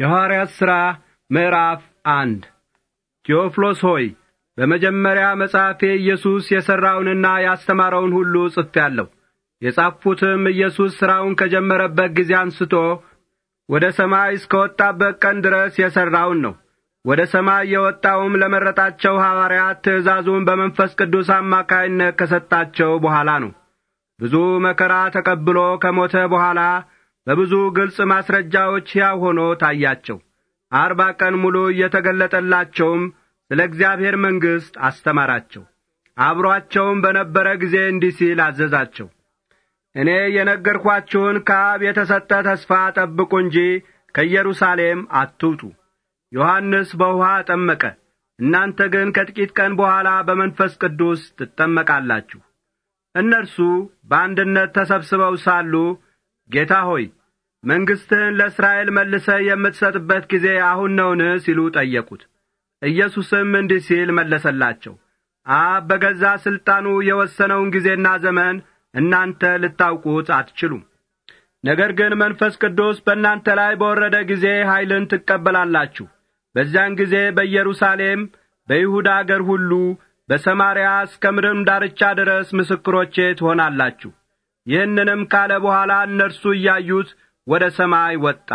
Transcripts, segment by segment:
የሐዋርያት ሥራ ምዕራፍ አንድ ቴዎፍሎስ ሆይ በመጀመሪያ መጽሐፌ ኢየሱስ የሠራውንና ያስተማረውን ሁሉ ጽፌአለሁ። የጻፍሁትም ኢየሱስ ሥራውን ከጀመረበት ጊዜ አንስቶ ወደ ሰማይ እስከወጣበት ቀን ድረስ የሠራውን ነው። ወደ ሰማይ የወጣውም ለመረጣቸው ሐዋርያት ትእዛዙን በመንፈስ ቅዱስ አማካይነት ከሰጣቸው በኋላ ነው። ብዙ መከራ ተቀብሎ ከሞተ በኋላ በብዙ ግልጽ ማስረጃዎች ሕያው ሆኖ ታያቸው። አርባ ቀን ሙሉ እየተገለጠላቸውም ስለ እግዚአብሔር መንግሥት አስተማራቸው። አብሮአቸውም በነበረ ጊዜ እንዲህ ሲል አዘዛቸው። እኔ የነገርኳችሁን ከአብ የተሰጠ ተስፋ ጠብቁ እንጂ ከኢየሩሳሌም አትውጡ። ዮሐንስ በውኃ ጠመቀ፣ እናንተ ግን ከጥቂት ቀን በኋላ በመንፈስ ቅዱስ ትጠመቃላችሁ። እነርሱ በአንድነት ተሰብስበው ሳሉ ጌታ ሆይ መንግሥትህን ለእስራኤል መልሰ የምትሰጥበት ጊዜ አሁን ነውን? ሲሉ ጠየቁት። ኢየሱስም እንዲህ ሲል መለሰላቸው። አብ በገዛ ሥልጣኑ የወሰነውን ጊዜና ዘመን እናንተ ልታውቁት አትችሉም። ነገር ግን መንፈስ ቅዱስ በእናንተ ላይ በወረደ ጊዜ ኀይልን ትቀበላላችሁ። በዚያን ጊዜ በኢየሩሳሌም፣ በይሁዳ አገር ሁሉ፣ በሰማርያ እስከ ምድርም ዳርቻ ድረስ ምስክሮቼ ትሆናላችሁ። ይህንንም ካለ በኋላ እነርሱ እያዩት ወደ ሰማይ ወጣ፣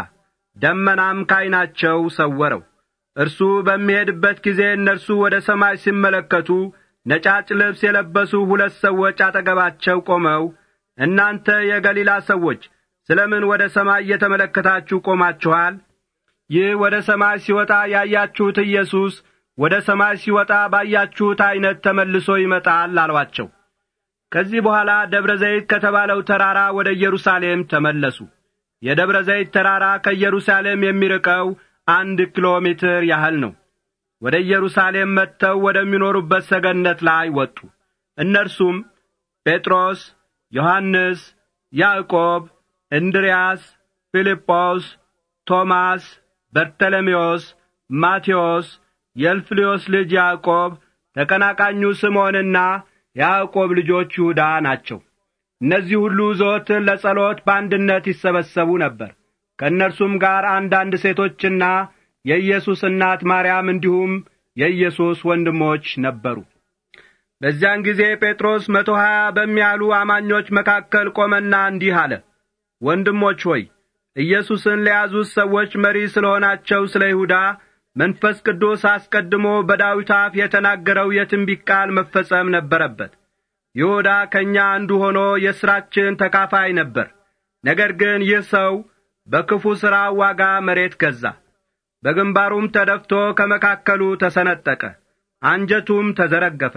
ደመናም ካይናቸው ሰወረው። እርሱ በሚሄድበት ጊዜ እነርሱ ወደ ሰማይ ሲመለከቱ ነጫጭ ልብስ የለበሱ ሁለት ሰዎች አጠገባቸው ቆመው እናንተ የገሊላ ሰዎች ስለምን ወደ ሰማይ እየተመለከታችሁ ቆማችኋል? ይህ ወደ ሰማይ ሲወጣ ያያችሁት ኢየሱስ ወደ ሰማይ ሲወጣ ባያችሁት ዐይነት ተመልሶ ይመጣል አሏቸው። ከዚህ በኋላ ደብረ ዘይት ከተባለው ተራራ ወደ ኢየሩሳሌም ተመለሱ። የደብረ ዘይት ተራራ ከኢየሩሳሌም የሚርቀው አንድ ኪሎ ሜትር ያህል ነው። ወደ ኢየሩሳሌም መጥተው ወደሚኖሩበት ሰገነት ላይ ወጡ። እነርሱም ጴጥሮስ፣ ዮሐንስ፣ ያዕቆብ፣ እንድርያስ፣ ፊልጶስ፣ ቶማስ፣ በርተለሜዎስ፣ ማቴዎስ፣ የልፍልዮስ ልጅ ያዕቆብ፣ ተቀናቃኙ ስምዖንና ያዕቆብ ልጆች ይሁዳ ናቸው። እነዚህ ሁሉ ዘወትር ለጸሎት በአንድነት ይሰበሰቡ ነበር። ከእነርሱም ጋር አንዳንድ ሴቶችና የኢየሱስ እናት ማርያም እንዲሁም የኢየሱስ ወንድሞች ነበሩ። በዚያን ጊዜ ጴጥሮስ መቶ ሀያ በሚያሉ አማኞች መካከል ቆመና እንዲህ አለ። ወንድሞች ሆይ ኢየሱስን ለያዙት ሰዎች መሪ ስለ ሆናቸው ስለ ይሁዳ መንፈስ ቅዱስ አስቀድሞ በዳዊት አፍ የተናገረው የትንቢት ቃል መፈጸም ነበረበት። ይሁዳ ከእኛ አንዱ ሆኖ የሥራችን ተካፋይ ነበር። ነገር ግን ይህ ሰው በክፉ ሥራ ዋጋ መሬት ገዛ። በግንባሩም ተደፍቶ ከመካከሉ ተሰነጠቀ፣ አንጀቱም ተዘረገፈ።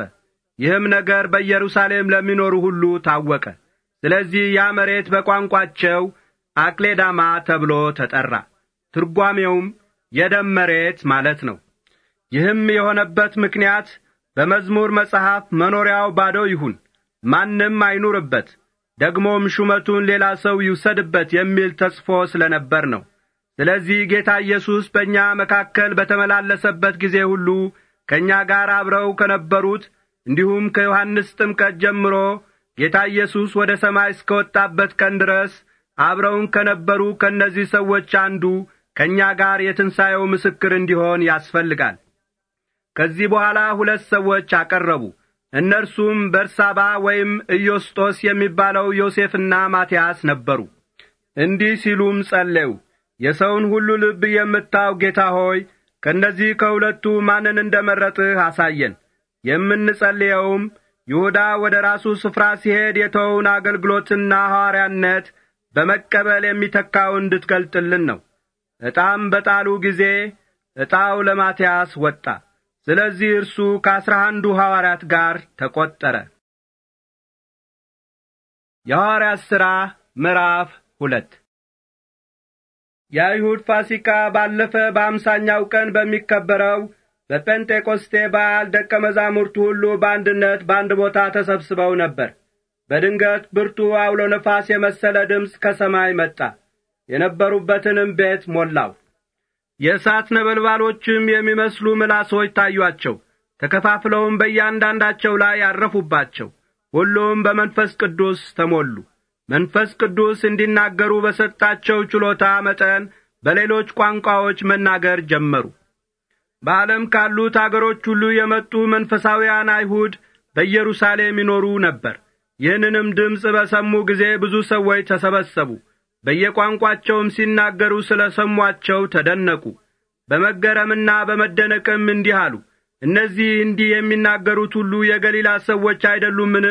ይህም ነገር በኢየሩሳሌም ለሚኖሩ ሁሉ ታወቀ። ስለዚህ ያ መሬት በቋንቋቸው አክሌዳማ ተብሎ ተጠራ። ትርጓሜውም የደም መሬት ማለት ነው። ይህም የሆነበት ምክንያት በመዝሙር መጽሐፍ መኖሪያው ባዶ ይሁን ማንም አይኑርበት፣ ደግሞም ሹመቱን ሌላ ሰው ይውሰድበት የሚል ተጽፎ ስለ ነበር ነው። ስለዚህ ጌታ ኢየሱስ በእኛ መካከል በተመላለሰበት ጊዜ ሁሉ ከእኛ ጋር አብረው ከነበሩት እንዲሁም ከዮሐንስ ጥምቀት ጀምሮ ጌታ ኢየሱስ ወደ ሰማይ እስከወጣበት ቀን ድረስ አብረውን ከነበሩ ከእነዚህ ሰዎች አንዱ ከእኛ ጋር የትንሣኤው ምስክር እንዲሆን ያስፈልጋል። ከዚህ በኋላ ሁለት ሰዎች አቀረቡ። እነርሱም በርሳባ ወይም ኢዮስጦስ የሚባለው ዮሴፍና ማትያስ ነበሩ። እንዲህ ሲሉም ጸለዩ። የሰውን ሁሉ ልብ የምታው ጌታ ሆይ ከእነዚህ ከሁለቱ ማንን እንደ መረጥህ አሳየን። የምንጸልየውም ይሁዳ ወደ ራሱ ስፍራ ሲሄድ የተውን አገልግሎትና ሐዋርያነት በመቀበል የሚተካው እንድትገልጥልን ነው። ዕጣም በጣሉ ጊዜ ዕጣው ለማትያስ ወጣ። ስለዚህ እርሱ ከአስራ አንዱ ሐዋርያት ጋር ተቈጠረ። የሐዋርያት ሥራ ምዕራፍ ሁለት የአይሁድ ፋሲካ ባለፈ በአምሳኛው ቀን በሚከበረው በጴንጤቆስቴ በዓል ደቀ መዛሙርቱ ሁሉ በአንድነት በአንድ ቦታ ተሰብስበው ነበር። በድንገት ብርቱ አውሎ ነፋስ የመሰለ ድምፅ ከሰማይ መጣ፣ የነበሩበትንም ቤት ሞላው። የእሳት ነበልባሎችም የሚመስሉ ምላሶች ታዩአቸው፣ ተከፋፍለውም በእያንዳንዳቸው ላይ ያረፉባቸው። ሁሉም በመንፈስ ቅዱስ ተሞሉ። መንፈስ ቅዱስ እንዲናገሩ በሰጣቸው ችሎታ መጠን በሌሎች ቋንቋዎች መናገር ጀመሩ። በዓለም ካሉት አገሮች ሁሉ የመጡ መንፈሳውያን አይሁድ በኢየሩሳሌም ይኖሩ ነበር። ይህንንም ድምፅ በሰሙ ጊዜ ብዙ ሰዎች ተሰበሰቡ። በየቋንቋቸውም ሲናገሩ ስለ ሰሟቸው ተደነቁ። በመገረምና በመደነቅም እንዲህ አሉ፣ እነዚህ እንዲህ የሚናገሩት ሁሉ የገሊላ ሰዎች አይደሉምን?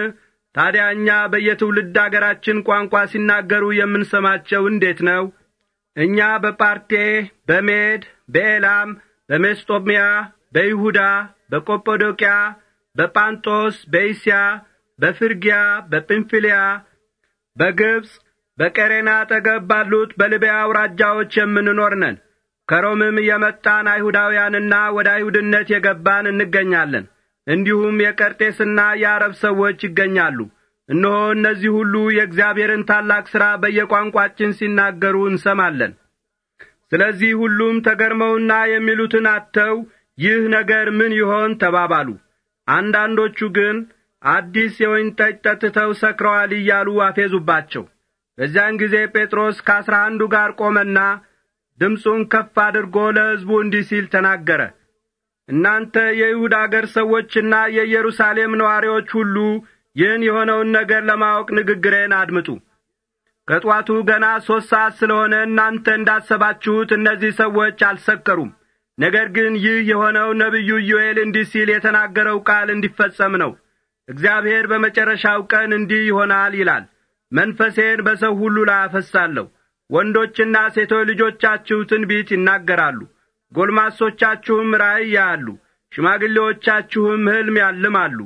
ታዲያ እኛ በየትውልድ አገራችን ቋንቋ ሲናገሩ የምንሰማቸው እንዴት ነው? እኛ በጳርቴ፣ በሜድ፣ በኤላም፣ በሜስጦሚያ፣ በይሁዳ፣ በቆጶዶቅያ፣ በጳንጦስ፣ በኢስያ፣ በፍርጊያ፣ በጵንፍልያ፣ በግብፅ በቀሬና አጠገብ ባሉት በልቢያ አውራጃዎች የምንኖር ነን። ከሮምም የመጣን አይሁዳውያንና ወደ አይሁድነት የገባን እንገኛለን። እንዲሁም የቀርጤስና የአረብ ሰዎች ይገኛሉ። እነሆ እነዚህ ሁሉ የእግዚአብሔርን ታላቅ ሥራ በየቋንቋችን ሲናገሩ እንሰማለን። ስለዚህ ሁሉም ተገርመውና የሚሉትን አጥተው ይህ ነገር ምን ይሆን ተባባሉ። አንዳንዶቹ ግን አዲስ የወይን ጠጅ ጠጥተው ሰክረዋል እያሉ አፌዙባቸው። በዚያን ጊዜ ጴጥሮስ ከአስራ አንዱ ጋር ቆመና ድምፁን ከፍ አድርጎ ለሕዝቡ እንዲህ ሲል ተናገረ። እናንተ የይሁዳ አገር ሰዎችና የኢየሩሳሌም ነዋሪዎች ሁሉ ይህን የሆነውን ነገር ለማወቅ ንግግሬን አድምጡ። ከጧቱ ገና ሦስት ሰዓት ስለሆነ እናንተ እንዳሰባችሁት እነዚህ ሰዎች አልሰከሩም። ነገር ግን ይህ የሆነው ነቢዩ ኢዮኤል እንዲህ ሲል የተናገረው ቃል እንዲፈጸም ነው። እግዚአብሔር በመጨረሻው ቀን እንዲህ ይሆናል ይላል መንፈሴን በሰው ሁሉ ላይ አፈሳለሁ። ወንዶችና ሴቶች ልጆቻችሁ ትንቢት ይናገራሉ፣ ጎልማሶቻችሁም ራእይ ያያሉ፣ ሽማግሌዎቻችሁም ሕልም ያልማሉ።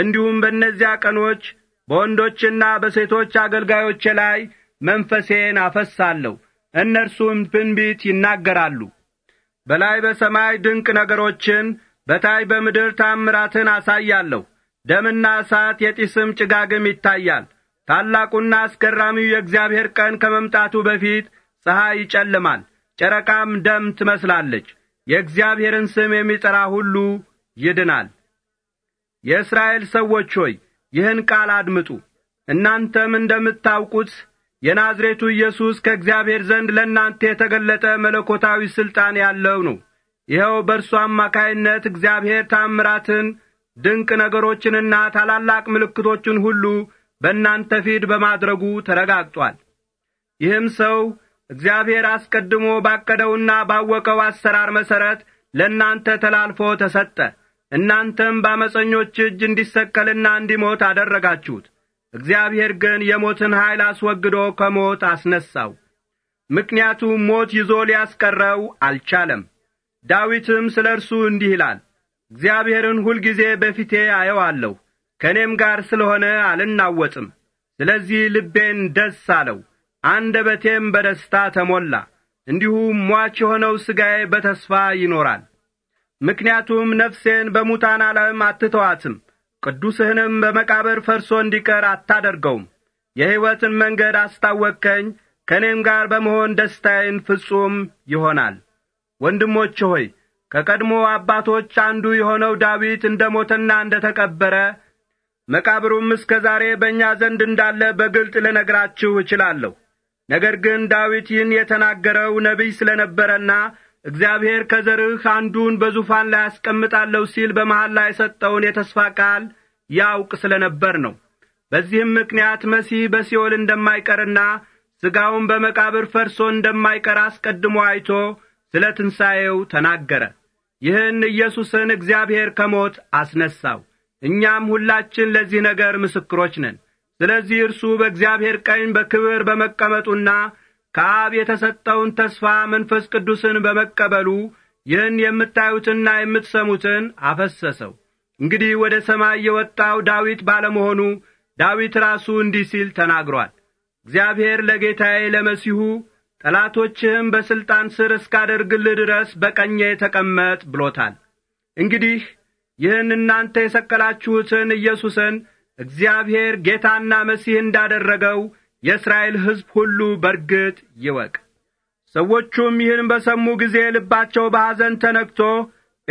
እንዲሁም በእነዚያ ቀኖች በወንዶችና በሴቶች አገልጋዮቼ ላይ መንፈሴን አፈሳለሁ፣ እነርሱም ትንቢት ይናገራሉ። በላይ በሰማይ ድንቅ ነገሮችን በታይ በምድር ታምራትን አሳያለሁ። ደምና እሳት የጢስም ጭጋግም ይታያል። ታላቁና አስገራሚው የእግዚአብሔር ቀን ከመምጣቱ በፊት ፀሐይ ይጨልማል፣ ጨረቃም ደም ትመስላለች። የእግዚአብሔርን ስም የሚጠራ ሁሉ ይድናል። የእስራኤል ሰዎች ሆይ ይህን ቃል አድምጡ። እናንተም እንደምታውቁት የናዝሬቱ ኢየሱስ ከእግዚአብሔር ዘንድ ለእናንተ የተገለጠ መለኮታዊ ሥልጣን ያለው ነው። ይኸው በእርሱ አማካይነት እግዚአብሔር ታምራትን፣ ድንቅ ነገሮችንና ታላላቅ ምልክቶችን ሁሉ በእናንተ ፊት በማድረጉ ተረጋግጧል። ይህም ሰው እግዚአብሔር አስቀድሞ ባቀደውና ባወቀው አሰራር መሠረት ለእናንተ ተላልፎ ተሰጠ። እናንተም በአመፀኞች እጅ እንዲሰቀልና እንዲሞት አደረጋችሁት። እግዚአብሔር ግን የሞትን ኃይል አስወግዶ ከሞት አስነሣው። ምክንያቱም ሞት ይዞ ሊያስቀረው አልቻለም። ዳዊትም ስለ እርሱ እንዲህ ይላል፣ እግዚአብሔርን ሁልጊዜ በፊቴ አየዋለሁ ከእኔም ጋር ስለሆነ አልናወጥም! ስለዚህ ልቤን ደስ አለው፣ አንደበቴም በደስታ ተሞላ። እንዲሁ ሟች የሆነው ሥጋዬ በተስፋ ይኖራል። ምክንያቱም ነፍሴን በሙታን ዓለም አትተዋትም፣ ቅዱስህንም በመቃብር ፈርሶ እንዲቀር አታደርገውም። የሕይወትን መንገድ አስታወቅከኝ፣ ከእኔም ጋር በመሆን ደስታዬን ፍጹም ይሆናል። ወንድሞች ሆይ ከቀድሞ አባቶች አንዱ የሆነው ዳዊት እንደ ሞተና እንደ ተቀበረ መቃብሩም እስከ ዛሬ በእኛ ዘንድ እንዳለ በግልጥ ልነግራችሁ እችላለሁ። ነገር ግን ዳዊት ይህን የተናገረው ነቢይ ስለ ነበረና እግዚአብሔር ከዘርህ አንዱን በዙፋን ላይ አስቀምጣለሁ ሲል ላይ የሰጠውን የተስፋ ቃል ያውቅ ስለ ነበር ነው። በዚህም ምክንያት መሲህ በሲኦል እንደማይቀርና ሥጋውን በመቃብር ፈርሶ እንደማይቀር አስቀድሞ አይቶ ስለ ትንሣኤው ተናገረ። ይህን ኢየሱስን እግዚአብሔር ከሞት አስነሣው። እኛም ሁላችን ለዚህ ነገር ምስክሮች ነን። ስለዚህ እርሱ በእግዚአብሔር ቀኝ በክብር በመቀመጡና ከአብ የተሰጠውን ተስፋ መንፈስ ቅዱስን በመቀበሉ ይህን የምታዩትና የምትሰሙትን አፈሰሰው። እንግዲህ ወደ ሰማይ የወጣው ዳዊት ባለመሆኑ ዳዊት ራሱ እንዲህ ሲል ተናግሯል። እግዚአብሔር ለጌታዬ ለመሲሁ ጠላቶችህም በሥልጣን ሥር እስካደርግልህ ድረስ በቀኜ ተቀመጥ ብሎታል። እንግዲህ ይህን እናንተ የሰቀላችሁትን ኢየሱስን እግዚአብሔር ጌታና መሲህ እንዳደረገው የእስራኤል ሕዝብ ሁሉ በርግጥ ይወቅ። ሰዎቹም ይህን በሰሙ ጊዜ ልባቸው በሐዘን ተነክቶ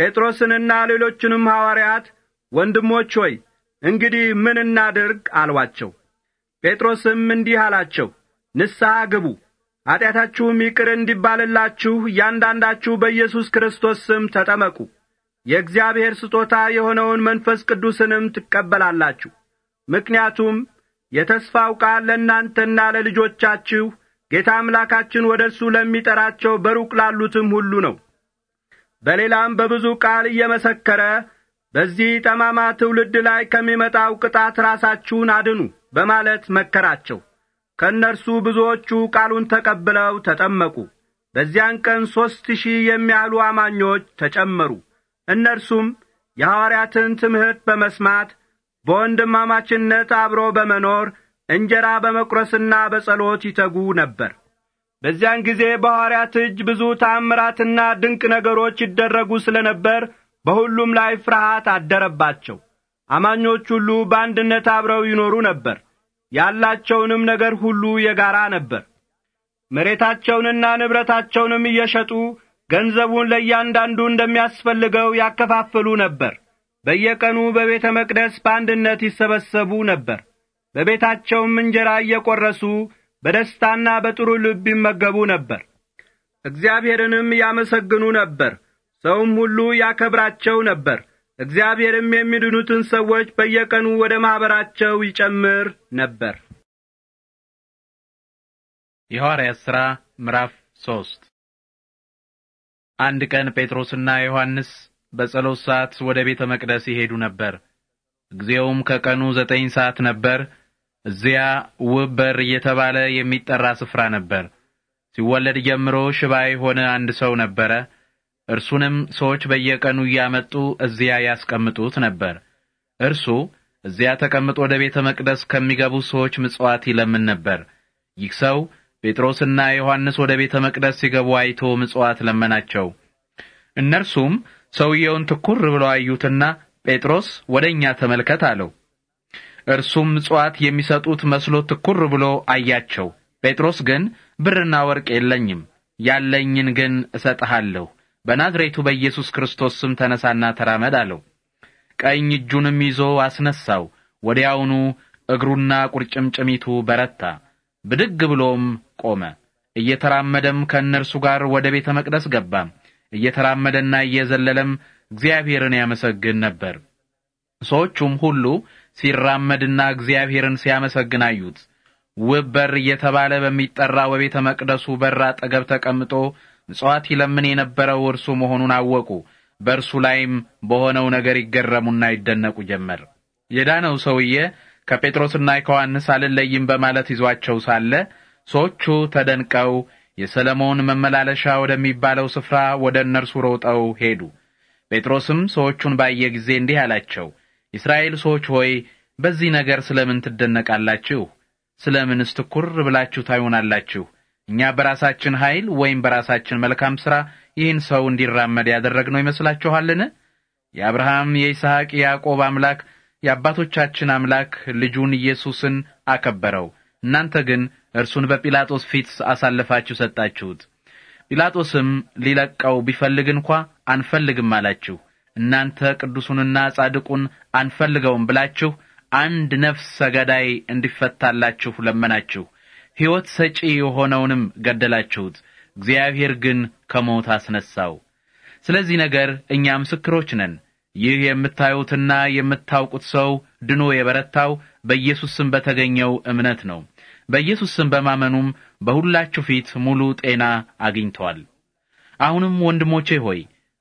ጴጥሮስንና ሌሎችንም ሐዋርያት ወንድሞች ሆይ እንግዲህ ምን እናድርግ አሏቸው። ጴጥሮስም እንዲህ አላቸው፣ ንስሐ ግቡ፣ ኀጢአታችሁም ይቅር እንዲባልላችሁ እያንዳንዳችሁ በኢየሱስ ክርስቶስ ስም ተጠመቁ የእግዚአብሔር ስጦታ የሆነውን መንፈስ ቅዱስንም ትቀበላላችሁ። ምክንያቱም የተስፋው ቃል ለእናንተና ለልጆቻችሁ ጌታ አምላካችን ወደ እርሱ ለሚጠራቸው በሩቅ ላሉትም ሁሉ ነው። በሌላም በብዙ ቃል እየመሰከረ በዚህ ጠማማ ትውልድ ላይ ከሚመጣው ቅጣት ራሳችሁን አድኑ በማለት መከራቸው። ከእነርሱ ብዙዎቹ ቃሉን ተቀብለው ተጠመቁ። በዚያን ቀን ሦስት ሺህ የሚያህሉ አማኞች ተጨመሩ። እነርሱም የሐዋርያትን ትምህርት በመስማት በወንድማማችነት አብሮ በመኖር እንጀራ በመቁረስና በጸሎት ይተጉ ነበር። በዚያን ጊዜ በሐዋርያት እጅ ብዙ ታምራትና ድንቅ ነገሮች ይደረጉ ስለ ነበር በሁሉም ላይ ፍርሃት አደረባቸው። አማኞች ሁሉ በአንድነት አብረው ይኖሩ ነበር። ያላቸውንም ነገር ሁሉ የጋራ ነበር። መሬታቸውንና ንብረታቸውንም እየሸጡ ገንዘቡን ለእያንዳንዱ እንደሚያስፈልገው ያከፋፍሉ ነበር። በየቀኑ በቤተ መቅደስ በአንድነት ይሰበሰቡ ነበር። በቤታቸውም እንጀራ እየቈረሱ በደስታና በጥሩ ልብ ይመገቡ ነበር። እግዚአብሔርንም ያመሰግኑ ነበር። ሰውም ሁሉ ያከብራቸው ነበር። እግዚአብሔርም የሚድኑትን ሰዎች በየቀኑ ወደ ማኅበራቸው ይጨምር ነበር። የሐዋርያት ሥራ ምዕራፍ ሶስት አንድ ቀን ጴጥሮስና ዮሐንስ በጸሎት ሰዓት ወደ ቤተ መቅደስ ይሄዱ ነበር። ጊዜውም ከቀኑ ዘጠኝ ሰዓት ነበር። እዚያ ውብ በር እየተባለ የሚጠራ ስፍራ ነበር። ሲወለድ ጀምሮ ሽባ የሆነ አንድ ሰው ነበረ። እርሱንም ሰዎች በየቀኑ እያመጡ እዚያ ያስቀምጡት ነበር። እርሱ እዚያ ተቀምጦ ወደ ቤተ መቅደስ ከሚገቡ ሰዎች ምጽዋት ይለምን ነበር። ይህ ሰው ጴጥሮስና ዮሐንስ ወደ ቤተ መቅደስ ሲገቡ አይቶ ምጽዋት ለመናቸው። እነርሱም ሰውየውን ትኩር ብለው አዩትና ጴጥሮስ ወደ እኛ ተመልከት አለው። እርሱም ምጽዋት የሚሰጡት መስሎ ትኩር ብሎ አያቸው። ጴጥሮስ ግን ብርና ወርቅ የለኝም፣ ያለኝን ግን እሰጥሃለሁ። በናዝሬቱ በኢየሱስ ክርስቶስ ስም ተነሳና ተራመድ አለው። ቀኝ እጁንም ይዞ አስነሳው። ወዲያውኑ እግሩና ቁርጭምጭሚቱ በረታ። ብድግ ብሎም ቆመ። እየተራመደም ከእነርሱ ጋር ወደ ቤተ መቅደስ ገባ። እየተራመደና እየዘለለም እግዚአብሔርን ያመሰግን ነበር። ሰዎቹም ሁሉ ሲራመድና እግዚአብሔርን ሲያመሰግን አዩት። ውብ በር እየተባለ በሚጠራ በቤተ መቅደሱ በር አጠገብ ተቀምጦ ምጽዋት ይለምን የነበረው እርሱ መሆኑን አወቁ። በእርሱ ላይም በሆነው ነገር ይገረሙና ይደነቁ ጀመር። የዳነው ሰውዬ ከጴጥሮስና ከዮሐንስ አልለይም በማለት ይዟቸው ሳለ ሰዎቹ ተደንቀው የሰለሞን መመላለሻ ወደሚባለው ስፍራ ወደ እነርሱ ሮጠው ሄዱ። ጴጥሮስም ሰዎቹን ባየ ጊዜ እንዲህ አላቸው፣ የእስራኤል ሰዎች ሆይ በዚህ ነገር ስለምን ትደነቃላችሁ? ስለምንስ ትኩር ብላችሁ ታዩናላችሁ? እኛ በራሳችን ኃይል ወይም በራሳችን መልካም ሥራ ይህን ሰው እንዲራመድ ያደረግነው ይመስላችኋልን? የአብርሃም የይስሐቅ፣ የያዕቆብ አምላክ የአባቶቻችን አምላክ ልጁን ኢየሱስን አከበረው። እናንተ ግን እርሱን በጲላጦስ ፊት አሳልፋችሁ ሰጣችሁት። ጲላጦስም ሊለቀው ቢፈልግ እንኳ አንፈልግም አላችሁ። እናንተ ቅዱሱንና ጻድቁን አንፈልገውም ብላችሁ አንድ ነፍሰ ገዳይ እንዲፈታላችሁ ለመናችሁ። ሕይወት ሰጪ የሆነውንም ገደላችሁት፣ እግዚአብሔር ግን ከሞት አስነሳው። ስለዚህ ነገር እኛ ምስክሮች ነን። ይህ የምታዩትና የምታውቁት ሰው ድኖ የበረታው በኢየሱስም በተገኘው እምነት ነው። በኢየሱስ ስም በማመኑም በሁላችሁ ፊት ሙሉ ጤና አግኝተዋል። አሁንም ወንድሞቼ ሆይ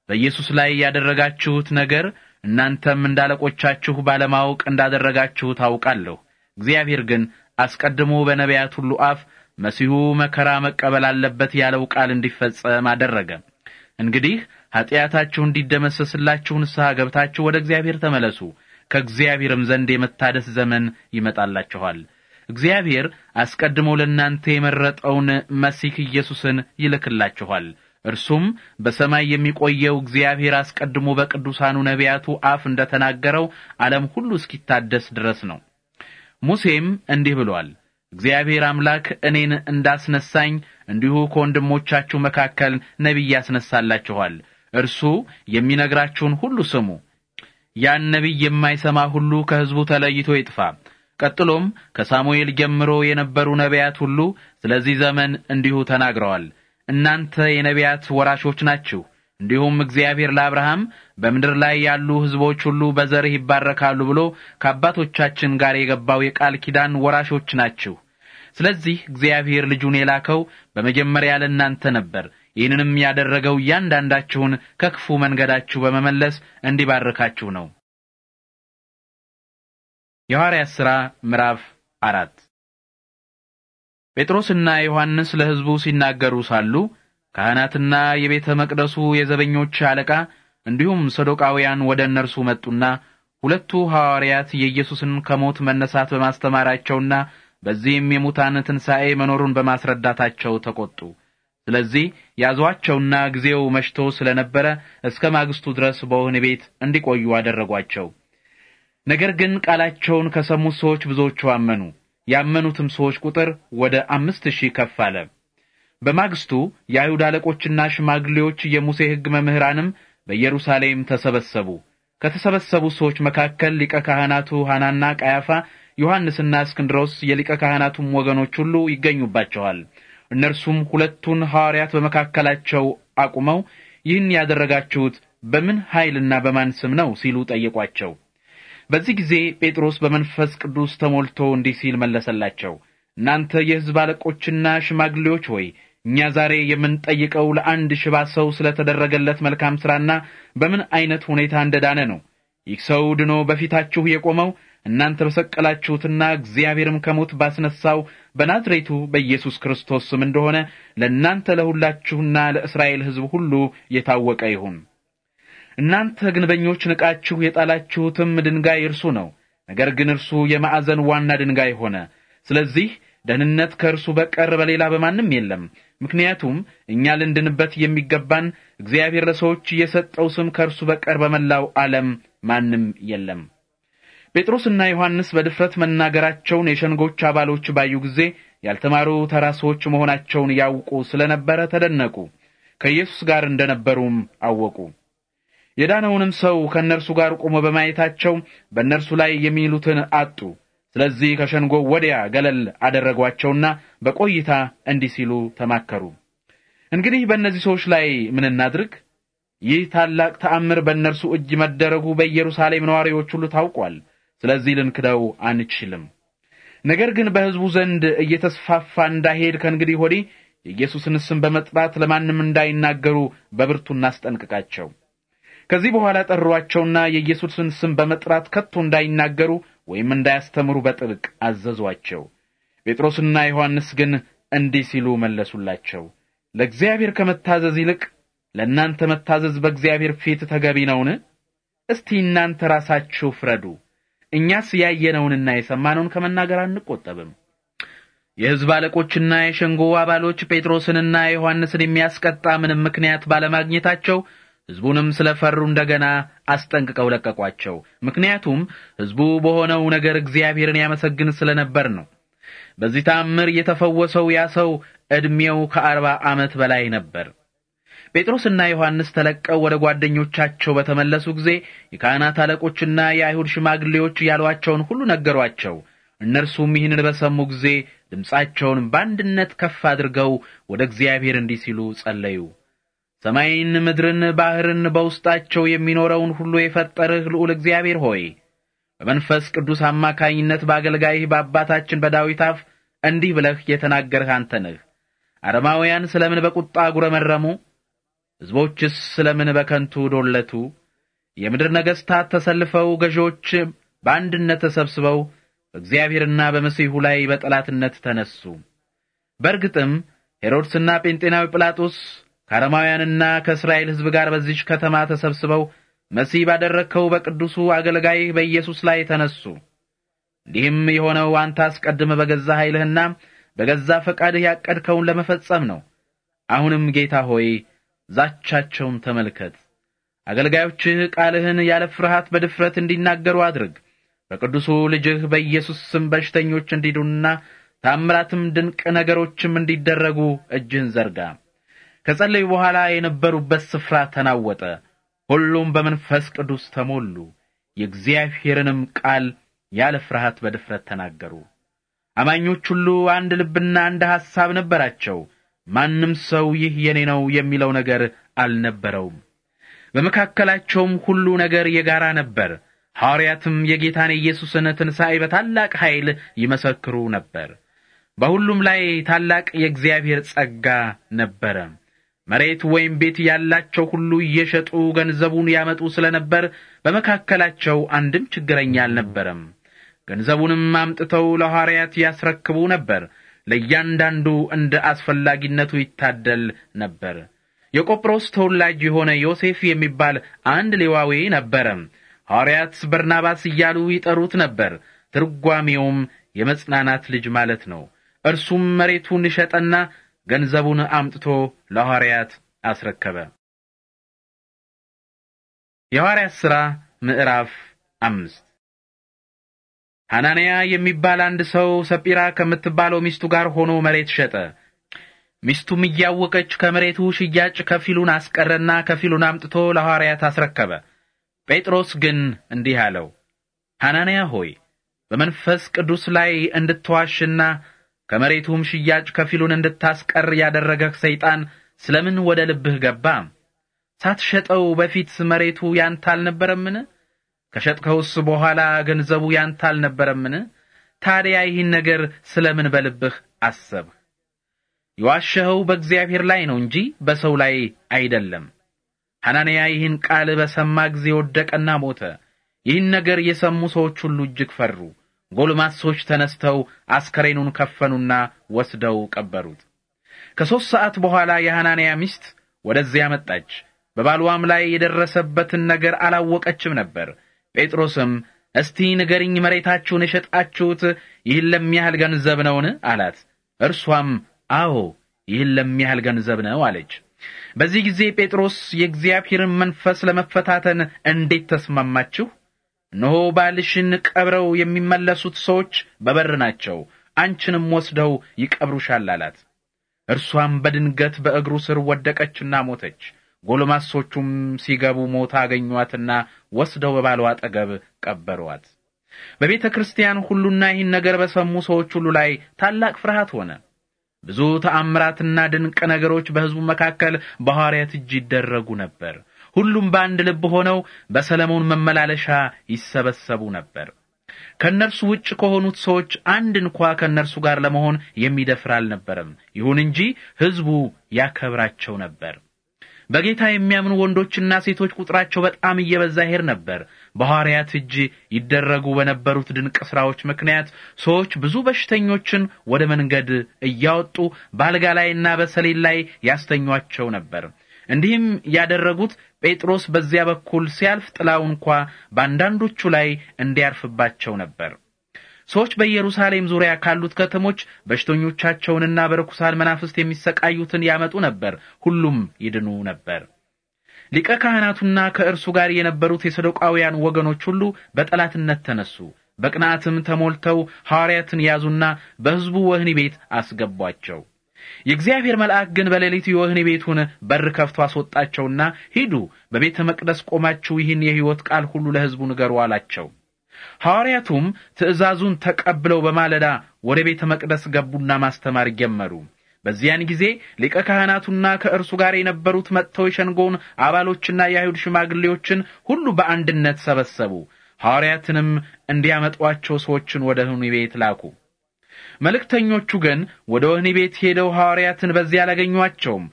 በኢየሱስ ላይ ያደረጋችሁት ነገር እናንተም እንዳለቆቻችሁ ባለማወቅ እንዳደረጋችሁ ታውቃለሁ። እግዚአብሔር ግን አስቀድሞ በነቢያት ሁሉ አፍ መሲሁ መከራ መቀበል አለበት ያለው ቃል እንዲፈጸም አደረገ። እንግዲህ ኀጢአታችሁ እንዲደመሰስላችሁ ንስሐ ገብታችሁ ወደ እግዚአብሔር ተመለሱ፣ ከእግዚአብሔርም ዘንድ የመታደስ ዘመን ይመጣላችኋል። እግዚአብሔር አስቀድሞ ለእናንተ የመረጠውን መሲህ ኢየሱስን ይልክላችኋል። እርሱም በሰማይ የሚቆየው እግዚአብሔር አስቀድሞ በቅዱሳኑ ነቢያቱ አፍ እንደተናገረው ዓለም ሁሉ እስኪታደስ ድረስ ነው። ሙሴም እንዲህ ብሏል። እግዚአብሔር አምላክ እኔን እንዳስነሳኝ እንዲሁ ከወንድሞቻችሁ መካከል ነቢይ ያስነሳላችኋል። እርሱ የሚነግራችሁን ሁሉ ስሙ። ያን ነቢይ የማይሰማ ሁሉ ከሕዝቡ ተለይቶ ይጥፋ። ቀጥሎም ከሳሙኤል ጀምሮ የነበሩ ነቢያት ሁሉ ስለዚህ ዘመን እንዲሁ ተናግረዋል። እናንተ የነቢያት ወራሾች ናችሁ። እንዲሁም እግዚአብሔር ለአብርሃም በምድር ላይ ያሉ ሕዝቦች ሁሉ በዘርህ ይባረካሉ ብሎ ከአባቶቻችን ጋር የገባው የቃል ኪዳን ወራሾች ናችሁ። ስለዚህ እግዚአብሔር ልጁን የላከው በመጀመሪያ ለእናንተ ነበር። ይህንንም ያደረገው እያንዳንዳችሁን ከክፉ መንገዳችሁ በመመለስ እንዲባርካችሁ ነው። የሐዋርያት ሥራ ምዕራፍ አራት ጴጥሮስና ዮሐንስ ለሕዝቡ ሲናገሩ ሳሉ ካህናትና የቤተ መቅደሱ የዘበኞች አለቃ እንዲሁም ሰዶቃውያን ወደ እነርሱ መጡና ሁለቱ ሐዋርያት የኢየሱስን ከሞት መነሳት በማስተማራቸውና በዚህም የሙታን ትንሣኤ መኖሩን በማስረዳታቸው ተቈጡ። ስለዚህ ያዟቸውና ጊዜው መሽቶ ስለነበረ እስከ ማግስቱ ድረስ በወህኒ ቤት እንዲቆዩ አደረጓቸው። ነገር ግን ቃላቸውን ከሰሙት ሰዎች ብዙዎቹ አመኑ። ያመኑትም ሰዎች ቁጥር ወደ አምስት ሺህ ከፍ አለ። በማግስቱ የአይሁድ አለቆችና ሽማግሌዎች የሙሴ ሕግ መምህራንም በኢየሩሳሌም ተሰበሰቡ። ከተሰበሰቡ ሰዎች መካከል ሊቀ ካህናቱ ሐናና ቀያፋ፣ ዮሐንስና እስክንድሮስ የሊቀ ካህናቱም ወገኖች ሁሉ ይገኙባቸዋል። እነርሱም ሁለቱን ሐዋርያት በመካከላቸው አቁመው ይህን ያደረጋችሁት በምን ኃይልና በማን ስም ነው ሲሉ ጠየቋቸው። በዚህ ጊዜ ጴጥሮስ በመንፈስ ቅዱስ ተሞልቶ እንዲህ ሲል መለሰላቸው፣ እናንተ የሕዝብ አለቆችና ሽማግሌዎች ሆይ እኛ ዛሬ የምንጠይቀው ለአንድ ሽባ ሰው ስለተደረገለት መልካም ሥራና በምን ዐይነት ሁኔታ እንደዳነ ነው። ይህ ሰው ድኖ በፊታችሁ የቆመው እናንተ በሰቀላችሁትና እግዚአብሔርም ከሞት ባስነሳው በናዝሬቱ በኢየሱስ ክርስቶስ ስም እንደሆነ ለእናንተ ለሁላችሁና ለእስራኤል ሕዝብ ሁሉ የታወቀ ይሁን። እናንተ ግንበኞች ንቃችሁ የጣላችሁትም ድንጋይ እርሱ ነው። ነገር ግን እርሱ የማዕዘን ዋና ድንጋይ ሆነ። ስለዚህ ደህንነት ከእርሱ በቀር በሌላ በማንም የለም። ምክንያቱም እኛ ልንድንበት የሚገባን እግዚአብሔር ለሰዎች የሰጠው ስም ከእርሱ በቀር በመላው ዓለም ማንም የለም። ጴጥሮስና ዮሐንስ በድፍረት መናገራቸውን የሸንጎች አባሎች ባዩ ጊዜ ያልተማሩ ተራ ሰዎች መሆናቸውን ያውቁ ስለነበረ ተደነቁ። ከኢየሱስ ጋር እንደነበሩም አወቁ። የዳነውንም ሰው ከእነርሱ ጋር ቆሞ በማየታቸው በእነርሱ ላይ የሚሉትን አጡ። ስለዚህ ከሸንጎ ወዲያ ገለል አደረጓቸውና በቆይታ እንዲህ ሲሉ ተማከሩ። እንግዲህ በእነዚህ ሰዎች ላይ ምን እናድርግ? ይህ ታላቅ ተአምር በእነርሱ እጅ መደረጉ በኢየሩሳሌም ነዋሪዎች ሁሉ ታውቋል። ስለዚህ ልንክደው አንችልም። ነገር ግን በሕዝቡ ዘንድ እየተስፋፋ እንዳይሄድ ከእንግዲህ ወዲህ የኢየሱስን ስም በመጥራት ለማንም እንዳይናገሩ በብርቱ እናስጠንቅቃቸው። ከዚህ በኋላ ጠሯቸውና የኢየሱስን ስም በመጥራት ከቶ እንዳይናገሩ ወይም እንዳያስተምሩ በጥብቅ አዘዟቸው። ጴጥሮስና ዮሐንስ ግን እንዲህ ሲሉ መለሱላቸው፣ ለእግዚአብሔር ከመታዘዝ ይልቅ ለእናንተ መታዘዝ በእግዚአብሔር ፊት ተገቢ ነውን? እስቲ እናንተ ራሳችሁ ፍረዱ። እኛስ ያየነውንና የሰማነውን ከመናገር አንቆጠብም። የሕዝብ አለቆችና የሸንጎ አባሎች ጴጥሮስንና ዮሐንስን የሚያስቀጣ ምንም ምክንያት ባለማግኘታቸው ሕዝቡንም ስለ ፈሩ እንደገና አስጠንቅቀው ለቀቋቸው። ምክንያቱም ሕዝቡ በሆነው ነገር እግዚአብሔርን ያመሰግን ስለ ነበር ነው። በዚህ ታምር የተፈወሰው ያ ሰው ዕድሜው ከአርባ ዓመት በላይ ነበር። ጴጥሮስና ዮሐንስ ተለቀው ወደ ጓደኞቻቸው በተመለሱ ጊዜ የካህናት አለቆችና የአይሁድ ሽማግሌዎች ያሏቸውን ሁሉ ነገሯቸው። እነርሱም ይህንን በሰሙ ጊዜ ድምፃቸውን በአንድነት ከፍ አድርገው ወደ እግዚአብሔር እንዲህ ሲሉ ጸለዩ። ሰማይን ምድርን ባህርን በውስጣቸው የሚኖረውን ሁሉ የፈጠርህ ልዑል እግዚአብሔር ሆይ በመንፈስ ቅዱስ አማካኝነት በአገልጋይህ በአባታችን በዳዊት አፍ እንዲህ ብለህ የተናገርህ አንተ ነህ። አረማውያን ስለምን በቁጣ ጉረመረሙ? ሕዝቦችስ ስለምን በከንቱ ዶለቱ? የምድር ነገሥታት ተሰልፈው፣ ገዢዎች በአንድነት ተሰብስበው በእግዚአብሔርና በመሲሑ ላይ በጠላትነት ተነሱ። በእርግጥም ሄሮድስና ጴንጤናዊ ጲላጦስ ከአረማውያንና ከእስራኤል ሕዝብ ጋር በዚች ከተማ ተሰብስበው መሲህ ባደረግከው በቅዱሱ አገልጋይህ በኢየሱስ ላይ ተነሱ። እንዲህም የሆነው አንተ አስቀድመ በገዛ ኃይልህና በገዛ ፈቃድህ ያቀድከውን ለመፈጸም ነው። አሁንም ጌታ ሆይ ዛቻቸውን ተመልከት። አገልጋዮችህ ቃልህን ያለ ፍርሃት በድፍረት እንዲናገሩ አድርግ። በቅዱሱ ልጅህ በኢየሱስ ስም በሽተኞች እንዲዱና ታምራትም ድንቅ ነገሮችም እንዲደረጉ እጅህን ዘርጋ። ከጸለዩ በኋላ የነበሩበት ስፍራ ተናወጠ። ሁሉም በመንፈስ ቅዱስ ተሞሉ፣ የእግዚአብሔርንም ቃል ያለ ፍርሃት በድፍረት ተናገሩ። አማኞች ሁሉ አንድ ልብና አንድ ሐሳብ ነበራቸው። ማንም ሰው ይህ የኔ ነው የሚለው ነገር አልነበረውም። በመካከላቸውም ሁሉ ነገር የጋራ ነበር። ሐዋርያትም የጌታን ኢየሱስን ትንሣኤ በታላቅ ኃይል ይመሰክሩ ነበር። በሁሉም ላይ ታላቅ የእግዚአብሔር ጸጋ ነበረም። መሬት ወይም ቤት ያላቸው ሁሉ እየሸጡ ገንዘቡን ያመጡ ስለነበር በመካከላቸው አንድም ችግረኛ አልነበረም። ገንዘቡንም አምጥተው ለሐዋርያት ያስረክቡ ነበር። ለእያንዳንዱ እንደ አስፈላጊነቱ ይታደል ነበር። የቆጵሮስ ተወላጅ የሆነ ዮሴፍ የሚባል አንድ ሌዋዊ ነበረ። ሐዋርያት በርናባስ እያሉ ይጠሩት ነበር። ትርጓሜውም የመጽናናት ልጅ ማለት ነው። እርሱም መሬቱን ሸጠና ገንዘቡን አምጥቶ ለሐዋርያት አስረከበ። የሐዋርያት ሥራ ምዕራፍ አምስት ሐናንያ የሚባል አንድ ሰው ሰጲራ ከምትባለው ሚስቱ ጋር ሆኖ መሬት ሸጠ። ሚስቱም እያወቀች ከመሬቱ ሽያጭ ከፊሉን አስቀረና ከፊሉን አምጥቶ ለሐዋርያት አስረከበ። ጴጥሮስ ግን እንዲህ አለው፣ ሐናንያ ሆይ በመንፈስ ቅዱስ ላይ እንድትዋሽና ከመሬቱም ሽያጭ ከፊሉን እንድታስቀር ያደረገህ ሰይጣን ስለምን ወደ ልብህ ገባ? ሳትሸጠው በፊት መሬቱ ያንተ አልነበረምን? ከሸጥከውስ በኋላ ገንዘቡ ያንተ አልነበረምን? ታዲያ ይህን ነገር ስለምን በልብህ አሰብህ? የዋሸኸው በእግዚአብሔር ላይ ነው እንጂ በሰው ላይ አይደለም። ሐናንያ ይህን ቃል በሰማ ጊዜ ወደቀና ሞተ። ይህን ነገር የሰሙ ሰዎች ሁሉ እጅግ ፈሩ። ጎልማሶች ተነስተው አስከሬኑን ከፈኑና ወስደው ቀበሩት። ከሦስት ሰዓት በኋላ የሐናንያ ሚስት ወደዚያ መጣች። በባልዋም ላይ የደረሰበትን ነገር አላወቀችም ነበር። ጴጥሮስም እስቲ ንገርኝ፣ መሬታችሁን የሸጣችሁት ይህን ለሚያህል ገንዘብ ነውን? አላት። እርሷም አዎ፣ ይህን ለሚያህል ገንዘብ ነው አለች። በዚህ ጊዜ ጴጥሮስ የእግዚአብሔርን መንፈስ ለመፈታተን እንዴት ተስማማችሁ እነሆ ባልሽን ቀብረው የሚመለሱት ሰዎች በበር ናቸው፣ አንቺንም ወስደው ይቀብሩሻል አላት። እርሷም በድንገት በእግሩ ስር ወደቀችና ሞተች። ጎልማሶቹም ሲገቡ ሞታ አገኟትና ወስደው በባሏ አጠገብ ቀበሯት። በቤተ ክርስቲያን ሁሉና ይህን ነገር በሰሙ ሰዎች ሁሉ ላይ ታላቅ ፍርሃት ሆነ። ብዙ ተአምራትና ድንቅ ነገሮች በሕዝቡ መካከል በሐዋርያት እጅ ይደረጉ ነበር። ሁሉም በአንድ ልብ ሆነው በሰለሞን መመላለሻ ይሰበሰቡ ነበር። ከእነርሱ ውጭ ከሆኑት ሰዎች አንድ እንኳ ከእነርሱ ጋር ለመሆን የሚደፍር አልነበረም። ይሁን እንጂ ሕዝቡ ያከብራቸው ነበር። በጌታ የሚያምኑ ወንዶችና ሴቶች ቁጥራቸው በጣም እየበዛ ሄድ ነበር። በሐዋርያት እጅ ይደረጉ በነበሩት ድንቅ ሥራዎች ምክንያት ሰዎች ብዙ በሽተኞችን ወደ መንገድ እያወጡ በአልጋ ላይና በሰሌን ላይ ያስተኟቸው ነበር። እንዲህም ያደረጉት ጴጥሮስ በዚያ በኩል ሲያልፍ ጥላው እንኳ በአንዳንዶቹ ላይ እንዲያርፍባቸው ነበር። ሰዎች በኢየሩሳሌም ዙሪያ ካሉት ከተሞች በሽተኞቻቸውንና በርኩሳን መናፍስት የሚሰቃዩትን ያመጡ ነበር። ሁሉም ይድኑ ነበር። ሊቀ ካህናቱና ከእርሱ ጋር የነበሩት የሰዶቃውያን ወገኖች ሁሉ በጠላትነት ተነሱ። በቅንዓትም ተሞልተው ሐዋርያትን ያዙና በሕዝቡ ወህኒ ቤት አስገቧቸው። የእግዚአብሔር መልአክ ግን በሌሊት የወህኒ ቤቱን በር ከፍቶ አስወጣቸውና ሂዱ፣ በቤተ መቅደስ ቆማችሁ ይህን የሕይወት ቃል ሁሉ ለሕዝቡ ንገሩ አላቸው። ሐዋርያቱም ትእዛዙን ተቀብለው በማለዳ ወደ ቤተ መቅደስ ገቡና ማስተማር ጀመሩ። በዚያን ጊዜ ሊቀ ካህናቱና ከእርሱ ጋር የነበሩት መጥተው የሸንጎውን አባሎችና የአይሁድ ሽማግሌዎችን ሁሉ በአንድነት ሰበሰቡ። ሐዋርያትንም እንዲያመጧቸው ሰዎችን ወደ ወህኒ ቤት ላኩ። መልእክተኞቹ ግን ወደ ወህኒ ቤት ሄደው ሐዋርያትን በዚያ አላገኟቸውም።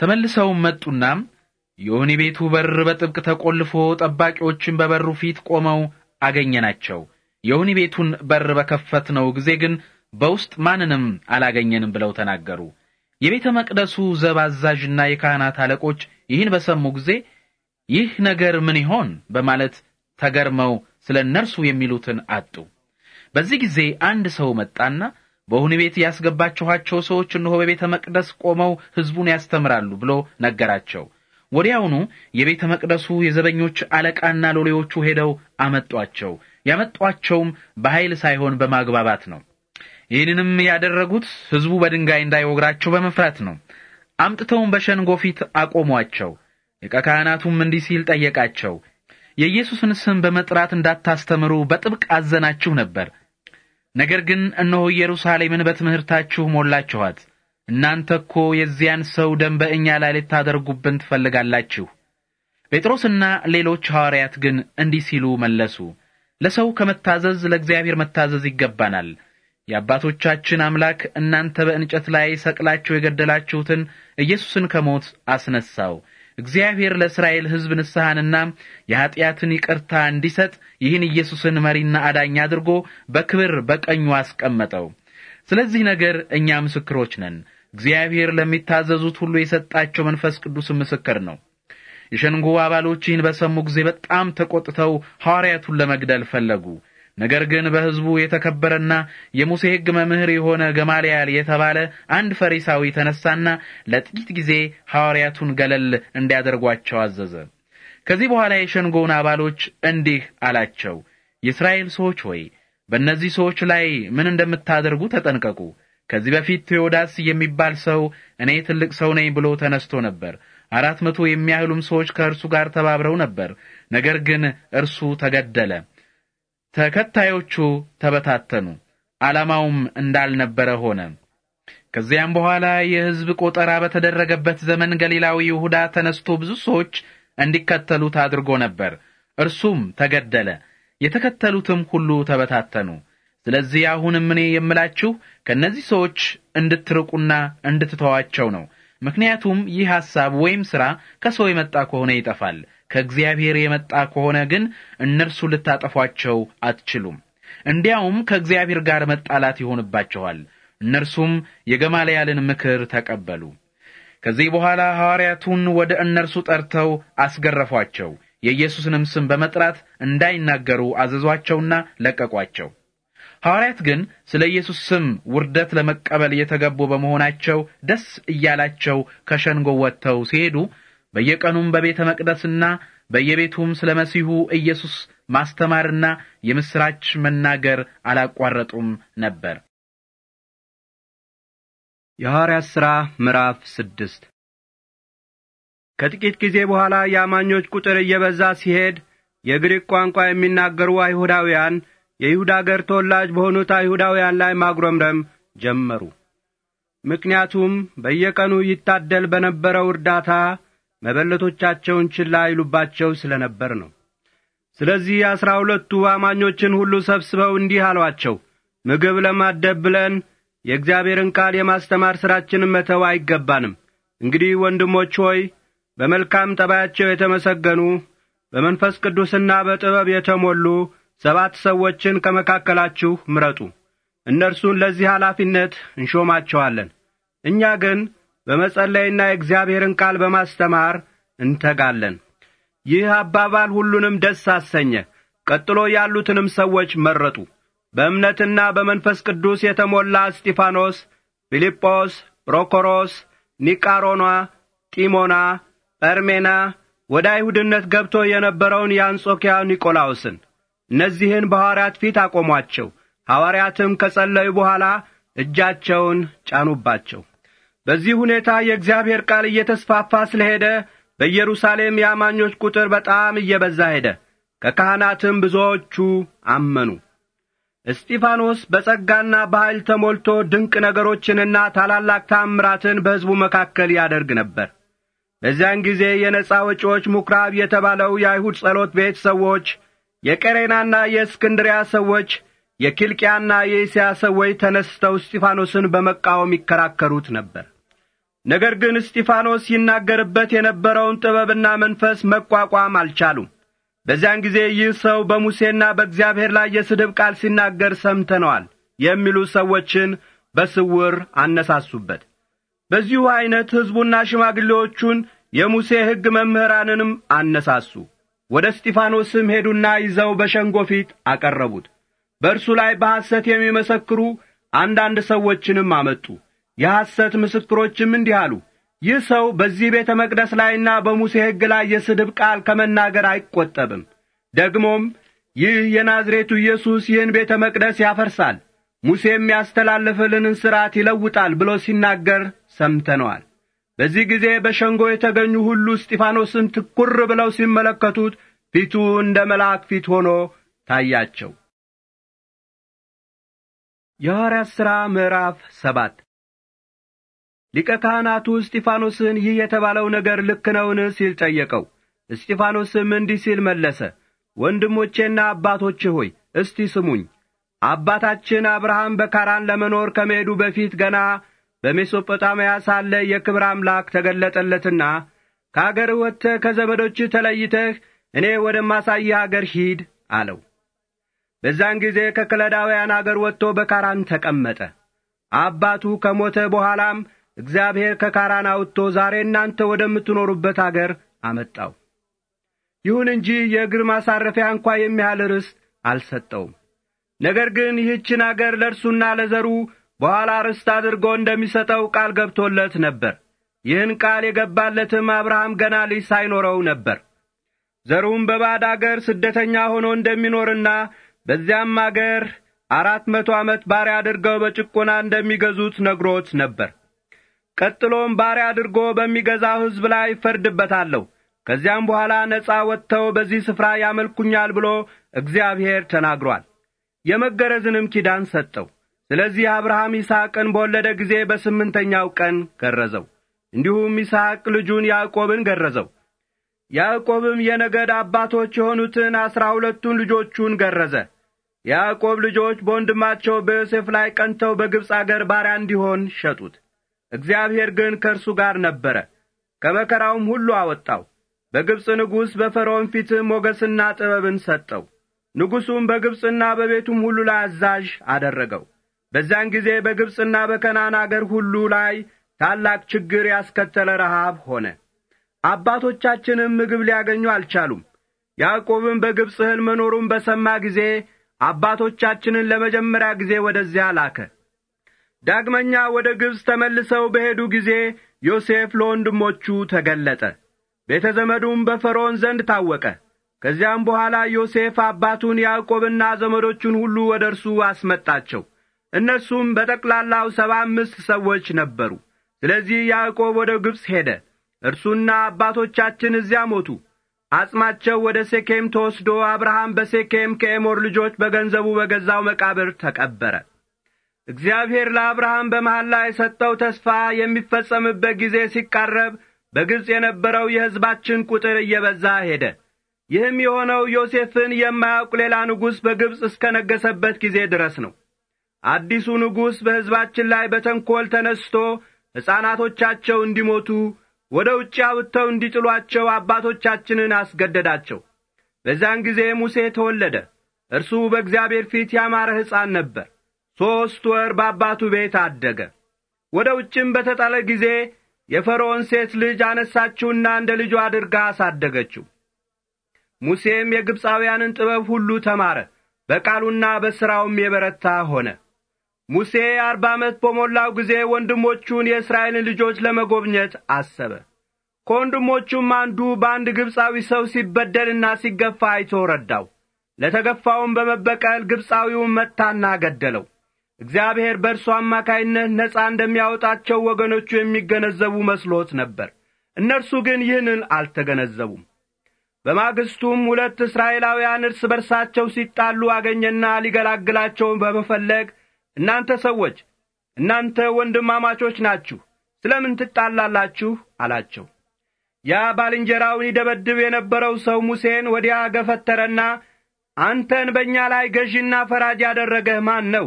ተመልሰውም መጡና የወህኒ ቤቱ በር በጥብቅ ተቆልፎ ጠባቂዎችን በበሩ ፊት ቆመው አገኘናቸው። የወህኒ ቤቱን በር በከፈትነው ጊዜ ግን በውስጥ ማንንም አላገኘንም ብለው ተናገሩ። የቤተ መቅደሱ ዘብ አዛዥና የካህናት አለቆች ይህን በሰሙ ጊዜ ይህ ነገር ምን ይሆን በማለት ተገርመው ስለ እነርሱ የሚሉትን አጡ። በዚህ ጊዜ አንድ ሰው መጣና በሁኒ ቤት ያስገባችኋቸው ሰዎች እነሆ በቤተ መቅደስ ቆመው ሕዝቡን ያስተምራሉ ብሎ ነገራቸው። ወዲያውኑ የቤተ መቅደሱ የዘበኞች አለቃና ሎሌዎቹ ሄደው አመጧቸው። ያመጧቸውም በኃይል ሳይሆን በማግባባት ነው። ይህንንም ያደረጉት ሕዝቡ በድንጋይ እንዳይወግራቸው በመፍራት ነው። አምጥተውም በሸንጎ ፊት አቆሟቸው። ሊቀ ካህናቱም እንዲህ ሲል ጠየቃቸው፣ የኢየሱስን ስም በመጥራት እንዳታስተምሩ በጥብቅ አዘናችሁ ነበር። ነገር ግን እነሆ ኢየሩሳሌምን በትምህርታችሁ ሞላችኋት። እናንተ እኮ የዚያን ሰው ደም በእኛ ላይ ልታደርጉብን ትፈልጋላችሁ። ጴጥሮስና ሌሎች ሐዋርያት ግን እንዲህ ሲሉ መለሱ። ለሰው ከመታዘዝ ለእግዚአብሔር መታዘዝ ይገባናል። የአባቶቻችን አምላክ እናንተ በእንጨት ላይ ሰቅላችሁ የገደላችሁትን ኢየሱስን ከሞት አስነሳው። እግዚአብሔር ለእስራኤል ሕዝብ ንስሐንና የኀጢአትን ይቅርታ እንዲሰጥ ይህን ኢየሱስን መሪና አዳኝ አድርጎ በክብር በቀኙ አስቀመጠው። ስለዚህ ነገር እኛ ምስክሮች ነን። እግዚአብሔር ለሚታዘዙት ሁሉ የሰጣቸው መንፈስ ቅዱስ ምስክር ነው። የሸንጎ አባሎች ይህን በሰሙ ጊዜ በጣም ተቆጥተው ሐዋርያቱን ለመግደል ፈለጉ። ነገር ግን በሕዝቡ የተከበረና የሙሴ ሕግ መምህር የሆነ ገማልያል የተባለ አንድ ፈሪሳዊ ተነሳና ለጥቂት ጊዜ ሐዋርያቱን ገለል እንዲያደርጓቸው አዘዘ። ከዚህ በኋላ የሸንጎውን አባሎች እንዲህ አላቸው፣ የእስራኤል ሰዎች ሆይ በእነዚህ ሰዎች ላይ ምን እንደምታደርጉ ተጠንቀቁ። ከዚህ በፊት ቴዎዳስ የሚባል ሰው እኔ ትልቅ ሰው ነኝ ብሎ ተነስቶ ነበር። አራት መቶ የሚያህሉም ሰዎች ከእርሱ ጋር ተባብረው ነበር። ነገር ግን እርሱ ተገደለ። ተከታዮቹ ተበታተኑ፣ ዓላማውም እንዳልነበረ ሆነ። ከዚያም በኋላ የሕዝብ ቆጠራ በተደረገበት ዘመን ገሊላዊ ይሁዳ ተነስቶ ብዙ ሰዎች እንዲከተሉት አድርጎ ነበር። እርሱም ተገደለ፣ የተከተሉትም ሁሉ ተበታተኑ። ስለዚህ አሁንም እኔ የምላችሁ ከእነዚህ ሰዎች እንድትርቁና እንድትተዋቸው ነው። ምክንያቱም ይህ ሐሳብ ወይም ሥራ ከሰው የመጣ ከሆነ ይጠፋል ከእግዚአብሔር የመጣ ከሆነ ግን እነርሱ ልታጠፏቸው አትችሉም። እንዲያውም ከእግዚአብሔር ጋር መጣላት ይሆንባቸዋል። እነርሱም የገማልያልን ምክር ተቀበሉ። ከዚህ በኋላ ሐዋርያቱን ወደ እነርሱ ጠርተው አስገረፏቸው። የኢየሱስንም ስም በመጥራት እንዳይናገሩ አዘዟቸውና ለቀቋቸው። ሐዋርያት ግን ስለ ኢየሱስ ስም ውርደት ለመቀበል የተገቡ በመሆናቸው ደስ እያላቸው ከሸንጎ ወጥተው ሲሄዱ በየቀኑም በቤተ መቅደስና በየቤቱም ስለ መሲሁ ኢየሱስ ማስተማርና የምሥራች መናገር አላቋረጡም ነበር። የሐዋርያት ሥራ ምዕራፍ ስድስት ከጥቂት ጊዜ በኋላ የአማኞች ቁጥር እየበዛ ሲሄድ የግሪክ ቋንቋ የሚናገሩ አይሁዳውያን የይሁዳ አገር ተወላጅ በሆኑት አይሁዳውያን ላይ ማጉረምረም ጀመሩ። ምክንያቱም በየቀኑ ይታደል በነበረው እርዳታ መበለቶቻቸውን ችላ ይሉባቸው ስለ ነበር ነው። ስለዚህ አሥራ ሁለቱ አማኞችን ሁሉ ሰብስበው እንዲህ አሏቸው፣ ምግብ ለማደብ ብለን የእግዚአብሔርን ቃል የማስተማር ሥራችንን መተው አይገባንም። እንግዲህ ወንድሞች ሆይ በመልካም ጠባያቸው የተመሰገኑ በመንፈስ ቅዱስና በጥበብ የተሞሉ ሰባት ሰዎችን ከመካከላችሁ ምረጡ። እነርሱን ለዚህ ኃላፊነት እንሾማቸዋለን። እኛ ግን በመጸለይና የእግዚአብሔርን ቃል በማስተማር እንተጋለን። ይህ አባባል ሁሉንም ደስ አሰኘ። ቀጥሎ ያሉትንም ሰዎች መረጡ። በእምነትና በመንፈስ ቅዱስ የተሞላ እስጢፋኖስ፣ ፊልጶስ፣ ጵሮኮሮስ፣ ኒቃሮኗ፣ ጢሞና፣ ጰርሜና፣ ወደ አይሁድነት ገብቶ የነበረውን የአንጾኪያ ኒቆላውስን እነዚህን በሐዋርያት ፊት አቆሟቸው። ሐዋርያትም ከጸለዩ በኋላ እጃቸውን ጫኑባቸው። በዚህ ሁኔታ የእግዚአብሔር ቃል እየተስፋፋ ስለሄደ በኢየሩሳሌም የአማኞች ቁጥር በጣም እየበዛ ሄደ። ከካህናትም ብዙዎቹ አመኑ። እስጢፋኖስ በጸጋና በኃይል ተሞልቶ ድንቅ ነገሮችንና ታላላቅ ታምራትን በሕዝቡ መካከል ያደርግ ነበር። በዚያን ጊዜ የነፃ ወጪዎች ምኵራብ የተባለው የአይሁድ ጸሎት ቤት ሰዎች፣ የቀሬናና የእስክንድሪያ ሰዎች የኪልቅያና የእስያ ሰዎች ተነስተው እስጢፋኖስን በመቃወም ይከራከሩት ነበር። ነገር ግን እስጢፋኖስ ይናገርበት የነበረውን ጥበብና መንፈስ መቋቋም አልቻሉም። በዚያን ጊዜ ይህ ሰው በሙሴና በእግዚአብሔር ላይ የስድብ ቃል ሲናገር ሰምተነዋል የሚሉ ሰዎችን በስውር አነሳሱበት። በዚሁ ዐይነት ሕዝቡና ሽማግሌዎቹን የሙሴ ሕግ መምህራንንም አነሳሱ። ወደ እስጢፋኖስም ሄዱና ይዘው በሸንጎ ፊት አቀረቡት። በእርሱ ላይ በሐሰት የሚመሰክሩ አንዳንድ ሰዎችንም አመጡ። የሐሰት ምስክሮችም እንዲህ አሉ፣ ይህ ሰው በዚህ ቤተ መቅደስ ላይና በሙሴ ሕግ ላይ የስድብ ቃል ከመናገር አይቈጠብም። ደግሞም ይህ የናዝሬቱ ኢየሱስ ይህን ቤተ መቅደስ ያፈርሳል፣ ሙሴም ያስተላለፈልንን ሥርዓት ይለውጣል ብሎ ሲናገር ሰምተነዋል። በዚህ ጊዜ በሸንጎ የተገኙ ሁሉ እስጢፋኖስን ትኵር ብለው ሲመለከቱት ፊቱ እንደ መልአክ ፊት ሆኖ ታያቸው። የሐዋርያት ሥራ ምዕራፍ ሰባት ሊቀ ካህናቱ እስጢፋኖስን ይህ የተባለው ነገር ልክ ነውን ሲል ጠየቀው። እስጢፋኖስም እንዲህ ሲል መለሰ፣ ወንድሞቼና አባቶቼ ሆይ እስቲ ስሙኝ። አባታችን አብርሃም በካራን ለመኖር ከመሄዱ በፊት ገና በሜሶጶጣምያ ሳለ የክብር አምላክ ተገለጠለትና ከአገር ወጥተህ ከዘመዶችህ ተለይተህ እኔ ወደማሳይህ አገር ሂድ አለው። በዛን ጊዜ ከከለዳውያን አገር ወጥቶ በካራን ተቀመጠ። አባቱ ከሞተ በኋላም እግዚአብሔር ከካራን አውጥቶ ዛሬ እናንተ ወደምትኖሩበት አገር አመጣው። ይሁን እንጂ የእግር ማሳረፊያ እንኳ የሚያህል ርስት አልሰጠውም። ነገር ግን ይህችን አገር ለእርሱና ለዘሩ በኋላ ርስት አድርጎ እንደሚሰጠው ቃል ገብቶለት ነበር። ይህን ቃል የገባለትም አብርሃም ገና ልጅ ሳይኖረው ነበር። ዘሩም በባዕድ አገር ስደተኛ ሆኖ እንደሚኖርና በዚያም አገር አራት መቶ ዓመት ባሪያ አድርገው በጭቆና እንደሚገዙት ነግሮት ነበር። ቀጥሎም ባሪያ አድርጎ በሚገዛው ሕዝብ ላይ ፈርድበታለሁ፣ ከዚያም በኋላ ነፃ ወጥተው በዚህ ስፍራ ያመልኩኛል ብሎ እግዚአብሔር ተናግሯል። የመገረዝንም ኪዳን ሰጠው። ስለዚህ አብርሃም ይስሐቅን በወለደ ጊዜ በስምንተኛው ቀን ገረዘው። እንዲሁም ይስሐቅ ልጁን ያዕቆብን ገረዘው። ያዕቆብም የነገድ አባቶች የሆኑትን አሥራ ሁለቱን ልጆቹን ገረዘ። ያዕቆብ ልጆች በወንድማቸው በዮሴፍ ላይ ቀንተው በግብፅ አገር ባሪያ እንዲሆን ሸጡት። እግዚአብሔር ግን ከእርሱ ጋር ነበረ፣ ከመከራውም ሁሉ አወጣው። በግብፅ ንጉሥ በፈርዖን ፊትም ሞገስና ጥበብን ሰጠው። ንጉሡም በግብፅና በቤቱም ሁሉ ላይ አዛዥ አደረገው። በዚያን ጊዜ በግብፅና በከናን አገር ሁሉ ላይ ታላቅ ችግር ያስከተለ ረሃብ ሆነ። አባቶቻችንም ምግብ ሊያገኙ አልቻሉም። ያዕቆብም በግብፅ እህል መኖሩን በሰማ ጊዜ አባቶቻችንን ለመጀመሪያ ጊዜ ወደዚያ ላከ። ዳግመኛ ወደ ግብፅ ተመልሰው በሄዱ ጊዜ ዮሴፍ ለወንድሞቹ ተገለጠ። ቤተ ዘመዱም በፈርዖን ዘንድ ታወቀ። ከዚያም በኋላ ዮሴፍ አባቱን ያዕቆብና ዘመዶቹን ሁሉ ወደ እርሱ አስመጣቸው። እነርሱም በጠቅላላው ሰባ አምስት ሰዎች ነበሩ። ስለዚህ ያዕቆብ ወደ ግብፅ ሄደ። እርሱና አባቶቻችን እዚያ ሞቱ። አጽማቸው ወደ ሴኬም ተወስዶ አብርሃም በሴኬም ከኤሞር ልጆች በገንዘቡ በገዛው መቃብር ተቀበረ። እግዚአብሔር ለአብርሃም ላይ የሰጠው ተስፋ የሚፈጸምበት ጊዜ ሲቃረብ በግብፅ የነበረው የሕዝባችን ቁጥር እየበዛ ሄደ። ይህም የሆነው ዮሴፍን የማያውቅ ሌላ ንጉሥ በግብፅ እስከ ነገሰበት ጊዜ ድረስ ነው። አዲሱ ንጉሥ በሕዝባችን ላይ በተንኰል ተነስቶ ሕፃናቶቻቸው እንዲሞቱ ወደ ውጭ አውጥተው እንዲጥሏቸው አባቶቻችንን አስገደዳቸው። በዚያን ጊዜ ሙሴ ተወለደ። እርሱ በእግዚአብሔር ፊት ያማረ ሕፃን ነበር። ሦስት ወር በአባቱ ቤት አደገ። ወደ ውጭም በተጣለ ጊዜ የፈርዖን ሴት ልጅ አነሳችውና እንደ ልጁ አድርጋ አሳደገችው። ሙሴም የግብፃውያንን ጥበብ ሁሉ ተማረ፣ በቃሉና በሥራውም የበረታ ሆነ። ሙሴ አርባ ዓመት በሞላው ጊዜ ወንድሞቹን የእስራኤልን ልጆች ለመጎብኘት አሰበ። ከወንድሞቹም አንዱ በአንድ ግብፃዊ ሰው ሲበደልና ሲገፋ አይቶ ረዳው። ለተገፋውም በመበቀል ግብፃዊውን መታና ገደለው። እግዚአብሔር በእርሱ አማካይነት ነፃ እንደሚያወጣቸው ወገኖቹ የሚገነዘቡ መስሎት ነበር። እነርሱ ግን ይህንን አልተገነዘቡም። በማግስቱም ሁለት እስራኤላውያን እርስ በርሳቸው ሲጣሉ አገኘና ሊገላግላቸውን በመፈለግ እናንተ ሰዎች እናንተ ወንድማማቾች ናችሁ ስለምን ትጣላላችሁ አላቸው ያ ባልንጀራውን ይደበድብ የነበረው ሰው ሙሴን ወዲያ ገፈተረና አንተን በእኛ ላይ ገዥና ፈራጅ ያደረገህ ማን ነው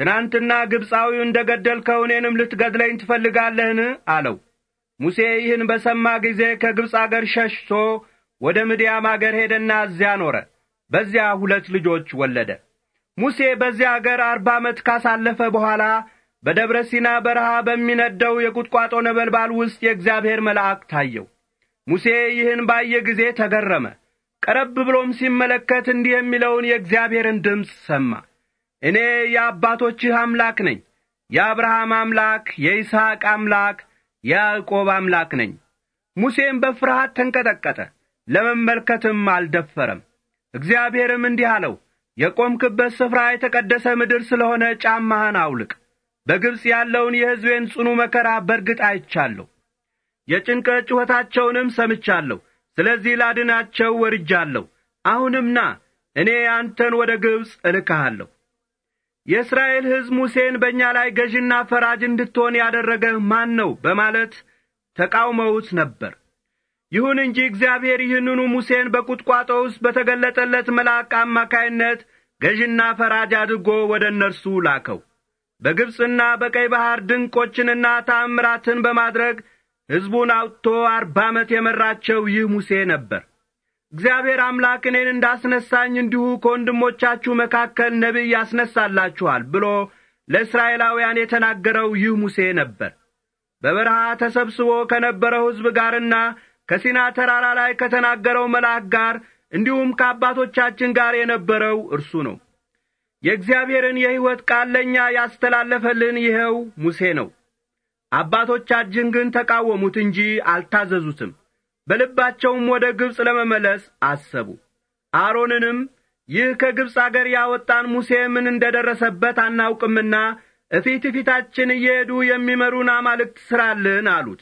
ትናንትና ግብፃዊው እንደ ገደልከው እኔንም ልትገድለኝ ትፈልጋለህን አለው ሙሴ ይህን በሰማ ጊዜ ከግብፅ አገር ሸሽቶ ወደ ምድያም አገር ሄደና እዚያ ኖረ በዚያ ሁለት ልጆች ወለደ ሙሴ በዚያ አገር አርባ ዓመት ካሳለፈ በኋላ በደብረ ሲና በረሃ በሚነደው የቁጥቋጦ ነበልባል ውስጥ የእግዚአብሔር መልአክ ታየው። ሙሴ ይህን ባየ ጊዜ ተገረመ። ቀረብ ብሎም ሲመለከት እንዲህ የሚለውን የእግዚአብሔርን ድምፅ ሰማ። እኔ የአባቶችህ አምላክ ነኝ፣ የአብርሃም አምላክ፣ የይስሐቅ አምላክ፣ የያዕቆብ አምላክ ነኝ። ሙሴም በፍርሃት ተንቀጠቀጠ፣ ለመመልከትም አልደፈረም። እግዚአብሔርም እንዲህ አለው፣ የቆምክበት ስፍራ የተቀደሰ ምድር ስለሆነ ጫማህን አውልቅ። በግብፅ ያለውን የሕዝቤን ጽኑ መከራ በርግጥ አይቻለሁ፣ የጭንቀት ጩኸታቸውንም ሰምቻለሁ። ስለዚህ ላድናቸው ወርጃለሁ። አሁንም ና እኔ አንተን ወደ ግብፅ እልክሃለሁ። የእስራኤል ሕዝብ ሙሴን በእኛ ላይ ገዥና ፈራጅ እንድትሆን ያደረገህ ማን ነው በማለት ተቃውመውት ነበር። ይሁን እንጂ እግዚአብሔር ይህንኑ ሙሴን በቁጥቋጦ ውስጥ በተገለጠለት መልአክ አማካይነት ገዥና ፈራጅ አድርጎ ወደ እነርሱ ላከው። በግብፅና በቀይ ባሕር ድንቆችንና ታምራትን በማድረግ ሕዝቡን አውጥቶ አርባ ዓመት የመራቸው ይህ ሙሴ ነበር። እግዚአብሔር አምላክ እኔን እንዳስነሳኝ እንዲሁ ከወንድሞቻችሁ መካከል ነቢይ ያስነሳላችኋል ብሎ ለእስራኤላውያን የተናገረው ይህ ሙሴ ነበር። በበረሃ ተሰብስቦ ከነበረው ሕዝብ ጋርና ከሲና ተራራ ላይ ከተናገረው መልአክ ጋር እንዲሁም ከአባቶቻችን ጋር የነበረው እርሱ ነው። የእግዚአብሔርን የሕይወት ቃል ለእኛ ያስተላለፈልን ይኸው ሙሴ ነው። አባቶቻችን ግን ተቃወሙት እንጂ አልታዘዙትም። በልባቸውም ወደ ግብፅ ለመመለስ አሰቡ። አሮንንም ይህ ከግብፅ አገር ያወጣን ሙሴ ምን እንደ ደረሰበት አናውቅምና እፊት ፊታችን እየሄዱ የሚመሩን አማልክት ሥራልን አሉት።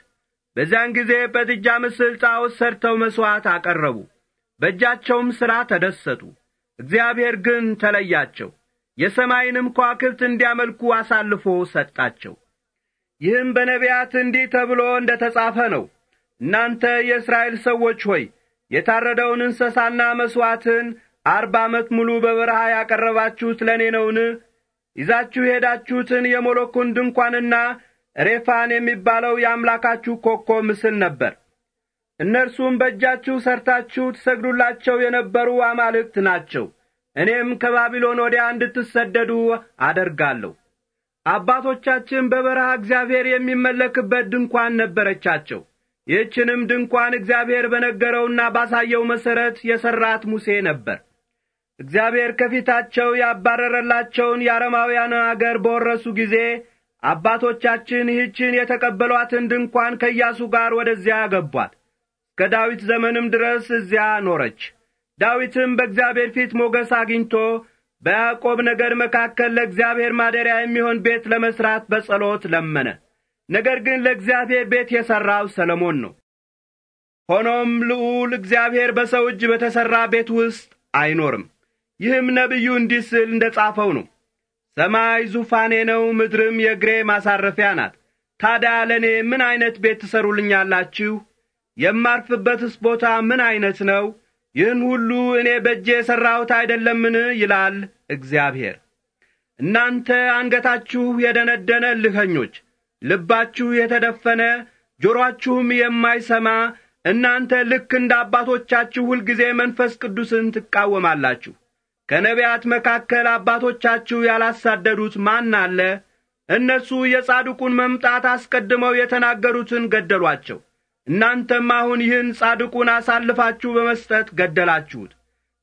በዚያን ጊዜ በጥጃ ምስል ጣዖት ሰርተው መሥዋዕት አቀረቡ፣ በእጃቸውም ሥራ ተደሰቱ። እግዚአብሔር ግን ተለያቸው፣ የሰማይንም ከዋክብት እንዲያመልኩ አሳልፎ ሰጣቸው። ይህም በነቢያት እንዲህ ተብሎ እንደ ተጻፈ ነው። እናንተ የእስራኤል ሰዎች ሆይ የታረደውን እንስሳና መሥዋዕትን አርባ ዓመት ሙሉ በበረሃ ያቀረባችሁት ለእኔ ነውን? ይዛችሁ የሄዳችሁትን የሞሎኩን ድንኳንና ሬፋን የሚባለው የአምላካችሁ ኮከብ ምስል ነበር። እነርሱም በእጃችሁ ሰርታችሁ ትሰግዱላቸው የነበሩ አማልክት ናቸው። እኔም ከባቢሎን ወዲያ እንድትሰደዱ አደርጋለሁ። አባቶቻችን በበረሃ እግዚአብሔር የሚመለክበት ድንኳን ነበረቻቸው። ይህችንም ድንኳን እግዚአብሔር በነገረውና ባሳየው መሠረት የሠራት ሙሴ ነበር። እግዚአብሔር ከፊታቸው ያባረረላቸውን የአረማውያን አገር በወረሱ ጊዜ አባቶቻችን ይህችን የተቀበሏትን ድንኳን ከኢያሱ ጋር ወደዚያ አገቧት። እስከ ዳዊት ዘመንም ድረስ እዚያ ኖረች። ዳዊትም በእግዚአብሔር ፊት ሞገስ አግኝቶ በያዕቆብ ነገድ መካከል ለእግዚአብሔር ማደሪያ የሚሆን ቤት ለመሥራት በጸሎት ለመነ። ነገር ግን ለእግዚአብሔር ቤት የሠራው ሰለሞን ነው። ሆኖም ልዑል እግዚአብሔር በሰው እጅ በተሠራ ቤት ውስጥ አይኖርም። ይህም ነቢዩ እንዲህ ስል እንደ ጻፈው ነው። ሰማይ ዙፋኔ ነው፣ ምድርም የእግሬ ማሳረፊያ ናት። ታዲያ ለእኔ ምን ዐይነት ቤት ትሠሩልኛላችሁ? የማርፍበትስ ቦታ ምን ዐይነት ነው? ይህን ሁሉ እኔ በእጄ የሠራሁት አይደለምን? ይላል እግዚአብሔር። እናንተ አንገታችሁ የደነደነ እልኸኞች፣ ልባችሁ የተደፈነ ጆሮአችሁም የማይሰማ እናንተ ልክ እንደ አባቶቻችሁ ሁልጊዜ መንፈስ ቅዱስን ትቃወማላችሁ። ከነቢያት መካከል አባቶቻችሁ ያላሳደዱት ማን አለ? እነርሱ የጻድቁን መምጣት አስቀድመው የተናገሩትን ገደሏቸው። እናንተም አሁን ይህን ጻድቁን አሳልፋችሁ በመስጠት ገደላችሁት።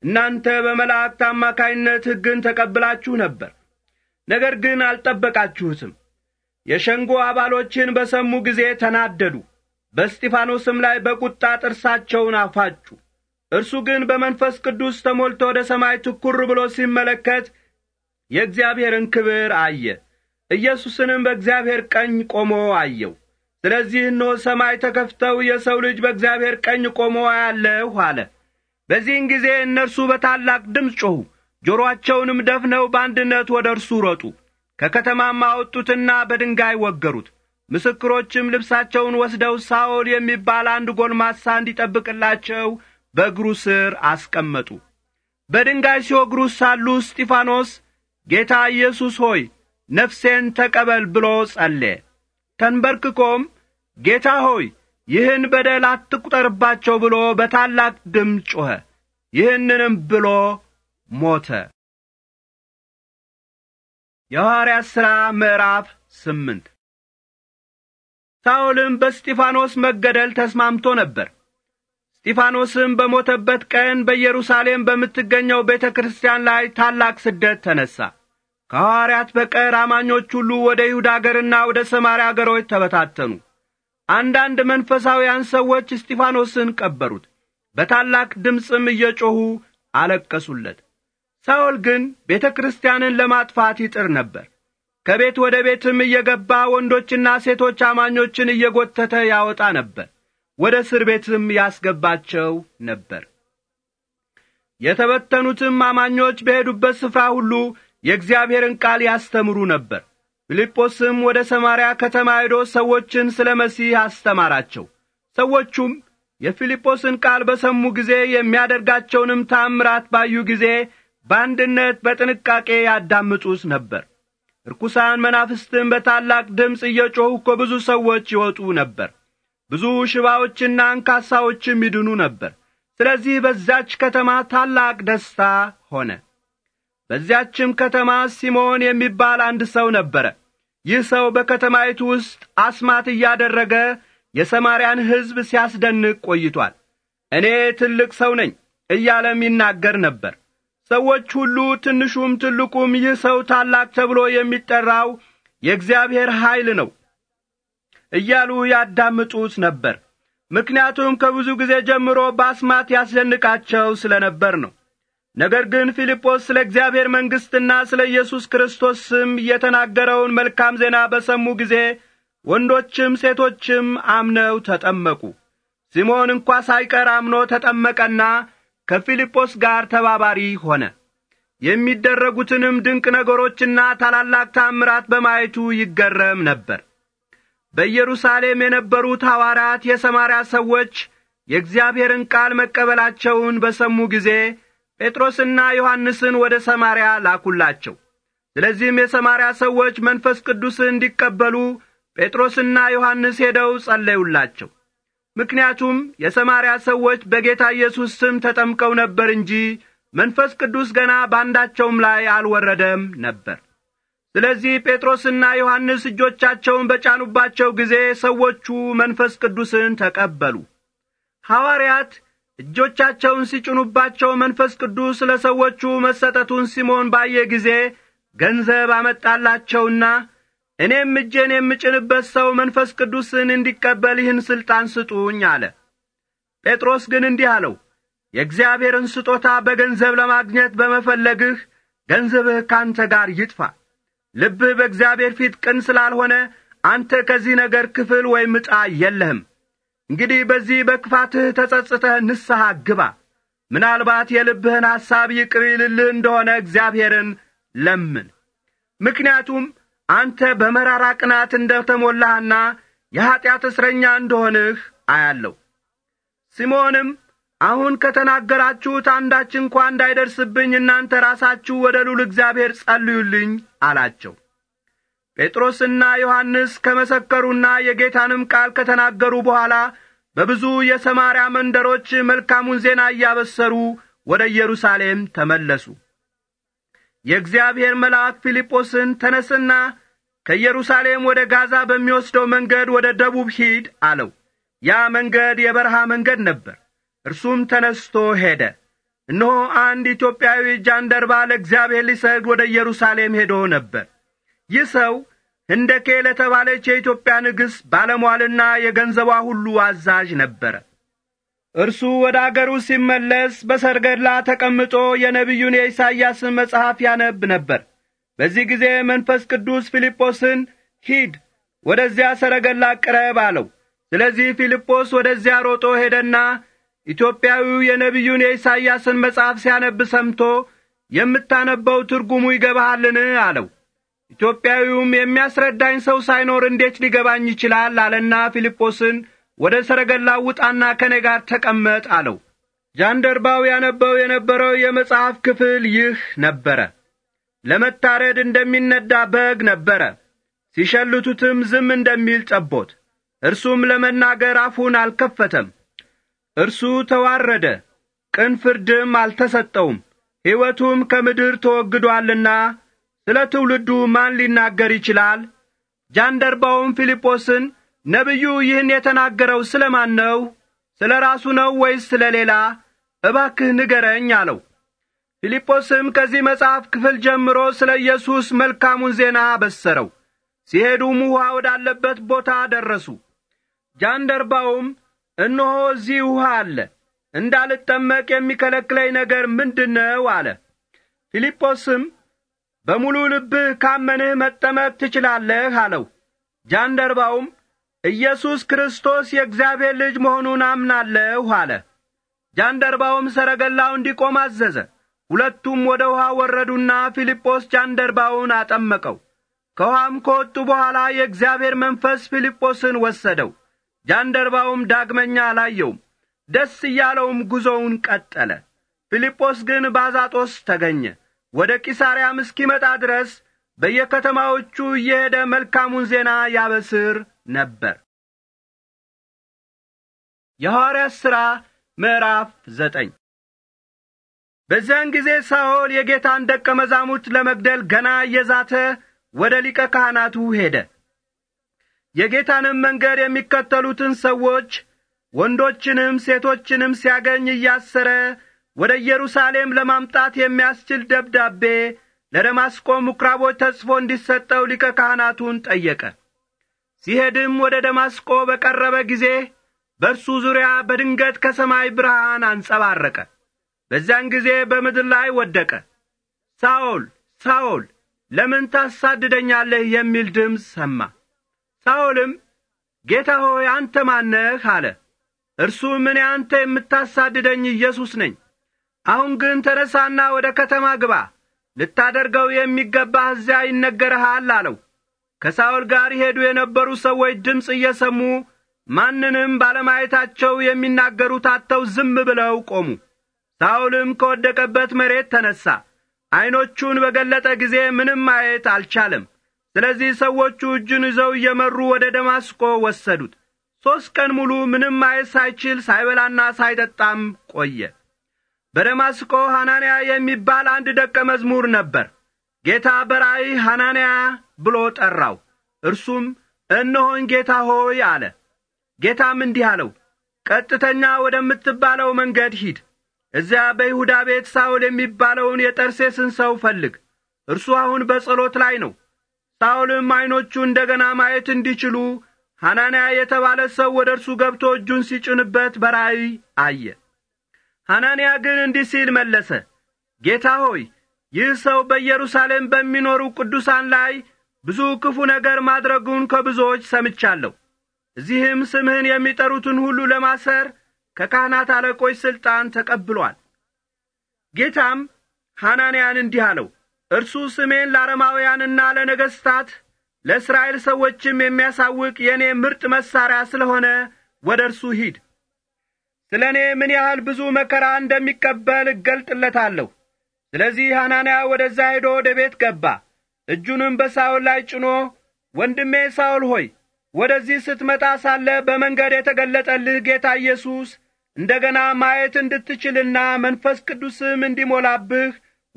እናንተ በመላእክት አማካይነት ሕግን ተቀብላችሁ ነበር፣ ነገር ግን አልጠበቃችሁትም። የሸንጎ አባሎችን በሰሙ ጊዜ ተናደዱ፣ በእስጢፋኖስም ላይ በቁጣ ጥርሳቸውን አፋጩ። እርሱ ግን በመንፈስ ቅዱስ ተሞልቶ ወደ ሰማይ ትኩር ብሎ ሲመለከት የእግዚአብሔርን ክብር አየ። ኢየሱስንም በእግዚአብሔር ቀኝ ቆሞ አየው። ስለዚህ እነሆ ሰማይ ተከፍተው የሰው ልጅ በእግዚአብሔር ቀኝ ቆሞ አያለሁ አለ። በዚህን ጊዜ እነርሱ በታላቅ ድምፅ ጮኹ፣ ጆሮአቸውንም ደፍነው በአንድነት ወደ እርሱ ሮጡ። ከከተማም አወጡትና በድንጋይ ወገሩት። ምስክሮችም ልብሳቸውን ወስደው ሳኦል የሚባል አንድ ጎልማሳ እንዲጠብቅላቸው በእግሩ ስር አስቀመጡ። በድንጋይ ሲወግሩ ሳሉ እስጢፋኖስ ጌታ ኢየሱስ ሆይ ነፍሴን ተቀበል ብሎ ጸለየ። ተንበርክኮም ጌታ ሆይ ይህን በደል አትቁጠርባቸው ብሎ በታላቅ ድምፅ ጮኸ። ይህንንም ብሎ ሞተ። የሐዋርያ ሥራ ምዕራፍ ስምንት ሳውልም በስጢፋኖስ መገደል ተስማምቶ ነበር። እስጢፋኖስም በሞተበት ቀን በኢየሩሳሌም በምትገኘው ቤተ ክርስቲያን ላይ ታላቅ ስደት ተነሣ። ከሐዋርያት በቀር አማኞች ሁሉ ወደ ይሁዳ አገርና ወደ ሰማርያ አገሮች ተበታተኑ። አንዳንድ መንፈሳውያን ሰዎች እስጢፋኖስን ቀበሩት፣ በታላቅ ድምፅም እየጮኹ አለቀሱለት። ሳውል ግን ቤተ ክርስቲያንን ለማጥፋት ይጥር ነበር። ከቤት ወደ ቤትም እየገባ ወንዶችና ሴቶች አማኞችን እየጐተተ ያወጣ ነበር። ወደ እስር ቤትም ያስገባቸው ነበር። የተበተኑትም አማኞች በሄዱበት ስፍራ ሁሉ የእግዚአብሔርን ቃል ያስተምሩ ነበር። ፊልጶስም ወደ ሰማርያ ከተማ ሄዶ ሰዎችን ስለ መሲህ አስተማራቸው። ሰዎቹም የፊልጶስን ቃል በሰሙ ጊዜ የሚያደርጋቸውንም ታምራት ባዩ ጊዜ በአንድነት በጥንቃቄ ያዳምጡት ነበር። ርኩሳን መናፍስትም በታላቅ ድምፅ እየጮኹ እኮ ብዙ ሰዎች ይወጡ ነበር። ብዙ ሽባዎችና አንካሳዎችም ይድኑ ነበር። ስለዚህ በዛች ከተማ ታላቅ ደስታ ሆነ። በዚያችም ከተማ ሲሞን የሚባል አንድ ሰው ነበረ። ይህ ሰው በከተማይቱ ውስጥ አስማት እያደረገ የሰማርያን ሕዝብ ሲያስደንቅ ቆይቷል። እኔ ትልቅ ሰው ነኝ እያለም ይናገር ነበር። ሰዎች ሁሉ ትንሹም ትልቁም ይህ ሰው ታላቅ ተብሎ የሚጠራው የእግዚአብሔር ኀይል ነው እያሉ ያዳምጡት ነበር። ምክንያቱም ከብዙ ጊዜ ጀምሮ በአስማት ያስደንቃቸው ስለ ነበር ነው። ነገር ግን ፊልጶስ ስለ እግዚአብሔር መንግሥትና ስለ ኢየሱስ ክርስቶስ ስም የተናገረውን መልካም ዜና በሰሙ ጊዜ ወንዶችም ሴቶችም አምነው ተጠመቁ። ሲሞን እንኳ ሳይቀር አምኖ ተጠመቀና ከፊልጶስ ጋር ተባባሪ ሆነ። የሚደረጉትንም ድንቅ ነገሮችና ታላላቅ ታምራት በማየቱ ይገረም ነበር። በኢየሩሳሌም የነበሩት ሐዋርያት የሰማርያ ሰዎች የእግዚአብሔርን ቃል መቀበላቸውን በሰሙ ጊዜ ጴጥሮስና ዮሐንስን ወደ ሰማርያ ላኩላቸው። ስለዚህም የሰማርያ ሰዎች መንፈስ ቅዱስ እንዲቀበሉ ጴጥሮስና ዮሐንስ ሄደው ጸለዩላቸው። ምክንያቱም የሰማርያ ሰዎች በጌታ ኢየሱስ ስም ተጠምቀው ነበር እንጂ መንፈስ ቅዱስ ገና በአንዳቸውም ላይ አልወረደም ነበር። ስለዚህ ጴጥሮስና ዮሐንስ እጆቻቸውን በጫኑባቸው ጊዜ ሰዎቹ መንፈስ ቅዱስን ተቀበሉ። ሐዋርያት እጆቻቸውን ሲጭኑባቸው መንፈስ ቅዱስ ለሰዎቹ መሰጠቱን ሲሞን ባየ ጊዜ ገንዘብ አመጣላቸውና እኔም እጄን የምጭንበት ሰው መንፈስ ቅዱስን እንዲቀበል ይህን ሥልጣን ስጡኝ አለ። ጴጥሮስ ግን እንዲህ አለው፣ የእግዚአብሔርን ስጦታ በገንዘብ ለማግኘት በመፈለግህ ገንዘብህ ካንተ ጋር ይጥፋ ልብህ በእግዚአብሔር ፊት ቅን ስላልሆነ አንተ ከዚህ ነገር ክፍል ወይም ዕጣ የለህም። እንግዲህ በዚህ በክፋትህ ተጸጽተህ ንስሐ ግባ። ምናልባት የልብህን ሐሳብ ይቅር ይልልህ እንደሆነ እግዚአብሔርን ለምን። ምክንያቱም አንተ በመራራ ቅናት እንደ ተሞላህና የኀጢአት እስረኛ እንደሆንህ አያለሁ። ስምዖንም አሁን ከተናገራችሁት አንዳች እንኳ እንዳይደርስብኝ እናንተ ራሳችሁ ወደ ልዑል እግዚአብሔር ጸልዩልኝ አላቸው ጴጥሮስና ዮሐንስ ከመሰከሩና የጌታንም ቃል ከተናገሩ በኋላ በብዙ የሰማርያ መንደሮች መልካሙን ዜና እያበሰሩ ወደ ኢየሩሳሌም ተመለሱ የእግዚአብሔር መልአክ ፊልጶስን ተነስና ከኢየሩሳሌም ወደ ጋዛ በሚወስደው መንገድ ወደ ደቡብ ሂድ አለው ያ መንገድ የበረሃ መንገድ ነበር እርሱም ተነስቶ ሄደ እነሆ አንድ ኢትዮጵያዊ ጃንደርባ ለእግዚአብሔር ሊሰግድ ወደ ኢየሩሳሌም ሄዶ ነበር። ይህ ሰው ህንደኬ ለተባለች የኢትዮጵያ ንግሥት ባለሟልና የገንዘቧ ሁሉ አዛዥ ነበረ። እርሱ ወደ አገሩ ሲመለስ በሰረገላ ተቀምጦ የነቢዩን የኢሳይያስን መጽሐፍ ያነብ ነበር። በዚህ ጊዜ መንፈስ ቅዱስ ፊልጶስን ሂድ፣ ወደዚያ ሰረገላ ቅረብ አለው። ስለዚህ ፊልጶስ ወደዚያ ሮጦ ሄደና ኢትዮጵያዊው የነቢዩን የኢሳይያስን መጽሐፍ ሲያነብ ሰምቶ የምታነበው ትርጉሙ ይገባሃልን አለው። ኢትዮጵያዊውም የሚያስረዳኝ ሰው ሳይኖር እንዴት ሊገባኝ ይችላል አለና ፊልጶስን ወደ ሰረገላው ውጣና ከኔ ጋር ተቀመጥ አለው። ጃንደርባው ያነበው የነበረው የመጽሐፍ ክፍል ይህ ነበረ። ለመታረድ እንደሚነዳ በግ ነበረ። ሲሸልቱትም ዝም እንደሚል ጠቦት፣ እርሱም ለመናገር አፉን አልከፈተም። እርሱ ተዋረደ፣ ቅን ፍርድም አልተሰጠውም። ሕይወቱም ከምድር ተወግዶአልና ስለ ትውልዱ ማን ሊናገር ይችላል? ጃንደርባውም ፊልጶስን ነቢዩ ይህን የተናገረው ስለ ማን ነው? ስለ ራሱ ነው ወይስ ስለ ሌላ? እባክህ ንገረኝ አለው። ፊልጶስም ከዚህ መጽሐፍ ክፍል ጀምሮ ስለ ኢየሱስ መልካሙን ዜና አበሰረው። ሲሄዱም ውኃ ወዳለበት ቦታ ደረሱ። ጃንደርባውም እነሆ እዚህ ውሃ አለ፣ እንዳልጠመቅ የሚከለክለኝ ነገር ምንድን ነው አለ። ፊልጶስም በሙሉ ልብህ ካመንህ መጠመቅ ትችላለህ አለው። ጃንደርባውም ኢየሱስ ክርስቶስ የእግዚአብሔር ልጅ መሆኑን አምናለሁ አለ። ጃንደርባውም ሰረገላው እንዲቆም አዘዘ። ሁለቱም ወደ ውሃ ወረዱና ፊልጶስ ጃንደርባውን አጠመቀው። ከውሃም ከወጡ በኋላ የእግዚአብሔር መንፈስ ፊልጶስን ወሰደው። ጃንደርባውም ዳግመኛ አላየውም። ደስ እያለውም ጉዞውን ቀጠለ። ፊልጶስ ግን ባዛጦስ ተገኘ። ወደ ቂሳርያም እስኪመጣ ድረስ በየከተማዎቹ እየሄደ መልካሙን ዜና ያበስር ነበር። የሐዋርያት ሥራ ምዕራፍ ዘጠኝ በዚያን ጊዜ ሳኦል የጌታን ደቀ መዛሙርት ለመግደል ገና እየዛተ ወደ ሊቀ ካህናቱ ሄደ። የጌታንም መንገድ የሚከተሉትን ሰዎች ወንዶችንም ሴቶችንም ሲያገኝ እያሰረ ወደ ኢየሩሳሌም ለማምጣት የሚያስችል ደብዳቤ ለደማስቆ ምኵራቦች ተጽፎ እንዲሰጠው ሊቀ ካህናቱን ጠየቀ። ሲሄድም ወደ ደማስቆ በቀረበ ጊዜ በእርሱ ዙሪያ በድንገት ከሰማይ ብርሃን አንጸባረቀ። በዚያን ጊዜ በምድር ላይ ወደቀ። ሳኦል ሳኦል ለምን ታሳድደኛለህ የሚል ድምፅ ሰማ። ሳኦልም ጌታ ሆይ አንተ ማነህ አለ። እርሱም እኔ አንተ የምታሳድደኝ ኢየሱስ ነኝ። አሁን ግን ተነሳና ወደ ከተማ ግባ፣ ልታደርገው የሚገባ እዚያ ይነገርሃል አለው። ከሳኦል ጋር ይሄዱ የነበሩ ሰዎች ድምፅ እየሰሙ ማንንም ባለማየታቸው የሚናገሩት አጥተው ዝም ብለው ቆሙ። ሳኦልም ከወደቀበት መሬት ተነሣ። ዐይኖቹን በገለጠ ጊዜ ምንም ማየት አልቻለም። ስለዚህ ሰዎቹ እጁን ይዘው እየመሩ ወደ ደማስቆ ወሰዱት። ሦስት ቀን ሙሉ ምንም ማየት ሳይችል ሳይበላና ሳይጠጣም ቆየ። በደማስቆ ሐናንያ የሚባል አንድ ደቀ መዝሙር ነበር። ጌታ በራእይ ሐናንያ ብሎ ጠራው። እርሱም እነሆን ጌታ ሆይ አለ። ጌታም እንዲህ አለው፣ ቀጥተኛ ወደምትባለው መንገድ ሂድ። እዚያ በይሁዳ ቤት ሳውል የሚባለውን የጠርሴስን ሰው ፈልግ። እርሱ አሁን በጸሎት ላይ ነው። ሳኦልም ዐይኖቹ እንደ ገና ማየት እንዲችሉ ሐናንያ የተባለ ሰው ወደ እርሱ ገብቶ እጁን ሲጭንበት በራእይ አየ። ሐናንያ ግን እንዲህ ሲል መለሰ፣ ጌታ ሆይ ይህ ሰው በኢየሩሳሌም በሚኖሩ ቅዱሳን ላይ ብዙ ክፉ ነገር ማድረጉን ከብዙዎች ሰምቻለሁ። እዚህም ስምህን የሚጠሩትን ሁሉ ለማሰር ከካህናት አለቆች ሥልጣን ተቀብሏል። ጌታም ሐናንያን እንዲህ አለው፣ እርሱ ስሜን ለአረማውያንና ለነገሥታት ለእስራኤል ሰዎችም የሚያሳውቅ የእኔ ምርጥ መሣሪያ ስለሆነ ወደ እርሱ ሂድ። ስለ እኔ ምን ያህል ብዙ መከራ እንደሚቀበል እገልጥለታለሁ። ስለዚህ ሐናንያ ወደዛ ሄዶ ወደ ቤት ገባ። እጁንም በሳውል ላይ ጭኖ ወንድሜ ሳውል ሆይ ወደዚህ ስትመጣ ሳለ በመንገድ የተገለጠልህ ጌታ ኢየሱስ እንደ ገና ማየት እንድትችልና መንፈስ ቅዱስም እንዲሞላብህ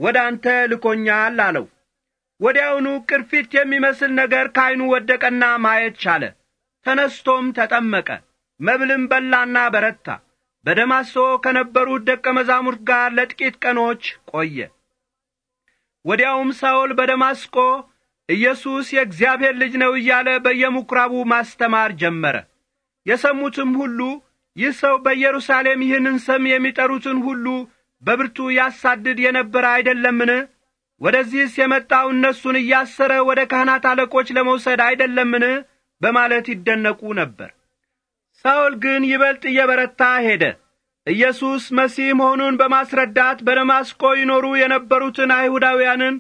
ወደ አንተ ልኮኛል አለው። ወዲያውኑ ቅርፊት የሚመስል ነገር ከዐይኑ ወደቀና ማየት ቻለ። ተነስቶም ተጠመቀ። መብልም በላና በረታ። በደማሶ ከነበሩት ደቀ መዛሙርት ጋር ለጥቂት ቀኖች ቆየ። ወዲያውም ሳውል በደማስቆ ኢየሱስ የእግዚአብሔር ልጅ ነው እያለ በየምኵራቡ ማስተማር ጀመረ። የሰሙትም ሁሉ ይህ ሰው በኢየሩሳሌም ይህንን ስም የሚጠሩትን ሁሉ በብርቱ ያሳድድ የነበረ አይደለምን? ወደዚህስ የመጣው እነሱን እያሰረ ወደ ካህናት አለቆች ለመውሰድ አይደለምን? በማለት ይደነቁ ነበር። ሳውል ግን ይበልጥ እየበረታ ሄደ። ኢየሱስ መሲህ መሆኑን በማስረዳት በደማስቆ ይኖሩ የነበሩትን አይሁዳውያንን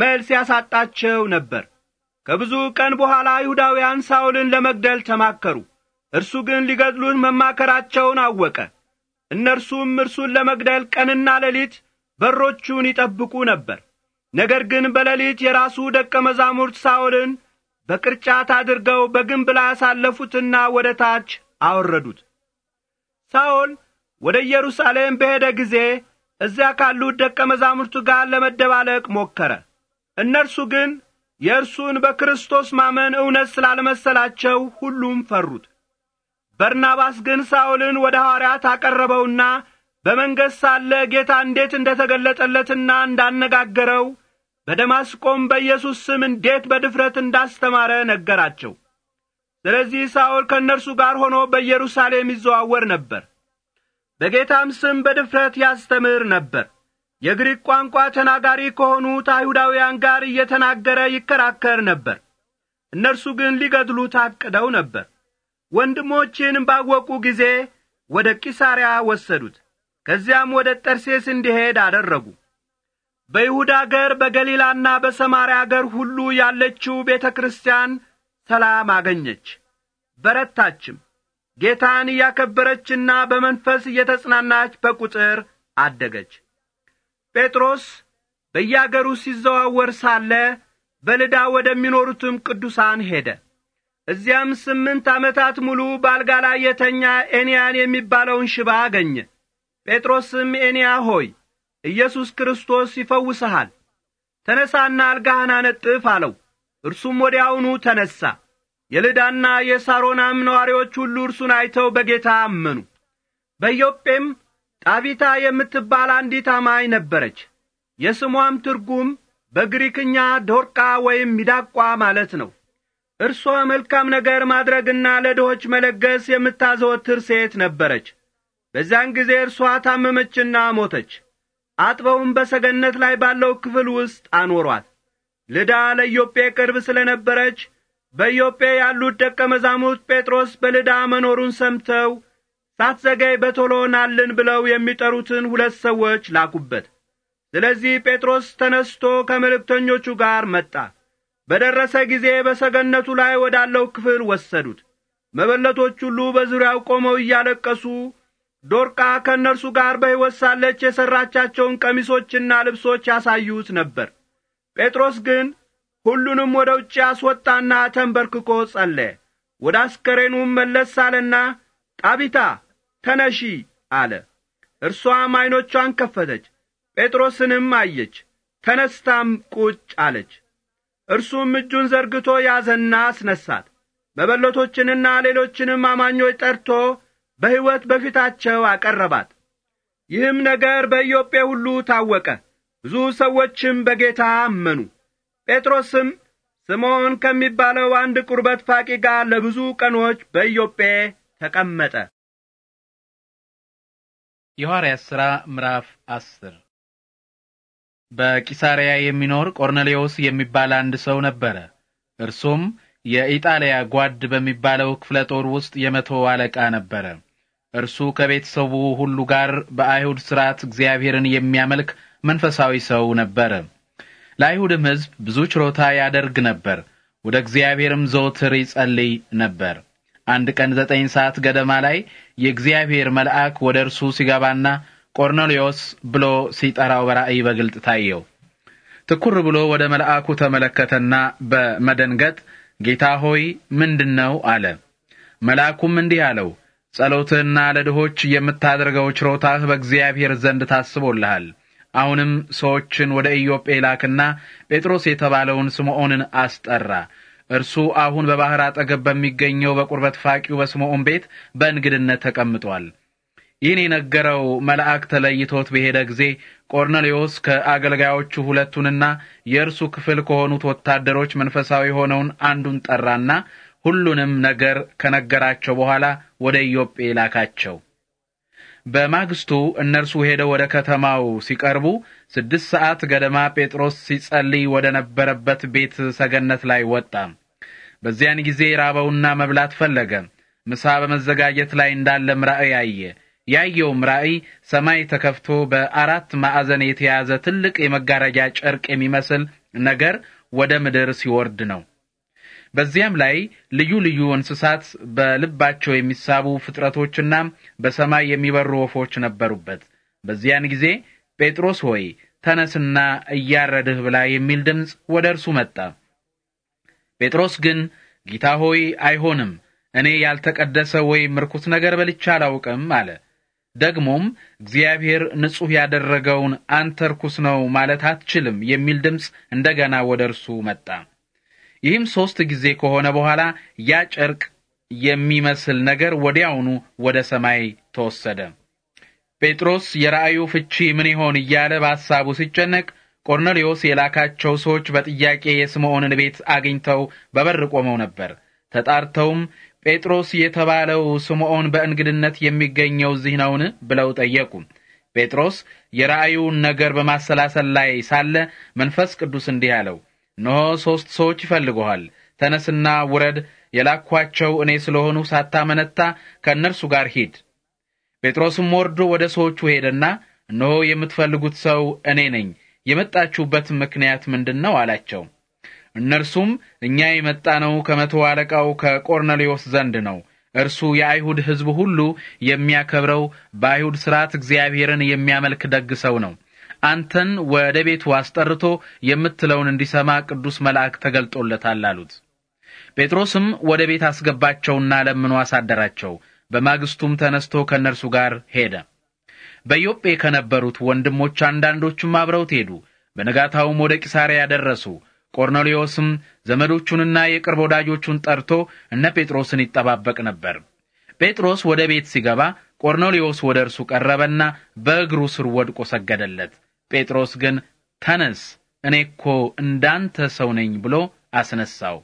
መልስ ያሳጣቸው ነበር። ከብዙ ቀን በኋላ አይሁዳውያን ሳውልን ለመግደል ተማከሩ። እርሱ ግን ሊገድሉት መማከራቸውን አወቀ። እነርሱም እርሱን ለመግደል ቀንና ሌሊት በሮቹን ይጠብቁ ነበር። ነገር ግን በሌሊት የራሱ ደቀ መዛሙርት ሳውልን በቅርጫት አድርገው በግንብ ላይ ያሳለፉትና ወደ ታች አወረዱት። ሳውል ወደ ኢየሩሳሌም በሄደ ጊዜ እዚያ ካሉት ደቀ መዛሙርቱ ጋር ለመደባለቅ ሞከረ። እነርሱ ግን የእርሱን በክርስቶስ ማመን እውነት ስላልመሰላቸው ሁሉም ፈሩት። በርናባስ ግን ሳውልን ወደ ሐዋርያት አቀረበውና በመንገድ ሳለ ጌታ እንዴት እንደ ተገለጠለትና እንዳነጋገረው በደማስቆም በኢየሱስ ስም እንዴት በድፍረት እንዳስተማረ ነገራቸው። ስለዚህ ሳውል ከእነርሱ ጋር ሆኖ በኢየሩሳሌም ይዘዋወር ነበር፣ በጌታም ስም በድፍረት ያስተምር ነበር። የግሪክ ቋንቋ ተናጋሪ ከሆኑት አይሁዳውያን ጋር እየተናገረ ይከራከር ነበር። እነርሱ ግን ሊገድሉ ታቅደው ነበር። ወንድሞችን ባወቁ ጊዜ ወደ ቂሳርያ ወሰዱት። ከዚያም ወደ ጠርሴስ እንዲሄድ አደረጉ። በይሁዳ አገር በገሊላና በሰማርያ አገር ሁሉ ያለችው ቤተ ክርስቲያን ሰላም አገኘች፣ በረታችም። ጌታን እያከበረችና በመንፈስ እየተጽናናች በቁጥር አደገች። ጴጥሮስ በያገሩ ሲዘዋወር ሳለ በልዳ ወደሚኖሩትም ቅዱሳን ሄደ። እዚያም ስምንት ዓመታት ሙሉ ባልጋ ላይ የተኛ ኤንያን የሚባለውን ሽባ አገኘ። ጴጥሮስም ኤንያ ሆይ ኢየሱስ ክርስቶስ ይፈውስሃል፣ ተነሳና አልጋህን አነጥፍ አለው። እርሱም ወዲያውኑ ተነሣ። የልዳና የሳሮናም ነዋሪዎች ሁሉ እርሱን አይተው በጌታ አመኑ። በኢዮጴም ጣቢታ የምትባል አንዲት አማይ ነበረች። የስሟም ትርጉም በግሪክኛ ዶርቃ ወይም ሚዳቋ ማለት ነው። እርሷ መልካም ነገር ማድረግና ለድሆች መለገስ የምታዘወትር ሴት ነበረች። በዚያን ጊዜ እርሷ ታመመችና ሞተች። አጥበውም በሰገነት ላይ ባለው ክፍል ውስጥ አኖሯት። ልዳ ለኢዮጴ ቅርብ ስለ ነበረች በኢዮጴ ያሉት ደቀ መዛሙርት ጴጥሮስ በልዳ መኖሩን ሰምተው ሳትዘገይ በቶሎ ናልን ብለው የሚጠሩትን ሁለት ሰዎች ላኩበት። ስለዚህ ጴጥሮስ ተነስቶ ከመልእክተኞቹ ጋር መጣ። በደረሰ ጊዜ በሰገነቱ ላይ ወዳለው ክፍል ወሰዱት። መበለቶች ሁሉ በዙሪያው ቆመው እያለቀሱ ዶርቃ ከእነርሱ ጋር በሕይወት ሳለች የሠራቻቸውን ቀሚሶችና ልብሶች ያሳዩት ነበር። ጴጥሮስ ግን ሁሉንም ወደ ውጭ አስወጣና ተንበርክኮ ጸለየ። ወደ አስከሬኑም መለስ አለና ጣቢታ ተነሺ አለ። እርሷም ዐይኖቿን ከፈተች፣ ጴጥሮስንም አየች። ተነስታም ቁጭ አለች። እርሱም እጁን ዘርግቶ ያዘና አስነሳት። መበለቶችንና ሌሎችንም አማኞች ጠርቶ በሕይወት በፊታቸው አቀረባት። ይህም ነገር በኢዮጴ ሁሉ ታወቀ። ብዙ ሰዎችም በጌታ አመኑ። ጴጥሮስም ስምዖን ከሚባለው አንድ ቁርበት ፋቂ ጋር ለብዙ ቀኖች በኢዮጴ ተቀመጠ። የሐዋርያት ሥራ ምዕራፍ አስር በቂሳርያ የሚኖር ቆርኔሌዎስ የሚባል አንድ ሰው ነበረ። እርሱም የኢጣሊያ ጓድ በሚባለው ክፍለ ጦር ውስጥ የመቶ አለቃ ነበረ። እርሱ ከቤተሰቡ ሁሉ ጋር በአይሁድ ሥርዓት እግዚአብሔርን የሚያመልክ መንፈሳዊ ሰው ነበረ። ለአይሁድም ሕዝብ ብዙ ችሮታ ያደርግ ነበር። ወደ እግዚአብሔርም ዘወትር ይጸልይ ነበር። አንድ ቀን ዘጠኝ ሰዓት ገደማ ላይ የእግዚአብሔር መልአክ ወደ እርሱ ሲገባና ቆርኔሌዎስ ብሎ ሲጠራው በራእይ በግልጥ ታየው። ትኩር ብሎ ወደ መልአኩ ተመለከተና በመደንገጥ ጌታ ሆይ ምንድን ነው አለ። መልአኩም እንዲህ አለው፣ ጸሎትህና ለድሆች የምታደርገው ችሮታህ በእግዚአብሔር ዘንድ ታስቦልሃል። አሁንም ሰዎችን ወደ ኢዮጴ ላክና ጴጥሮስ የተባለውን ስምዖንን አስጠራ። እርሱ አሁን በባሕር አጠገብ በሚገኘው በቁርበት ፋቂው በስምዖን ቤት በእንግድነት ተቀምጧል። ይህን የነገረው መልአክ ተለይቶት በሄደ ጊዜ ቆርኔሌዎስ ከአገልጋዮቹ ሁለቱንና የእርሱ ክፍል ከሆኑት ወታደሮች መንፈሳዊ የሆነውን አንዱን ጠራና ሁሉንም ነገር ከነገራቸው በኋላ ወደ ኢዮጴ ላካቸው። በማግስቱ እነርሱ ሄደው ወደ ከተማው ሲቀርቡ ስድስት ሰዓት ገደማ ጴጥሮስ ሲጸልይ ወደ ነበረበት ቤት ሰገነት ላይ ወጣ። በዚያን ጊዜ ራበውና መብላት ፈለገ። ምሳ በመዘጋጀት ላይ እንዳለም ራእይ አየ። ያየውም ራእይ ሰማይ ተከፍቶ በአራት ማዕዘን የተያዘ ትልቅ የመጋረጃ ጨርቅ የሚመስል ነገር ወደ ምድር ሲወርድ ነው። በዚያም ላይ ልዩ ልዩ እንስሳት፣ በልባቸው የሚሳቡ ፍጥረቶችና በሰማይ የሚበሩ ወፎች ነበሩበት። በዚያን ጊዜ ጴጥሮስ ሆይ ተነስና እያረድህ ብላ የሚል ድምፅ ወደ እርሱ መጣ። ጴጥሮስ ግን ጌታ ሆይ አይሆንም፣ እኔ ያልተቀደሰ ወይም ርኩስ ነገር በልቻ አላውቅም አለ። ደግሞም እግዚአብሔር ንጹሕ ያደረገውን አንተ ርኩስ ነው ማለት አትችልም የሚል ድምፅ እንደገና ወደ እርሱ መጣ። ይህም ሦስት ጊዜ ከሆነ በኋላ ያ ጨርቅ የሚመስል ነገር ወዲያውኑ ወደ ሰማይ ተወሰደ። ጴጥሮስ የራእዩ ፍቺ ምን ይሆን እያለ በሐሳቡ ሲጨነቅ ቆርኔሌዎስ የላካቸው ሰዎች በጥያቄ የስምዖንን ቤት አግኝተው በበር ቆመው ነበር። ተጣርተውም ጴጥሮስ የተባለው ስምዖን በእንግድነት የሚገኘው እዚህ ነውን? ብለው ጠየቁ። ጴጥሮስ የራእዩን ነገር በማሰላሰል ላይ ሳለ መንፈስ ቅዱስ እንዲህ አለው፣ እነሆ ሦስት ሰዎች ይፈልጉሃል። ተነስና ውረድ፣ የላኳቸው እኔ ስለሆኑ ሳታመነታ ከእነርሱ ጋር ሂድ። ጴጥሮስም ወርዶ ወደ ሰዎቹ ሄደና እነሆ የምትፈልጉት ሰው እኔ ነኝ። የመጣችሁበት ምክንያት ምንድን ነው? አላቸው። እነርሱም እኛ የመጣነው ከመቶ አለቃው ከቆርኔሌዎስ ዘንድ ነው እርሱ የአይሁድ ሕዝብ ሁሉ የሚያከብረው በአይሁድ ሥርዓት እግዚአብሔርን የሚያመልክ ደግ ሰው ነው። አንተን ወደ ቤቱ አስጠርቶ የምትለውን እንዲሰማ ቅዱስ መልአክ ተገልጦለታል አሉት። ጴጥሮስም ወደ ቤት አስገባቸውና ለምኖ አሳደራቸው። በማግስቱም ተነስቶ ከእነርሱ ጋር ሄደ። በኢዮጴ ከነበሩት ወንድሞች አንዳንዶቹም አብረውት ሄዱ። በነጋታውም ወደ ቂሳርያ ደረሱ። ቆርኔሌዎስም ዘመዶቹንና የቅርብ ወዳጆቹን ጠርቶ እነ ጴጥሮስን ይጠባበቅ ነበር። ጴጥሮስ ወደ ቤት ሲገባ ቆርኔሌዎስ ወደ እርሱ ቀረበና በእግሩ ስር ወድቆ ሰገደለት። ጴጥሮስ ግን ተነስ፣ እኔ እኮ እንዳንተ ሰው ነኝ ብሎ አስነሳው።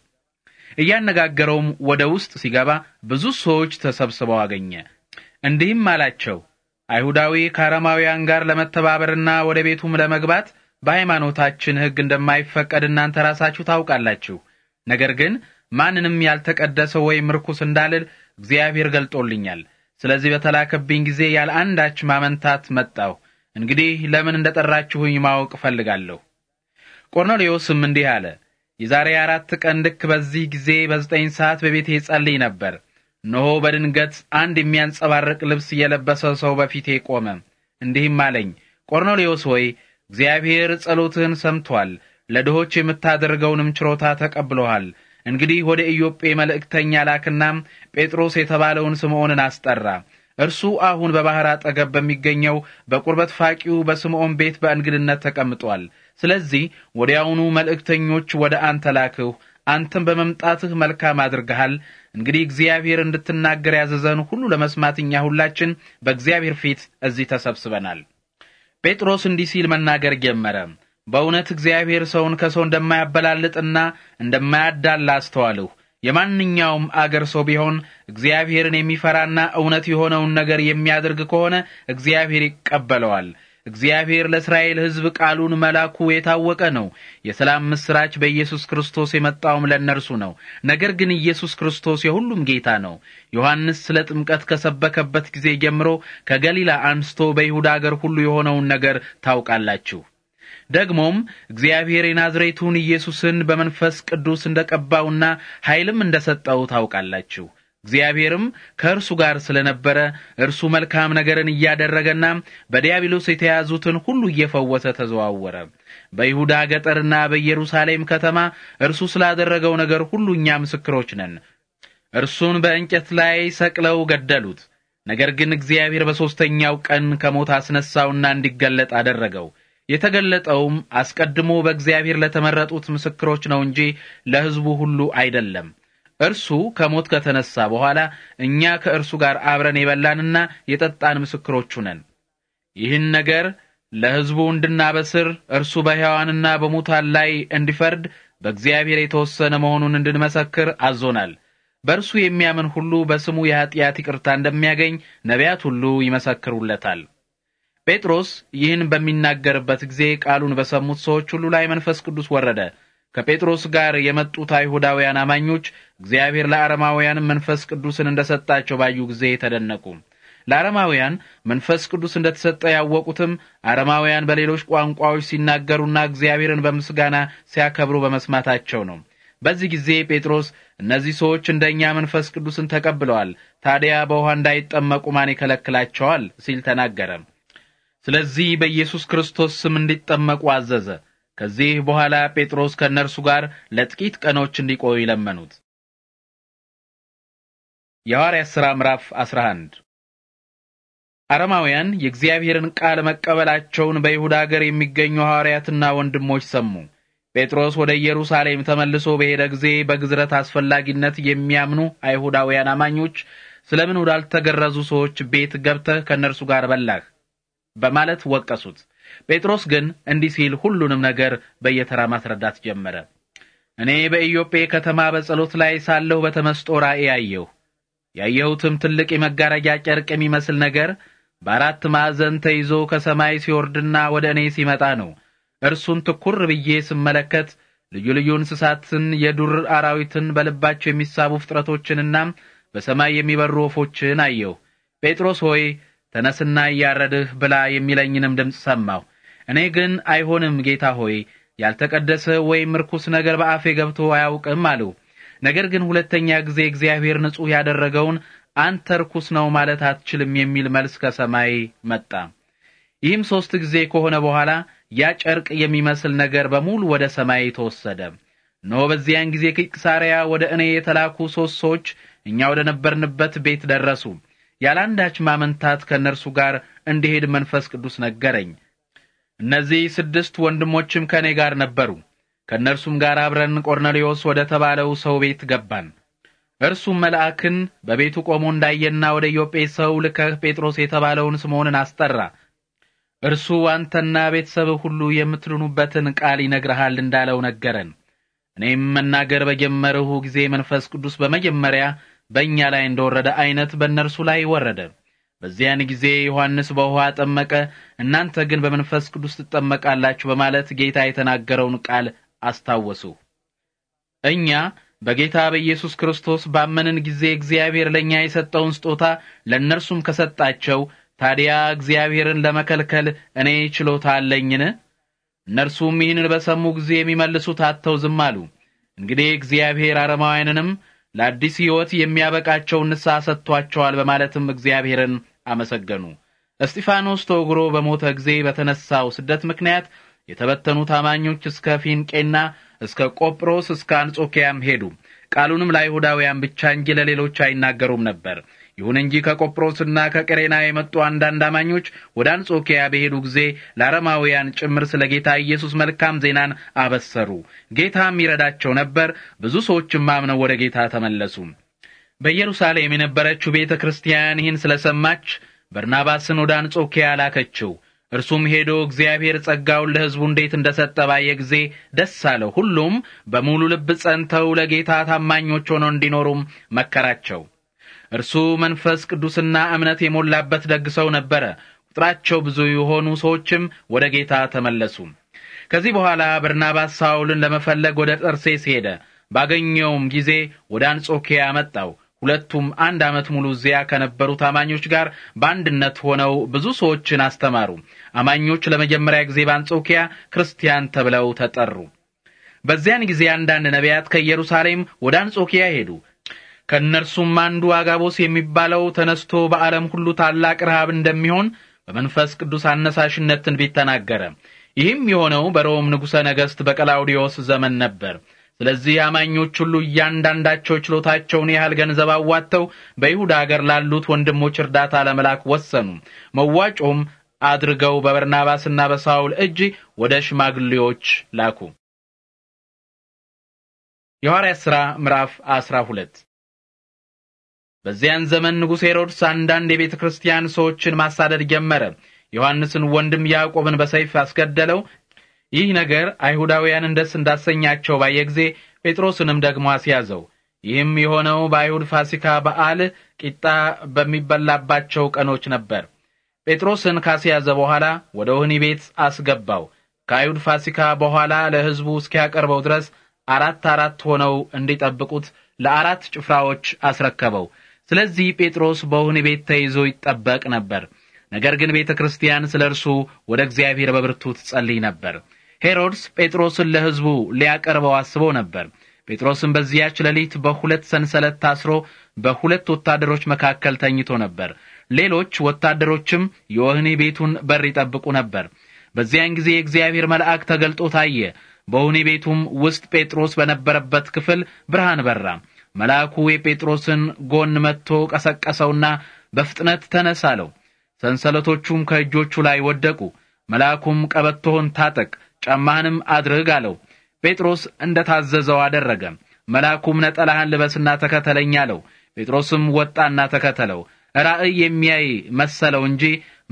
እያነጋገረውም ወደ ውስጥ ሲገባ ብዙ ሰዎች ተሰብስበው አገኘ። እንዲህም አላቸው፣ አይሁዳዊ ከአረማውያን ጋር ለመተባበርና ወደ ቤቱም ለመግባት በሃይማኖታችን ሕግ እንደማይፈቀድ እናንተ ራሳችሁ ታውቃላችሁ። ነገር ግን ማንንም ያልተቀደሰ ወይም ርኩስ እንዳልል እግዚአብሔር ገልጦልኛል። ስለዚህ በተላከብኝ ጊዜ ያለ አንዳች ማመንታት መጣሁ። እንግዲህ ለምን እንደ ጠራችሁኝ ማወቅ እፈልጋለሁ። ቆርኔሌዎስም እንዲህ አለ። የዛሬ አራት ቀን ልክ በዚህ ጊዜ በዘጠኝ ሰዓት በቤቴ ጸልይ ነበር። እነሆ በድንገት አንድ የሚያንጸባርቅ ልብስ የለበሰ ሰው በፊቴ ቆመ። እንዲህም አለኝ፣ ቆርኔሌዎስ ሆይ እግዚአብሔር ጸሎትህን ሰምቶአል፣ ለድሆች የምታደርገውንም ችሮታ ተቀብሎሃል። እንግዲህ ወደ ኢዮጴ መልእክተኛ ላክና ጴጥሮስ የተባለውን ስምዖንን አስጠራ። እርሱ አሁን በባሕር አጠገብ በሚገኘው በቁርበት ፋቂው በስምዖን ቤት በእንግድነት ተቀምጧል። ስለዚህ ወዲያውኑ መልእክተኞች ወደ አንተ ላክሁ። አንተም በመምጣትህ መልካም አድርገሃል። እንግዲህ እግዚአብሔር እንድትናገር ያዘዘን ሁሉ ለመስማት እኛ ሁላችን በእግዚአብሔር ፊት እዚህ ተሰብስበናል። ጴጥሮስ እንዲህ ሲል መናገር ጀመረ። በእውነት እግዚአብሔር ሰውን ከሰው እንደማያበላልጥና እንደማያዳላ አስተዋልሁ። የማንኛውም አገር ሰው ቢሆን እግዚአብሔርን የሚፈራና እውነት የሆነውን ነገር የሚያደርግ ከሆነ እግዚአብሔር ይቀበለዋል። እግዚአብሔር ለእስራኤል ሕዝብ ቃሉን መላኩ የታወቀ ነው። የሰላም ምስራች በኢየሱስ ክርስቶስ የመጣውም ለእነርሱ ነው። ነገር ግን ኢየሱስ ክርስቶስ የሁሉም ጌታ ነው። ዮሐንስ ስለ ጥምቀት ከሰበከበት ጊዜ ጀምሮ ከገሊላ አንስቶ በይሁዳ አገር ሁሉ የሆነውን ነገር ታውቃላችሁ። ደግሞም እግዚአብሔር የናዝሬቱን ኢየሱስን በመንፈስ ቅዱስ ኀይልም ኃይልም እንደሰጠው ታውቃላችሁ። እግዚአብሔርም ከእርሱ ጋር ስለነበረ እርሱ መልካም ነገርን እያደረገና በዲያብሎስ የተያዙትን ሁሉ እየፈወሰ ተዘዋወረ። በይሁዳ ገጠርና በኢየሩሳሌም ከተማ እርሱ ስላደረገው ነገር ሁሉ እኛ ምስክሮች ነን። እርሱን በእንጨት ላይ ሰቅለው ገደሉት። ነገር ግን እግዚአብሔር በሦስተኛው ቀን ከሞት አስነሳውና እንዲገለጥ አደረገው። የተገለጠውም አስቀድሞ በእግዚአብሔር ለተመረጡት ምስክሮች ነው እንጂ ለሕዝቡ ሁሉ አይደለም። እርሱ ከሞት ከተነሳ በኋላ እኛ ከእርሱ ጋር አብረን የበላንና የጠጣን ምስክሮቹ ነን። ይህን ነገር ለሕዝቡ እንድናበስር እርሱ በሕያዋንና በሙታን ላይ እንዲፈርድ በእግዚአብሔር የተወሰነ መሆኑን እንድንመሰክር አዞናል። በእርሱ የሚያምን ሁሉ በስሙ የኀጢአት ይቅርታ እንደሚያገኝ ነቢያት ሁሉ ይመሰክሩለታል። ጴጥሮስ ይህን በሚናገርበት ጊዜ ቃሉን በሰሙት ሰዎች ሁሉ ላይ መንፈስ ቅዱስ ወረደ። ከጴጥሮስ ጋር የመጡት አይሁዳውያን አማኞች እግዚአብሔር ለአረማውያን መንፈስ ቅዱስን እንደሰጣቸው ባዩ ጊዜ ተደነቁ። ለአረማውያን መንፈስ ቅዱስ እንደተሰጠ ያወቁትም አረማውያን በሌሎች ቋንቋዎች ሲናገሩና እግዚአብሔርን በምስጋና ሲያከብሩ በመስማታቸው ነው። በዚህ ጊዜ ጴጥሮስ እነዚህ ሰዎች እንደኛ መንፈስ ቅዱስን ተቀብለዋል፣ ታዲያ በውሃ እንዳይጠመቁ ማን ይከለክላቸዋል? ሲል ተናገረ። ስለዚህ በኢየሱስ ክርስቶስ ስም እንዲጠመቁ አዘዘ። ከዚህ በኋላ ጴጥሮስ ከእነርሱ ጋር ለጥቂት ቀኖች እንዲቆዩ ለመኑት። የሐዋርያት ሥራ ምዕራፍ 11 አረማውያን የእግዚአብሔርን ቃል መቀበላቸውን በይሁዳ አገር የሚገኙ ሐዋርያትና ወንድሞች ሰሙ። ጴጥሮስ ወደ ኢየሩሳሌም ተመልሶ በሄደ ጊዜ በግዝረት አስፈላጊነት የሚያምኑ አይሁዳውያን አማኞች ስለምን ወዳልተገረዙ ሰዎች ቤት ገብተህ ከእነርሱ ጋር በላህ በማለት ወቀሱት። ጴጥሮስ ግን እንዲህ ሲል ሁሉንም ነገር በየተራ ማስረዳት ጀመረ። እኔ በኢዮጴ ከተማ በጸሎት ላይ ሳለሁ በተመስጦ ራእይ አየሁ። ያየሁትም ትልቅ የመጋረጃ ጨርቅ የሚመስል ነገር በአራት ማዕዘን ተይዞ ከሰማይ ሲወርድና ወደ እኔ ሲመጣ ነው። እርሱን ትኩር ብዬ ስመለከት ልዩ ልዩ እንስሳትን፣ የዱር አራዊትን፣ በልባቸው የሚሳቡ ፍጥረቶችንና በሰማይ የሚበሩ ወፎችን አየሁ። ጴጥሮስ ሆይ ተነስና እያረድህ ብላ የሚለኝንም ድምፅ ሰማሁ። እኔ ግን አይሆንም ጌታ ሆይ ያልተቀደሰ ወይም ርኩስ ነገር በአፌ ገብቶ አያውቅም አልሁ። ነገር ግን ሁለተኛ ጊዜ እግዚአብሔር ንጹሕ ያደረገውን አንተ ርኩስ ነው ማለት አትችልም የሚል መልስ ከሰማይ መጣ። ይህም ሶስት ጊዜ ከሆነ በኋላ ያ ጨርቅ የሚመስል ነገር በሙሉ ወደ ሰማይ ተወሰደ። እነሆ በዚያን ጊዜ ከቂሳርያ ወደ እኔ የተላኩ ሶስት ሰዎች እኛ ወደ ነበርንበት ቤት ደረሱ። ያላንዳች ማመንታት ከእነርሱ ጋር እንዲሄድ መንፈስ ቅዱስ ነገረኝ። እነዚህ ስድስት ወንድሞችም ከእኔ ጋር ነበሩ። ከእነርሱም ጋር አብረን ቆርኔሌዎስ ወደ ተባለው ሰው ቤት ገባን። እርሱም መልአክን በቤቱ ቆሞ እንዳየና ወደ ኢዮጴ ሰው ልከህ ጴጥሮስ የተባለውን ስምዖንን አስጠራ፣ እርሱ አንተና ቤተሰብህ ሁሉ የምትድኑበትን ቃል ይነግርሃል እንዳለው ነገረን። እኔም መናገር በጀመርሁ ጊዜ መንፈስ ቅዱስ በመጀመሪያ በእኛ ላይ እንደወረደ አይነት በእነርሱ ላይ ወረደ። በዚያን ጊዜ ዮሐንስ በውኃ ጠመቀ፣ እናንተ ግን በመንፈስ ቅዱስ ትጠመቃላችሁ በማለት ጌታ የተናገረውን ቃል አስታወሱ። እኛ በጌታ በኢየሱስ ክርስቶስ ባመንን ጊዜ እግዚአብሔር ለእኛ የሰጠውን ስጦታ ለእነርሱም ከሰጣቸው ታዲያ እግዚአብሔርን ለመከልከል እኔ ችሎታ አለኝን? እነርሱም ይህንን በሰሙ ጊዜ የሚመልሱት አጥተው ዝም አሉ። እንግዲህ እግዚአብሔር አረማውያንንም ለአዲስ ሕይወት የሚያበቃቸውን ንስሐ ሰጥቷቸዋል በማለትም እግዚአብሔርን አመሰገኑ። እስጢፋኖስ ተወግሮ በሞተ ጊዜ በተነሳው ስደት ምክንያት የተበተኑ ታማኞች እስከ ፊንቄና እስከ ቆጵሮስ እስከ አንጾኪያም ሄዱ። ቃሉንም ለአይሁዳውያን ብቻ እንጂ ለሌሎች አይናገሩም ነበር። ይሁን እንጂ ከቆጵሮስና ከቀሬና የመጡ አንዳንድ አማኞች ወደ አንጾኪያ በሄዱ ጊዜ ለአረማውያን ጭምር ስለ ጌታ ኢየሱስ መልካም ዜናን አበሰሩ። ጌታም ይረዳቸው ነበር። ብዙ ሰዎችም አምነው ወደ ጌታ ተመለሱ። በኢየሩሳሌም የነበረችው ቤተ ክርስቲያን ይህን ስለሰማች በርናባስን ወደ አንጾኪያ ላከችው። እርሱም ሄዶ እግዚአብሔር ጸጋውን ለሕዝቡ እንዴት እንደ ሰጠ ባየ ጊዜ ደስ አለው። ሁሉም በሙሉ ልብ ጸንተው ለጌታ ታማኞች ሆነው እንዲኖሩም መከራቸው። እርሱ መንፈስ ቅዱስና እምነት የሞላበት ደግ ሰው ነበረ። ቁጥራቸው ብዙ የሆኑ ሰዎችም ወደ ጌታ ተመለሱ። ከዚህ በኋላ በርናባስ ሳውልን ለመፈለግ ወደ ጠርሴስ ሄደ። ባገኘውም ጊዜ ወደ አንጾኪያ መጣው። ሁለቱም አንድ ዓመት ሙሉ እዚያ ከነበሩ ታማኞች ጋር በአንድነት ሆነው ብዙ ሰዎችን አስተማሩ። አማኞች ለመጀመሪያ ጊዜ በአንጾኪያ ክርስቲያን ተብለው ተጠሩ። በዚያን ጊዜ አንዳንድ ነቢያት ከኢየሩሳሌም ወደ አንጾኪያ ሄዱ። ከእነርሱም አንዱ አጋቦስ የሚባለው ተነስቶ በዓለም ሁሉ ታላቅ ረሃብ እንደሚሆን በመንፈስ ቅዱስ አነሳሽነት ትንቢት ተናገረ። ይህም የሆነው በሮም ንጉሠ ነገሥት በቀላውዲዮስ ዘመን ነበር። ስለዚህ አማኞች ሁሉ እያንዳንዳቸው ችሎታቸውን ያህል ገንዘብ አዋጥተው በይሁዳ አገር ላሉት ወንድሞች እርዳታ ለመላክ ወሰኑ። መዋጮም አድርገው በበርናባስና በሳውል እጅ ወደ ሽማግሌዎች ላኩ። የሐዋርያት ሥራ ምዕራፍ 12 በዚያን ዘመን ንጉሥ ሄሮድስ አንዳንድ የቤተ ክርስቲያን ሰዎችን ማሳደድ ጀመረ። ዮሐንስን ወንድም ያዕቆብን በሰይፍ አስገደለው። ይህ ነገር አይሁዳውያንን ደስ እንዳሰኛቸው ባየ ጊዜ ጴጥሮስንም ደግሞ አስያዘው። ይህም የሆነው በአይሁድ ፋሲካ በዓል ቂጣ በሚበላባቸው ቀኖች ነበር። ጴጥሮስን ካስያዘ በኋላ ወደ ወህኒ ቤት አስገባው። ከአይሁድ ፋሲካ በኋላ ለሕዝቡ እስኪያቀርበው ድረስ አራት አራት ሆነው እንዲጠብቁት ለአራት ጭፍራዎች አስረከበው። ስለዚህ ጴጥሮስ በወህኒ ቤት ተይዞ ይጠበቅ ነበር። ነገር ግን ቤተ ክርስቲያን ስለ እርሱ ወደ እግዚአብሔር በብርቱ ትጸልይ ነበር። ሄሮድስ ጴጥሮስን ለሕዝቡ ሊያቀርበው አስቦ ነበር። ጴጥሮስም በዚያች ሌሊት በሁለት ሰንሰለት ታስሮ በሁለት ወታደሮች መካከል ተኝቶ ነበር። ሌሎች ወታደሮችም የወህኒ ቤቱን በር ይጠብቁ ነበር። በዚያን ጊዜ የእግዚአብሔር መልአክ ተገልጦ ታየ። በወህኒ ቤቱም ውስጥ ጴጥሮስ በነበረበት ክፍል ብርሃን በራ። መልአኩ የጴጥሮስን ጎን መጥቶ ቀሰቀሰውና በፍጥነት ተነሳ አለው። ሰንሰለቶቹም ከእጆቹ ላይ ወደቁ። መልአኩም ቀበቶህን ታጠቅ፣ ጫማህንም አድርግ አለው። ጴጥሮስ እንደ ታዘዘው አደረገ። መልአኩም ነጠላህን ልበስና ተከተለኝ አለው። ጴጥሮስም ወጣና ተከተለው። ራእይ የሚያይ መሰለው እንጂ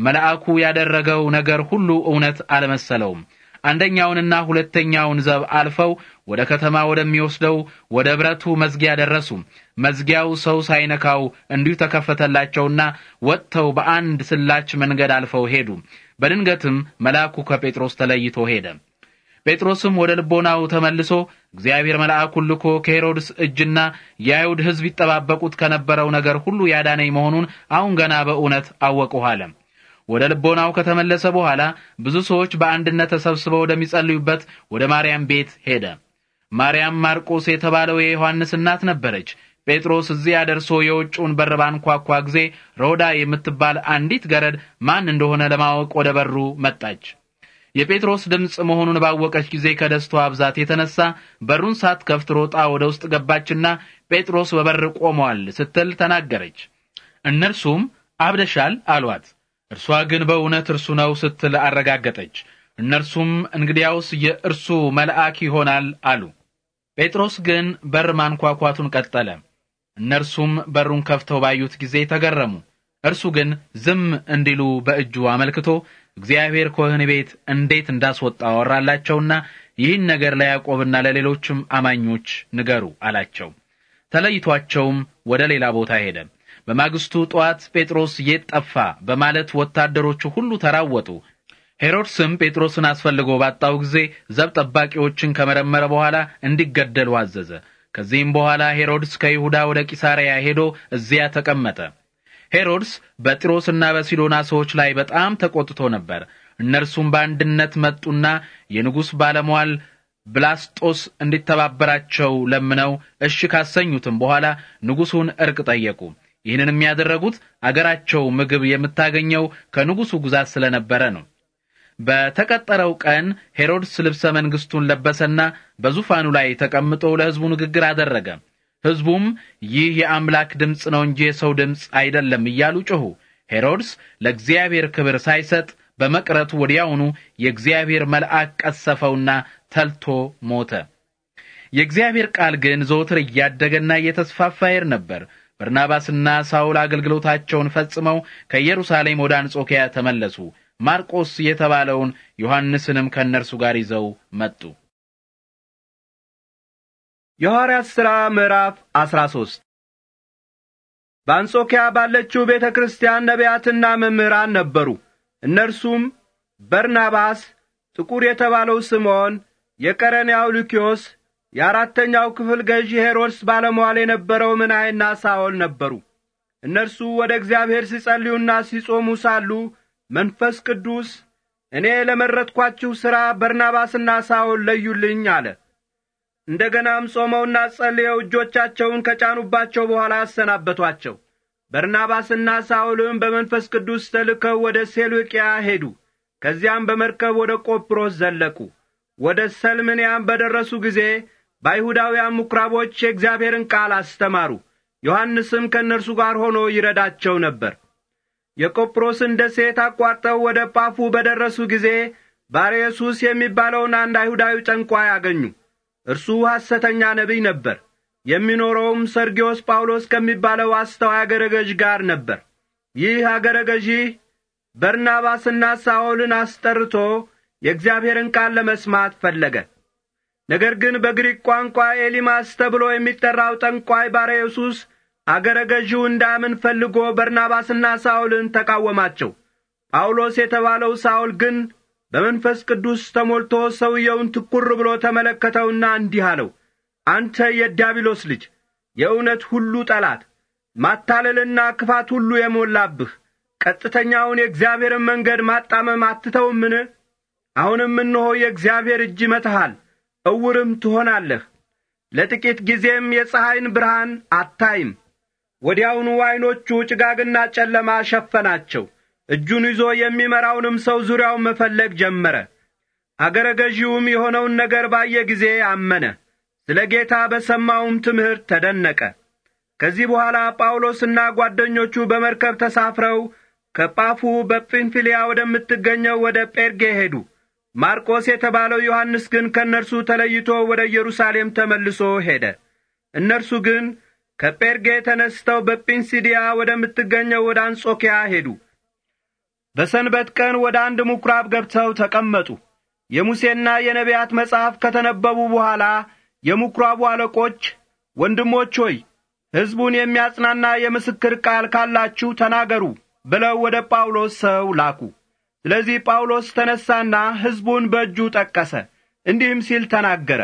መልአኩ ያደረገው ነገር ሁሉ እውነት አልመሰለውም። አንደኛውንና ሁለተኛውን ዘብ አልፈው ወደ ከተማ ወደሚወስደው ወደ ብረቱ መዝጊያ ደረሱ። መዝጊያው ሰው ሳይነካው እንዲሁ ተከፈተላቸውና ወጥተው በአንድ ስላች መንገድ አልፈው ሄዱ። በድንገትም መልአኩ ከጴጥሮስ ተለይቶ ሄደ። ጴጥሮስም ወደ ልቦናው ተመልሶ እግዚአብሔር መልአኩን ልኮ ከሄሮድስ እጅና የአይሁድ ሕዝብ ይጠባበቁት ከነበረው ነገር ሁሉ ያዳነኝ መሆኑን አሁን ገና በእውነት አወቅሁ ወደ ልቦናው ከተመለሰ በኋላ ብዙ ሰዎች በአንድነት ተሰብስበው ወደሚጸልዩበት ወደ ማርያም ቤት ሄደ። ማርያም ማርቆስ የተባለው የዮሐንስ እናት ነበረች። ጴጥሮስ እዚያ ደርሶ የውጭውን በር ባንኳኳ ጊዜ ሮዳ የምትባል አንዲት ገረድ ማን እንደሆነ ለማወቅ ወደ በሩ መጣች። የጴጥሮስ ድምፅ መሆኑን ባወቀች ጊዜ ከደስታዋ ብዛት የተነሳ በሩን ከፍት ሮጣ ወደ ውስጥ ገባችና ጴጥሮስ በበር ቆመዋል ስትል ተናገረች። እነርሱም አብደሻል አሏት። እርሷ ግን በእውነት እርሱ ነው ስትል አረጋገጠች። እነርሱም እንግዲያውስ የእርሱ መልአክ ይሆናል አሉ። ጴጥሮስ ግን በር ማንኳኳቱን ቀጠለ። እነርሱም በሩን ከፍተው ባዩት ጊዜ ተገረሙ። እርሱ ግን ዝም እንዲሉ በእጁ አመልክቶ እግዚአብሔር ከወህኒ ቤት እንዴት እንዳስወጣ አወራላቸውና ይህን ነገር ለያዕቆብና ለሌሎችም አማኞች ንገሩ አላቸው። ተለይቷቸውም ወደ ሌላ ቦታ ሄደ። በማግስቱ ጠዋት ጴጥሮስ የት ጠፋ በማለት ወታደሮቹ ሁሉ ተራወጡ። ሄሮድስም ጴጥሮስን አስፈልጎ ባጣው ጊዜ ዘብ ጠባቂዎችን ከመረመረ በኋላ እንዲገደሉ አዘዘ። ከዚህም በኋላ ሄሮድስ ከይሁዳ ወደ ቂሳርያ ሄዶ እዚያ ተቀመጠ። ሄሮድስ በጢሮስና በሲዶና ሰዎች ላይ በጣም ተቆጥቶ ነበር። እነርሱም በአንድነት መጡና የንጉሥ ባለሟል ብላስጦስ እንዲተባበራቸው ለምነው እሺ ካሰኙትም በኋላ ንጉሡን እርቅ ጠየቁ። ይህንን የሚያደረጉት አገራቸው ምግብ የምታገኘው ከንጉሡ ግዛት ስለነበረ ነው። በተቀጠረው ቀን ሄሮድስ ልብሰ መንግሥቱን ለበሰና በዙፋኑ ላይ ተቀምጦ ለሕዝቡ ንግግር አደረገ። ሕዝቡም ይህ የአምላክ ድምፅ ነው እንጂ የሰው ድምፅ አይደለም እያሉ ጮኹ። ሄሮድስ ለእግዚአብሔር ክብር ሳይሰጥ በመቅረቱ ወዲያውኑ የእግዚአብሔር መልአክ ቀሰፈውና ተልቶ ሞተ። የእግዚአብሔር ቃል ግን ዘወትር እያደገና እየተስፋፋ ይሄድ ነበር። በርናባስና ሳውል አገልግሎታቸውን ፈጽመው ከኢየሩሳሌም ወደ አንጾኪያ ተመለሱ። ማርቆስ የተባለውን ዮሐንስንም ከእነርሱ ጋር ይዘው መጡ። የሐዋርያት ሥራ ምዕራፍ አስራ ሦስት በአንጾኪያ ባለችው ቤተ ክርስቲያን ነቢያትና መምህራን ነበሩ። እነርሱም በርናባስ፣ ጥቁር የተባለው ስምዖን፣ የቀረንያው ሉኪዮስ፣ የአራተኛው ክፍል ገዢ ሄሮድስ ባለመዋል የነበረው ምናይና ሳኦል ነበሩ። እነርሱ ወደ እግዚአብሔር ሲጸልዩና ሲጾሙ ሳሉ መንፈስ ቅዱስ እኔ ለመረጥኳችሁ ሥራ በርናባስና ሳኦል ለዩልኝ አለ። እንደገናም ጾመውና ጸልየው እጆቻቸውን ከጫኑባቸው በኋላ አሰናበቷቸው። በርናባስና ሳውልም በመንፈስ ቅዱስ ተልከው ወደ ሴሉቅያ ሄዱ። ከዚያም በመርከብ ወደ ቆጵሮስ ዘለቁ። ወደ ሰልምንያም በደረሱ ጊዜ በአይሁዳውያን ምኵራቦች የእግዚአብሔርን ቃል አስተማሩ። ዮሐንስም ከእነርሱ ጋር ሆኖ ይረዳቸው ነበር። የቆጵሮስን ደሴት አቋርጠው ወደ ጳፉ በደረሱ ጊዜ ባርየሱስ የሚባለውን አንድ አይሁዳዊ ጠንቋይ አገኙ። እርሱ ሐሰተኛ ነቢይ ነበር። የሚኖረውም ሰርጊዮስ ጳውሎስ ከሚባለው አስተዋይ አገረ ገዥ ጋር ነበር። ይህ አገረ ገዢ በርናባስና ሳውልን አስጠርቶ የእግዚአብሔርን ቃል ለመስማት ፈለገ። ነገር ግን በግሪክ ቋንቋ ኤሊማስ ተብሎ የሚጠራው ጠንቋይ ባርዮሱስ አገረ ገዢው እንዳምን ፈልጎ በርናባስና ሳውልን ተቃወማቸው። ጳውሎስ የተባለው ሳውል ግን በመንፈስ ቅዱስ ተሞልቶ ሰውየውን ትኩር ብሎ ተመለከተውና እንዲህ አለው፣ አንተ የዲያብሎስ ልጅ፣ የእውነት ሁሉ ጠላት፣ ማታለልና ክፋት ሁሉ የሞላብህ፣ ቀጥተኛውን የእግዚአብሔርን መንገድ ማጣመም አትተውምን? አሁንም እነሆ የእግዚአብሔር እጅ መትሃል፣ እውርም ትሆናለህ። ለጥቂት ጊዜም የፀሐይን ብርሃን አታይም። ወዲያውኑ ዐይኖቹ ጭጋግና ጨለማ ሸፈናቸው። እጁን ይዞ የሚመራውንም ሰው ዙሪያውን መፈለግ ጀመረ። አገረ ገዢውም የሆነውን ነገር ባየ ጊዜ አመነ፣ ስለ ጌታ በሰማውም ትምህርት ተደነቀ። ከዚህ በኋላ ጳውሎስና ጓደኞቹ በመርከብ ተሳፍረው ከጳፉ በጵንፊልያ ወደምትገኘው ወደ ጴርጌ ሄዱ። ማርቆስ የተባለው ዮሐንስ ግን ከእነርሱ ተለይቶ ወደ ኢየሩሳሌም ተመልሶ ሄደ። እነርሱ ግን ከጴርጌ ተነስተው በጵንሲዲያ ወደምትገኘው ወደ አንጾኪያ ሄዱ። በሰንበት ቀን ወደ አንድ ምኵራብ ገብተው ተቀመጡ። የሙሴና የነቢያት መጽሐፍ ከተነበቡ በኋላ የምኵራቡ አለቆች ወንድሞች ሆይ ሕዝቡን የሚያጽናና የምስክር ቃል ካላችሁ ተናገሩ ብለው ወደ ጳውሎስ ሰው ላኩ። ስለዚህ ጳውሎስ ተነሣና ሕዝቡን በእጁ ጠቀሰ፣ እንዲህም ሲል ተናገረ።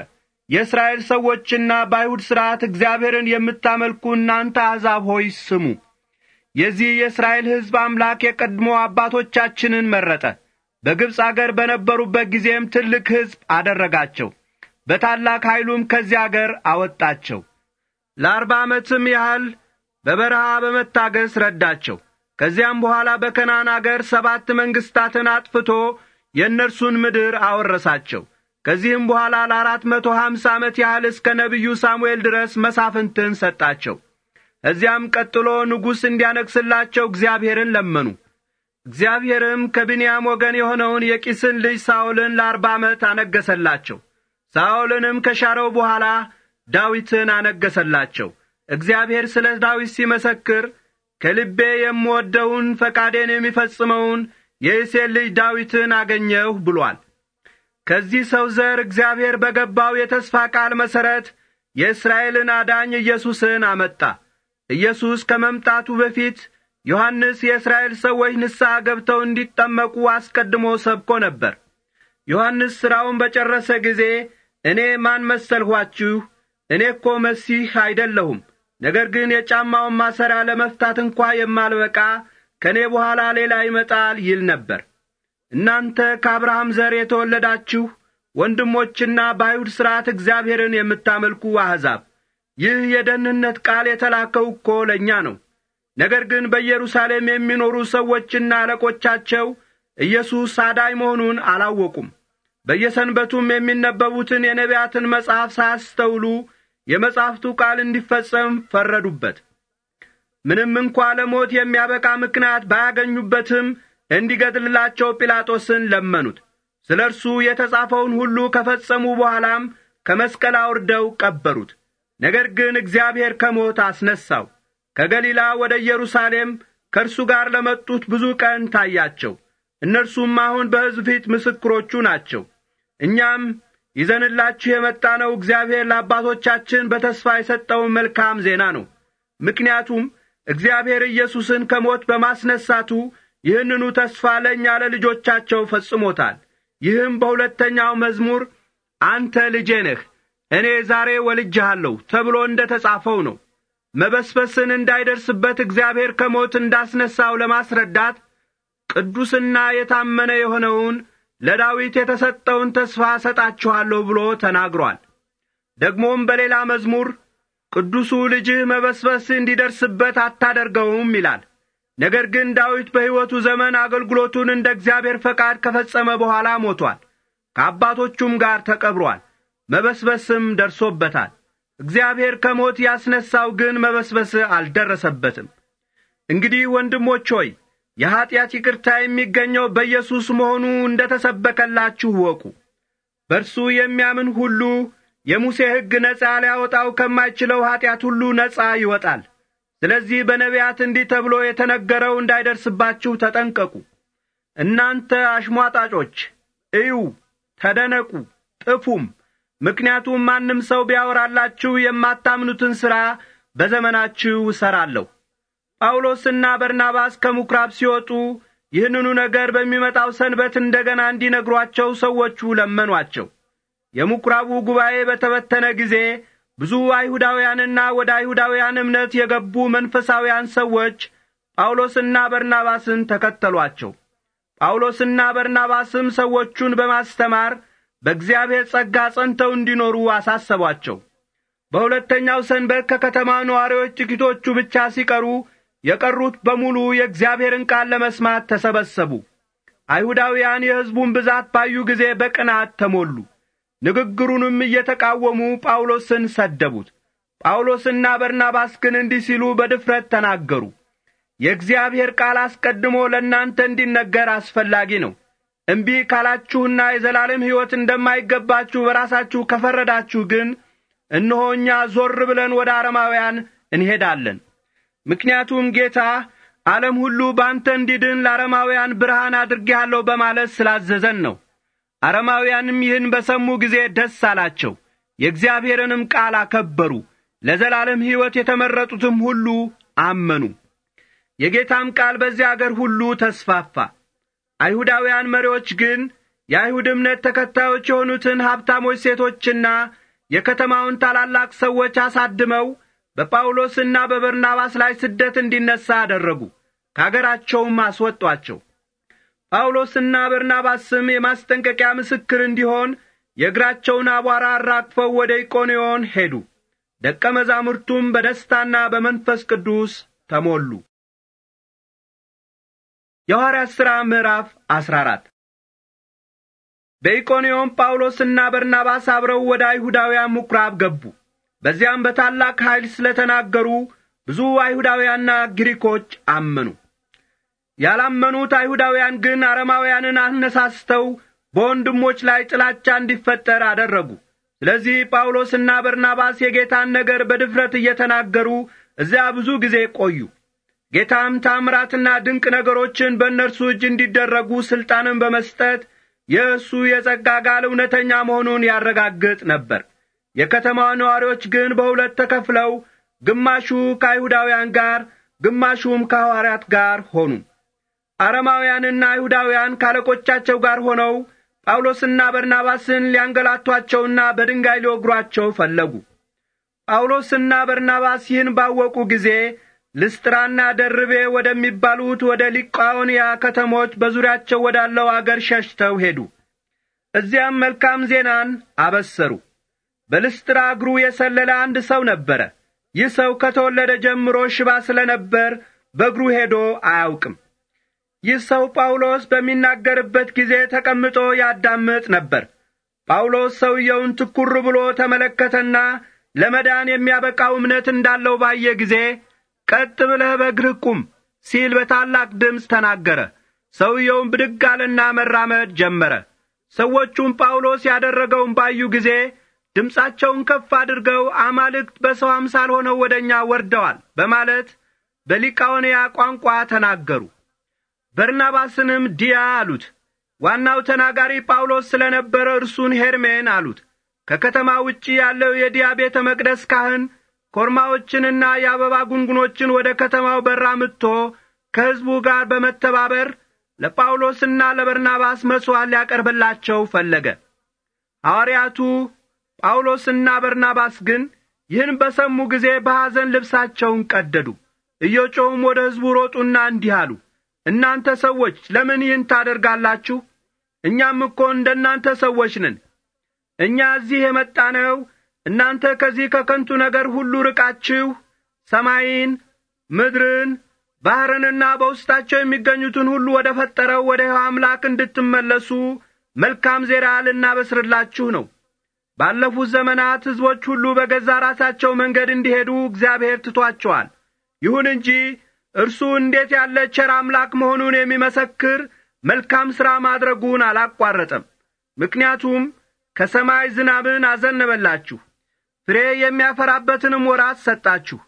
የእስራኤል ሰዎችና በአይሁድ ሥርዓት እግዚአብሔርን የምታመልኩ እናንተ አሕዛብ ሆይ ስሙ። የዚህ የእስራኤል ሕዝብ አምላክ የቀድሞ አባቶቻችንን መረጠ። በግብፅ አገር በነበሩበት ጊዜም ትልቅ ሕዝብ አደረጋቸው። በታላቅ ኃይሉም ከዚያ አገር አወጣቸው። ለአርባ ዓመትም ያህል በበረሃ በመታገስ ረዳቸው። ከዚያም በኋላ በከናን አገር ሰባት መንግሥታትን አጥፍቶ የእነርሱን ምድር አወረሳቸው። ከዚህም በኋላ ለአራት መቶ ሀምሳ ዓመት ያህል እስከ ነቢዩ ሳሙኤል ድረስ መሳፍንትን ሰጣቸው። እዚያም ቀጥሎ ንጉሥ እንዲያነግሥላቸው እግዚአብሔርን ለመኑ። እግዚአብሔርም ከብንያም ወገን የሆነውን የቂስን ልጅ ሳኦልን ለአርባ ዓመት አነገሰላቸው። ሳኦልንም ከሻረው በኋላ ዳዊትን አነገሰላቸው። እግዚአብሔር ስለ ዳዊት ሲመሰክር ከልቤ የምወደውን ፈቃዴን የሚፈጽመውን የእሴን ልጅ ዳዊትን አገኘሁ ብሏል። ከዚህ ሰው ዘር እግዚአብሔር በገባው የተስፋ ቃል መሠረት የእስራኤልን አዳኝ ኢየሱስን አመጣ። ኢየሱስ ከመምጣቱ በፊት ዮሐንስ የእስራኤል ሰዎች ንስሐ ገብተው እንዲጠመቁ አስቀድሞ ሰብኮ ነበር። ዮሐንስ ሥራውን በጨረሰ ጊዜ እኔ ማን መሰልኋችሁ? እኔ እኮ መሲህ አይደለሁም፣ ነገር ግን የጫማውን ማሰሪያ ለመፍታት እንኳ የማልበቃ ከእኔ በኋላ ሌላ ይመጣል ይል ነበር። እናንተ ከአብርሃም ዘር የተወለዳችሁ ወንድሞችና በአይሁድ ሥርዓት እግዚአብሔርን የምታመልኩ አሕዛብ ይህ የደህንነት ቃል የተላከው እኮ ለእኛ ነው። ነገር ግን በኢየሩሳሌም የሚኖሩ ሰዎችና አለቆቻቸው ኢየሱስ አዳኝ መሆኑን አላወቁም። በየሰንበቱም የሚነበቡትን የነቢያትን መጽሐፍ ሳያስተውሉ የመጽሐፍቱ ቃል እንዲፈጸም ፈረዱበት። ምንም እንኳ ለሞት የሚያበቃ ምክንያት ባያገኙበትም እንዲገድልላቸው ጲላጦስን ለመኑት። ስለ እርሱ የተጻፈውን ሁሉ ከፈጸሙ በኋላም ከመስቀል አውርደው ቀበሩት። ነገር ግን እግዚአብሔር ከሞት አስነሳው። ከገሊላ ወደ ኢየሩሳሌም ከእርሱ ጋር ለመጡት ብዙ ቀን ታያቸው። እነርሱም አሁን በሕዝብ ፊት ምስክሮቹ ናቸው። እኛም ይዘንላችሁ የመጣነው እግዚአብሔር ለአባቶቻችን በተስፋ የሰጠውን መልካም ዜና ነው። ምክንያቱም እግዚአብሔር ኢየሱስን ከሞት በማስነሳቱ ይህንኑ ተስፋ ለእኛ ለልጆቻቸው ፈጽሞታል። ይህም በሁለተኛው መዝሙር አንተ ልጄ ነህ እኔ ዛሬ ወልጅሃለሁ ተብሎ እንደ ተጻፈው ነው። መበስበስን እንዳይደርስበት እግዚአብሔር ከሞት እንዳስነሣው ለማስረዳት ቅዱስና የታመነ የሆነውን ለዳዊት የተሰጠውን ተስፋ እሰጣችኋለሁ ብሎ ተናግሯል። ደግሞም በሌላ መዝሙር ቅዱሱ ልጅህ መበስበስ እንዲደርስበት አታደርገውም ይላል። ነገር ግን ዳዊት በሕይወቱ ዘመን አገልግሎቱን እንደ እግዚአብሔር ፈቃድ ከፈጸመ በኋላ ሞቷል፣ ከአባቶቹም ጋር ተቀብሯል። መበስበስም ደርሶበታል። እግዚአብሔር ከሞት ያስነሳው ግን መበስበስ አልደረሰበትም። እንግዲህ ወንድሞች ሆይ የኀጢአት ይቅርታ የሚገኘው በኢየሱስ መሆኑ እንደ ተሰበከላችሁ ወቁ። በርሱ የሚያምን ሁሉ የሙሴ ሕግ ነጻ ሊያወጣው ከማይችለው ኀጢአት ሁሉ ነጻ ይወጣል። ስለዚህ በነቢያት እንዲህ ተብሎ የተነገረው እንዳይደርስባችሁ ተጠንቀቁ። እናንተ አሽሟጣጮች እዩ፣ ተደነቁ፣ ጥፉም ምክንያቱም ማንም ሰው ቢያወራላችሁ የማታምኑትን ሥራ በዘመናችሁ እሠራለሁ። ጳውሎስና በርናባስ ከምኵራብ ሲወጡ ይህንኑ ነገር በሚመጣው ሰንበት እንደ ገና እንዲነግሯቸው ሰዎቹ ለመኗቸው። የምኵራቡ ጉባኤ በተበተነ ጊዜ ብዙ አይሁዳውያንና ወደ አይሁዳውያን እምነት የገቡ መንፈሳውያን ሰዎች ጳውሎስና በርናባስን ተከተሏቸው። ጳውሎስና በርናባስም ሰዎቹን በማስተማር በእግዚአብሔር ጸጋ ጸንተው እንዲኖሩ አሳሰቧቸው። በሁለተኛው ሰንበት ከከተማ ነዋሪዎች ጥቂቶቹ ብቻ ሲቀሩ የቀሩት በሙሉ የእግዚአብሔርን ቃል ለመስማት ተሰበሰቡ። አይሁዳውያን የሕዝቡን ብዛት ባዩ ጊዜ በቅናት ተሞሉ። ንግግሩንም እየተቃወሙ ጳውሎስን ሰደቡት። ጳውሎስና በርናባስ ግን እንዲህ ሲሉ በድፍረት ተናገሩ። የእግዚአብሔር ቃል አስቀድሞ ለእናንተ እንዲነገር አስፈላጊ ነው። እምቢ ካላችሁና የዘላለም ሕይወት እንደማይገባችሁ በራሳችሁ ከፈረዳችሁ ግን እነሆ እኛ ዞር ብለን ወደ አረማውያን እንሄዳለን። ምክንያቱም ጌታ ዓለም ሁሉ በአንተ እንዲድን ለአረማውያን ብርሃን አድርጌሃለሁ በማለት ስላዘዘን ነው። አረማውያንም ይህን በሰሙ ጊዜ ደስ አላቸው፣ የእግዚአብሔርንም ቃል አከበሩ። ለዘላለም ሕይወት የተመረጡትም ሁሉ አመኑ። የጌታም ቃል በዚያ አገር ሁሉ ተስፋፋ። አይሁዳውያን መሪዎች ግን የአይሁድ እምነት ተከታዮች የሆኑትን ሀብታሞች ሴቶችና የከተማውን ታላላቅ ሰዎች አሳድመው በጳውሎስና በበርናባስ ላይ ስደት እንዲነሣ አደረጉ። ከአገራቸውም አስወጧቸው። ጳውሎስና በርናባስም የማስጠንቀቂያ ምስክር እንዲሆን የእግራቸውን አቧራ አራግፈው ወደ ኢቆንዮን ሄዱ። ደቀ መዛሙርቱም በደስታና በመንፈስ ቅዱስ ተሞሉ። የሐዋርያት ሥራ ምዕራፍ 14 በኢቆንዮም ጳውሎስና በርናባስ አብረው ወደ አይሁዳውያን ምኵራብ ገቡ። በዚያም በታላቅ ኃይል ስለተናገሩ ብዙ አይሁዳውያንና ግሪኮች አመኑ። ያላመኑት አይሁዳውያን ግን አረማውያንን አነሳስተው በወንድሞች ላይ ጥላቻ እንዲፈጠር አደረጉ። ስለዚህ ጳውሎስና በርናባስ የጌታን ነገር በድፍረት እየተናገሩ እዚያ ብዙ ጊዜ ቆዩ። ጌታም ታምራትና ድንቅ ነገሮችን በእነርሱ እጅ እንዲደረጉ ሥልጣንን በመስጠት የእሱ የጸጋ ቃል እውነተኛ መሆኑን ያረጋግጥ ነበር። የከተማዋ ነዋሪዎች ግን በሁለት ተከፍለው ግማሹ ከአይሁዳውያን ጋር፣ ግማሹም ከሐዋርያት ጋር ሆኑ። አረማውያንና አይሁዳውያን ካለቆቻቸው ጋር ሆነው ጳውሎስና በርናባስን ሊያንገላቷቸውና በድንጋይ ሊወግሯቸው ፈለጉ። ጳውሎስና በርናባስ ይህን ባወቁ ጊዜ ልስጥራና ደርቤ ወደሚባሉት ወደ ሊቃኦንያ ከተሞች በዙሪያቸው ወዳለው አገር ሸሽተው ሄዱ። እዚያም መልካም ዜናን አበሰሩ። በልስጥራ እግሩ የሰለለ አንድ ሰው ነበረ። ይህ ሰው ከተወለደ ጀምሮ ሽባ ስለ ነበር በእግሩ ሄዶ አያውቅም። ይህ ሰው ጳውሎስ በሚናገርበት ጊዜ ተቀምጦ ያዳምጥ ነበር። ጳውሎስ ሰውየውን ትኩር ብሎ ተመለከተና ለመዳን የሚያበቃው እምነት እንዳለው ባየ ጊዜ ቀጥ ብለህ በእግርህ ቁም ሲል በታላቅ ድምፅ ተናገረ። ሰውየውም ብድግ አለና መራመድ ጀመረ። ሰዎቹም ጳውሎስ ያደረገውን ባዩ ጊዜ ድምፃቸውን ከፍ አድርገው አማልክት በሰው አምሳል ሆነው ወደ እኛ ወርደዋል በማለት በሊቃኦንያ ቋንቋ ተናገሩ። በርናባስንም ዲያ አሉት። ዋናው ተናጋሪ ጳውሎስ ስለ ነበረ እርሱን ሄርሜን አሉት። ከከተማ ውጪ ያለው የዲያ ቤተ መቅደስ ካህን ኮርማዎችንና የአበባ ጉንጉኖችን ወደ ከተማው በር አምጥቶ ከሕዝቡ ጋር በመተባበር ለጳውሎስና ለበርናባስ መሥዋዕት ሊያቀርብላቸው ፈለገ። ሐዋርያቱ ጳውሎስና በርናባስ ግን ይህን በሰሙ ጊዜ በሐዘን ልብሳቸውን ቀደዱ። እየጮኹም ወደ ሕዝቡ ሮጡና እንዲህ አሉ፣ እናንተ ሰዎች ለምን ይህን ታደርጋላችሁ? እኛም እኮ እንደ እናንተ ሰዎች ነን። እኛ እዚህ የመጣነው እናንተ ከዚህ ከከንቱ ነገር ሁሉ ርቃችሁ ሰማይን፣ ምድርን፣ ባሕርንና በውስጣቸው የሚገኙትን ሁሉ ወደ ፈጠረው ወደ ሕያው አምላክ እንድትመለሱ መልካም ዜና ልናበስርላችሁ ነው። ባለፉት ዘመናት ሕዝቦች ሁሉ በገዛ ራሳቸው መንገድ እንዲሄዱ እግዚአብሔር ትቷቸዋል። ይሁን እንጂ እርሱ እንዴት ያለ ቸር አምላክ መሆኑን የሚመሰክር መልካም ሥራ ማድረጉን አላቋረጠም። ምክንያቱም ከሰማይ ዝናብን አዘነበላችሁ፣ ፍሬ የሚያፈራበትንም ወራት ሰጣችሁ፣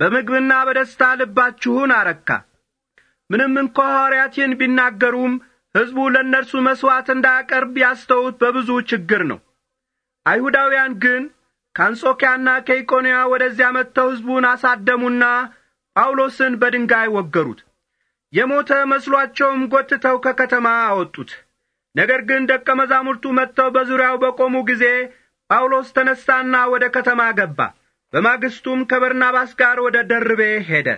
በምግብና በደስታ ልባችሁን አረካ። ምንም እንኳ ሐዋርያት ይህን ቢናገሩም ሕዝቡ ለእነርሱ መሥዋዕት እንዳያቀርብ ያስተውት በብዙ ችግር ነው። አይሁዳውያን ግን ከአንጾኪያና ከኢቆንያ ወደዚያ መጥተው ሕዝቡን አሳደሙና ጳውሎስን በድንጋይ ወገሩት። የሞተ መስሏቸውም ጐትተው ከከተማ አወጡት። ነገር ግን ደቀ መዛሙርቱ መጥተው በዙሪያው በቆሙ ጊዜ ጳውሎስ ተነሣና ወደ ከተማ ገባ። በማግስቱም ከበርናባስ ጋር ወደ ደርቤ ሄደ።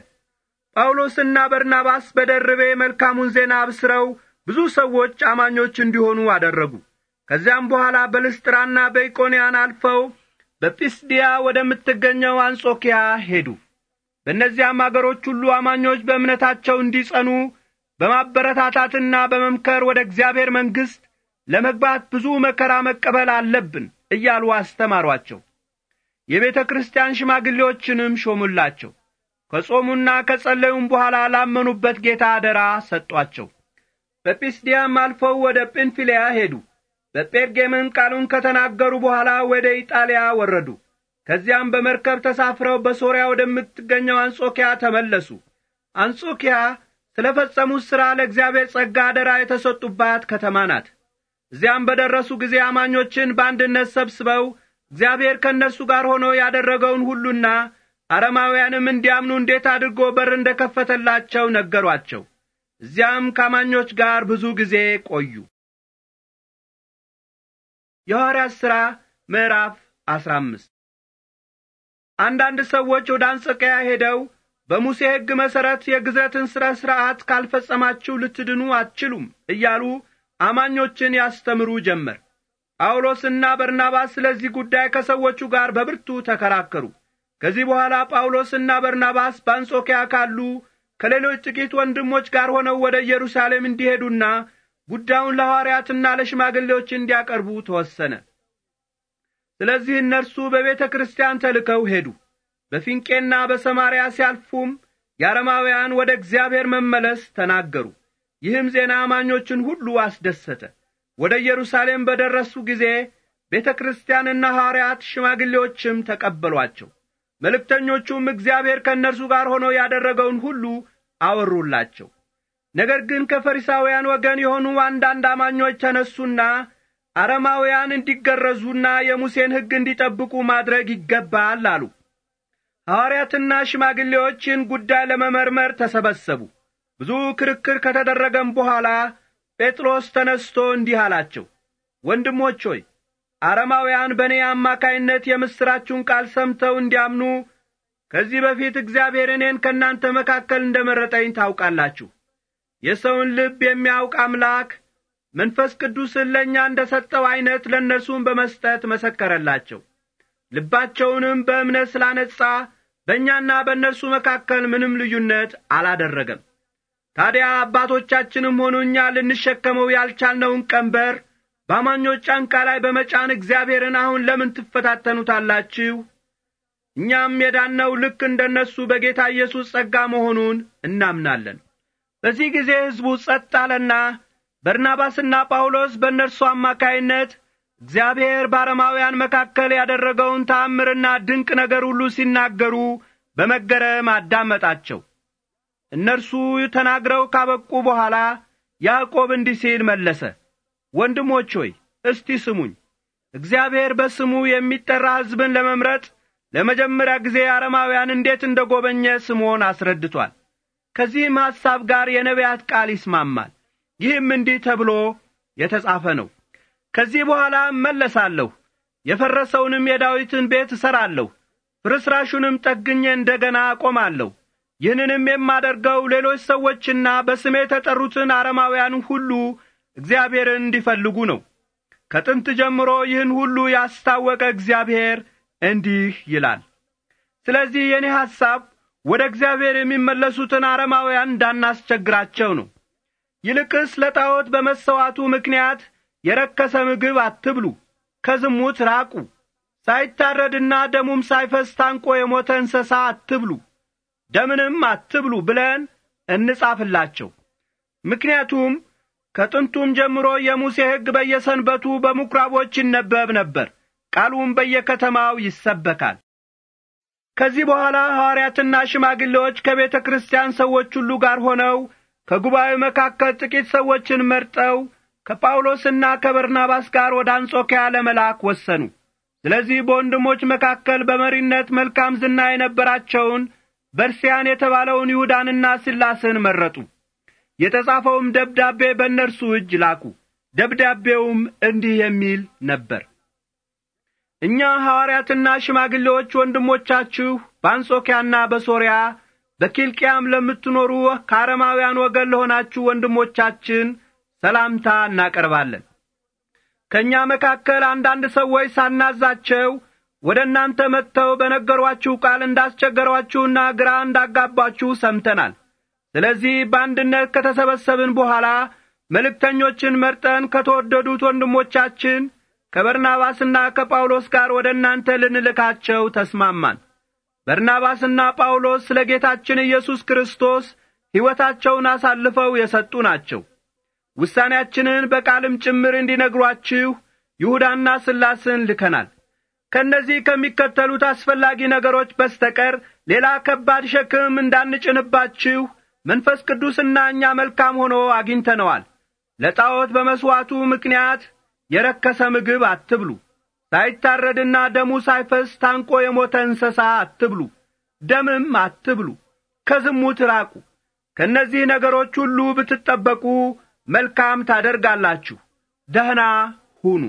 ጳውሎስና በርናባስ በደርቤ መልካሙን ዜና አብስረው ብዙ ሰዎች አማኞች እንዲሆኑ አደረጉ። ከዚያም በኋላ በልስጥራና በኢቆንያን አልፈው በጲስድያ ወደምትገኘው አንጾኪያ ሄዱ። በእነዚያም አገሮች ሁሉ አማኞች በእምነታቸው እንዲጸኑ በማበረታታትና በመምከር ወደ እግዚአብሔር መንግሥት ለመግባት ብዙ መከራ መቀበል አለብን እያሉ አስተማሯቸው። የቤተ ክርስቲያን ሽማግሌዎችንም ሾሙላቸው። ከጾሙና ከጸለዩም በኋላ ላመኑበት ጌታ አደራ ሰጧቸው። በጲስዲያም አልፈው ወደ ጵንፊልያ ሄዱ። በጴርጌምን ቃሉን ከተናገሩ በኋላ ወደ ኢጣሊያ ወረዱ። ከዚያም በመርከብ ተሳፍረው በሶርያ ወደምትገኘው አንጾኪያ ተመለሱ። አንጾኪያ ስለ ፈጸሙት ሥራ ለእግዚአብሔር ጸጋ አደራ የተሰጡባት ከተማ ናት። እዚያም በደረሱ ጊዜ አማኞችን በአንድነት ሰብስበው እግዚአብሔር ከእነርሱ ጋር ሆኖ ያደረገውን ሁሉና አረማውያንም እንዲያምኑ እንዴት አድርጎ በር እንደ ከፈተላቸው ነገሯቸው። እዚያም ከአማኞች ጋር ብዙ ጊዜ ቆዩ። የሐዋርያት ሥራ ምዕራፍ አስራ አምስት አንዳንድ ሰዎች ወደ አንጸቀያ ሄደው በሙሴ ሕግ መሠረት የግዝረትን ሥረ ሥርዓት ካልፈጸማችሁ ልትድኑ አትችሉም እያሉ አማኞችን ያስተምሩ ጀመር። ጳውሎስና በርናባስ ስለዚህ ጉዳይ ከሰዎቹ ጋር በብርቱ ተከራከሩ። ከዚህ በኋላ ጳውሎስና በርናባስ በአንጾኪያ ካሉ ከሌሎች ጥቂት ወንድሞች ጋር ሆነው ወደ ኢየሩሳሌም እንዲሄዱና ጉዳዩን ለሐዋርያትና ለሽማግሌዎች እንዲያቀርቡ ተወሰነ። ስለዚህ እነርሱ በቤተ ክርስቲያን ተልከው ሄዱ። በፊንቄና በሰማርያ ሲያልፉም የአረማውያን ወደ እግዚአብሔር መመለስ ተናገሩ። ይህም ዜና አማኞችን ሁሉ አስደሰተ ወደ ኢየሩሳሌም በደረሱ ጊዜ ቤተ ክርስቲያንና ሐዋርያት ሽማግሌዎችም ተቀበሏቸው መልእክተኞቹም እግዚአብሔር ከእነርሱ ጋር ሆኖ ያደረገውን ሁሉ አወሩላቸው ነገር ግን ከፈሪሳውያን ወገን የሆኑ አንዳንድ አማኞች ተነሱና አረማውያን እንዲገረዙና የሙሴን ሕግ እንዲጠብቁ ማድረግ ይገባል አሉ ሐዋርያትና ሽማግሌዎችን ጉዳይ ለመመርመር ተሰበሰቡ ብዙ ክርክር ከተደረገም በኋላ ጴጥሮስ ተነስቶ እንዲህ አላቸው፣ ወንድሞች ሆይ አረማውያን በእኔ አማካይነት የምሥራችሁን ቃል ሰምተው እንዲያምኑ ከዚህ በፊት እግዚአብሔር እኔን ከእናንተ መካከል እንደ መረጠኝ ታውቃላችሁ። የሰውን ልብ የሚያውቅ አምላክ መንፈስ ቅዱስን ለእኛ እንደ ሰጠው ዐይነት ለእነርሱም በመስጠት መሰከረላቸው። ልባቸውንም በእምነት ስላነጻ በእኛና በእነርሱ መካከል ምንም ልዩነት አላደረገም። ታዲያ አባቶቻችንም ሆኑ እኛ ልንሸከመው ያልቻልነውን ቀንበር በአማኞች ጫንቃ ላይ በመጫን እግዚአብሔርን አሁን ለምን ትፈታተኑታላችሁ? እኛም የዳነው ልክ እንደ እነሱ በጌታ ኢየሱስ ጸጋ መሆኑን እናምናለን። በዚህ ጊዜ ሕዝቡ ጸጥ አለና በርናባስና ጳውሎስ በእነርሱ አማካይነት እግዚአብሔር በአረማውያን መካከል ያደረገውን ተአምርና ድንቅ ነገር ሁሉ ሲናገሩ በመገረም አዳመጣቸው። እነርሱ ተናግረው ካበቁ በኋላ ያዕቆብ እንዲህ ሲል መለሰ። ወንድሞች ሆይ እስቲ ስሙኝ። እግዚአብሔር በስሙ የሚጠራ ሕዝብን ለመምረጥ ለመጀመሪያ ጊዜ አረማውያን እንዴት እንደ ጐበኘ ስምዖን አስረድቷል። ከዚህም ሐሳብ ጋር የነቢያት ቃል ይስማማል። ይህም እንዲህ ተብሎ የተጻፈ ነው። ከዚህ በኋላ እመለሳለሁ፣ የፈረሰውንም የዳዊትን ቤት እሠራለሁ፣ ፍርስራሹንም ጠግኜ እንደ ገና አቆማለሁ ይህንንም የማደርገው ሌሎች ሰዎችና በስሜ የተጠሩትን አረማውያን ሁሉ እግዚአብሔርን እንዲፈልጉ ነው። ከጥንት ጀምሮ ይህን ሁሉ ያስታወቀ እግዚአብሔር እንዲህ ይላል። ስለዚህ የእኔ ሐሳብ ወደ እግዚአብሔር የሚመለሱትን አረማውያን እንዳናስቸግራቸው ነው። ይልቅስ ለጣዖት በመሰዋቱ ምክንያት የረከሰ ምግብ አትብሉ፣ ከዝሙት ራቁ፣ ሳይታረድና ደሙም ሳይፈስ ታንቆ የሞተ እንስሳ አትብሉ ደምንም አትብሉ ብለን እንጻፍላቸው። ምክንያቱም ከጥንቱም ጀምሮ የሙሴ ሕግ በየሰንበቱ በምኵራቦች ይነበብ ነበር፣ ቃሉም በየከተማው ይሰበካል። ከዚህ በኋላ ሐዋርያትና ሽማግሌዎች ከቤተ ክርስቲያን ሰዎች ሁሉ ጋር ሆነው ከጉባኤው መካከል ጥቂት ሰዎችን መርጠው ከጳውሎስና ከበርናባስ ጋር ወደ አንጾኪያ ለመላክ ወሰኑ። ስለዚህ በወንድሞች መካከል በመሪነት መልካም ዝና የነበራቸውን በርስያን የተባለውን ይሁዳንና ስላስን መረጡ። የተጻፈውም ደብዳቤ በእነርሱ እጅ ላኩ። ደብዳቤውም እንዲህ የሚል ነበር። እኛ ሐዋርያትና ሽማግሌዎች ወንድሞቻችሁ በአንጾኪያና በሶርያ በኪልቅያም ለምትኖሩ ከአረማውያን ወገን ለሆናችሁ ወንድሞቻችን ሰላምታ እናቀርባለን። ከእኛ መካከል አንዳንድ ሰዎች ሳናዛቸው ወደ እናንተ መጥተው በነገሯችሁ ቃል እንዳስቸገሯችሁና ግራ እንዳጋባችሁ ሰምተናል። ስለዚህ በአንድነት ከተሰበሰብን በኋላ መልእክተኞችን መርጠን ከተወደዱት ወንድሞቻችን ከበርናባስና ከጳውሎስ ጋር ወደ እናንተ ልንልካቸው ተስማማን። በርናባስና ጳውሎስ ስለ ጌታችን ኢየሱስ ክርስቶስ ሕይወታቸውን አሳልፈው የሰጡ ናቸው። ውሳኔያችንን በቃልም ጭምር እንዲነግሯችሁ ይሁዳና ስላስን ልከናል። ከእነዚህ ከሚከተሉት አስፈላጊ ነገሮች በስተቀር ሌላ ከባድ ሸክም እንዳንጭንባችሁ መንፈስ ቅዱስና እኛ መልካም ሆኖ አግኝተነዋል። ለጣዖት በመሥዋዕቱ ምክንያት የረከሰ ምግብ አትብሉ። ሳይታረድና ደሙ ሳይፈስ ታንቆ የሞተ እንስሳ አትብሉ። ደምም አትብሉ። ከዝሙት ራቁ። ከእነዚህ ነገሮች ሁሉ ብትጠበቁ መልካም ታደርጋላችሁ። ደህና ሁኑ።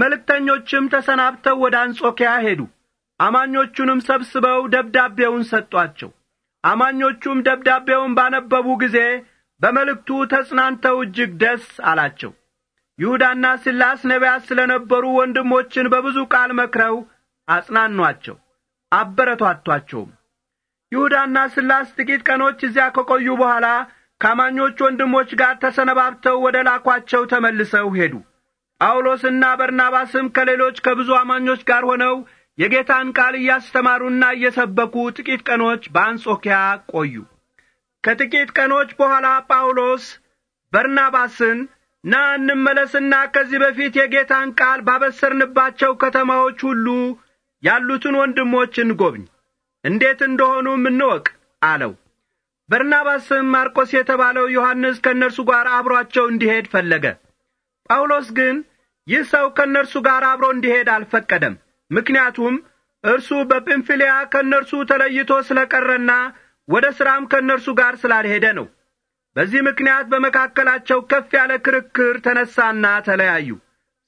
መልእክተኞችም ተሰናብተው ወደ አንጾኪያ ሄዱ። አማኞቹንም ሰብስበው ደብዳቤውን ሰጧቸው። አማኞቹም ደብዳቤውን ባነበቡ ጊዜ በመልእክቱ ተጽናንተው እጅግ ደስ አላቸው። ይሁዳና ሲላስ ነቢያት ስለ ነበሩ ወንድሞችን በብዙ ቃል መክረው አጽናኗቸው፣ አበረቷቷቸውም። ይሁዳና ሲላስ ጥቂት ቀኖች እዚያ ከቆዩ በኋላ ከአማኞች ወንድሞች ጋር ተሰነባብተው ወደ ላኳቸው ተመልሰው ሄዱ። ጳውሎስና በርናባስም ከሌሎች ከብዙ አማኞች ጋር ሆነው የጌታን ቃል እያስተማሩና እየሰበኩ ጥቂት ቀኖች በአንጾኪያ ቆዩ። ከጥቂት ቀኖች በኋላ ጳውሎስ በርናባስን ና እንመለስና ከዚህ በፊት የጌታን ቃል ባበሰርንባቸው ከተማዎች ሁሉ ያሉትን ወንድሞች እንጎብኝ፣ እንዴት እንደሆኑም እንወቅ አለው። በርናባስም ማርቆስ የተባለው ዮሐንስ ከእነርሱ ጋር አብሮአቸው እንዲሄድ ፈለገ። ጳውሎስ ግን ይህ ሰው ከእነርሱ ጋር አብሮ እንዲሄድ አልፈቀደም። ምክንያቱም እርሱ በጵንፍልያ ከእነርሱ ተለይቶ ስለ ቀረና ወደ ሥራም ከእነርሱ ጋር ስላልሄደ ነው። በዚህ ምክንያት በመካከላቸው ከፍ ያለ ክርክር ተነሳና ተለያዩ።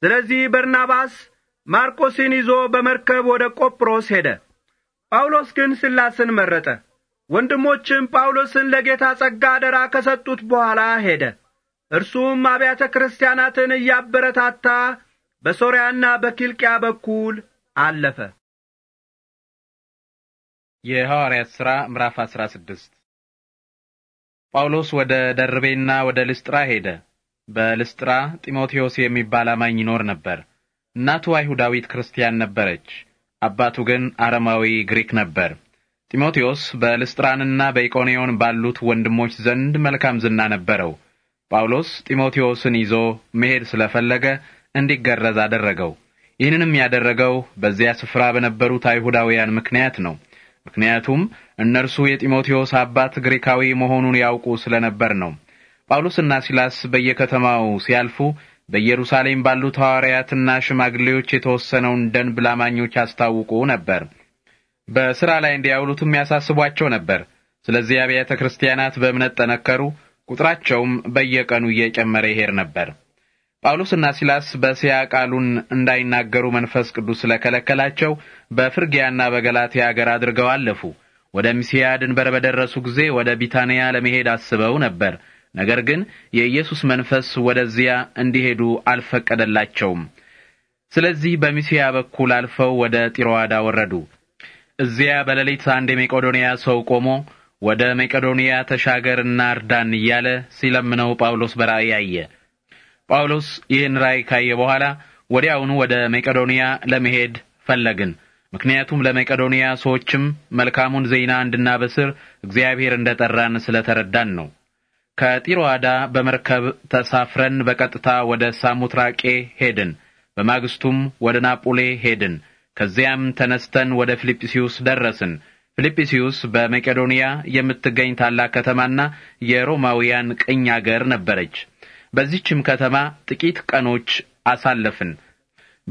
ስለዚህ በርናባስ ማርቆስን ይዞ በመርከብ ወደ ቆጵሮስ ሄደ። ጳውሎስ ግን ስላስን መረጠ። ወንድሞችም ጳውሎስን ለጌታ ጸጋ አደራ ከሰጡት በኋላ ሄደ። እርሱም አብያተ ክርስቲያናትን እያበረታታ በሶርያና በኪልቅያ በኩል አለፈ። የሐዋርያት ሥራ ምዕራፍ አስራ ስድስት ጳውሎስ ወደ ደርቤና ወደ ልስጥራ ሄደ። በልስጥራ ጢሞቴዎስ የሚባል አማኝ ይኖር ነበር። እናቱ አይሁዳዊት ክርስቲያን ነበረች፣ አባቱ ግን አረማዊ ግሪክ ነበር። ጢሞቴዎስ በልስጥራንና በኢቆንዮን ባሉት ወንድሞች ዘንድ መልካም ዝና ነበረው። ጳውሎስ ጢሞቴዎስን ይዞ መሄድ ስለፈለገ እንዲገረዝ አደረገው። ይህንንም ያደረገው በዚያ ስፍራ በነበሩት አይሁዳውያን ምክንያት ነው። ምክንያቱም እነርሱ የጢሞቴዎስ አባት ግሪካዊ መሆኑን ያውቁ ስለነበር ነው። ጳውሎስና ሲላስ በየከተማው ሲያልፉ በኢየሩሳሌም ባሉት ሐዋርያትና ሽማግሌዎች የተወሰነውን ደንብ ላማኞች አስታውቁ ነበር። በሥራ ላይ እንዲያውሉትም ያሳስቧቸው ነበር። ስለዚህ አብያተ ክርስቲያናት በእምነት ጠነከሩ። ቁጥራቸውም በየቀኑ እየጨመረ ይሄድ ነበር። ጳውሎስና ሲላስ በእስያ ቃሉን እንዳይናገሩ መንፈስ ቅዱስ ስለከለከላቸው በፍርግያና በገላትያ አገር አድርገው አለፉ። ወደ ሚስያ ድንበር በደረሱ ጊዜ ወደ ቢታንያ ለመሄድ አስበው ነበር። ነገር ግን የኢየሱስ መንፈስ ወደዚያ እንዲሄዱ አልፈቀደላቸውም። ስለዚህ በሚስያ በኩል አልፈው ወደ ጢሮዋዳ ወረዱ። እዚያ በሌሊት አንድ የመቄዶንያ ሰው ቆሞ ወደ መቄዶንያ ተሻገርና እርዳን እያለ ሲለምነው ጳውሎስ በራእይ አየ። ጳውሎስ ይህን ራእይ ካየ በኋላ ወዲያውኑ ወደ መቄዶንያ ለመሄድ ፈለግን። ምክንያቱም ለመቄዶንያ ሰዎችም መልካሙን ዜና እንድናበስር እግዚአብሔር እንደ ጠራን ስለ ተረዳን ነው። ከጢሮአዳ በመርከብ ተሳፍረን በቀጥታ ወደ ሳሙትራቄ ሄድን። በማግስቱም ወደ ናጶሌ ሄድን። ከዚያም ተነስተን ወደ ፊልጵስዩስ ደረስን። ፊልጵስዩስ በመቄዶንያ የምትገኝ ታላቅ ከተማና የሮማውያን ቅኝ አገር ነበረች። በዚችም ከተማ ጥቂት ቀኖች አሳለፍን።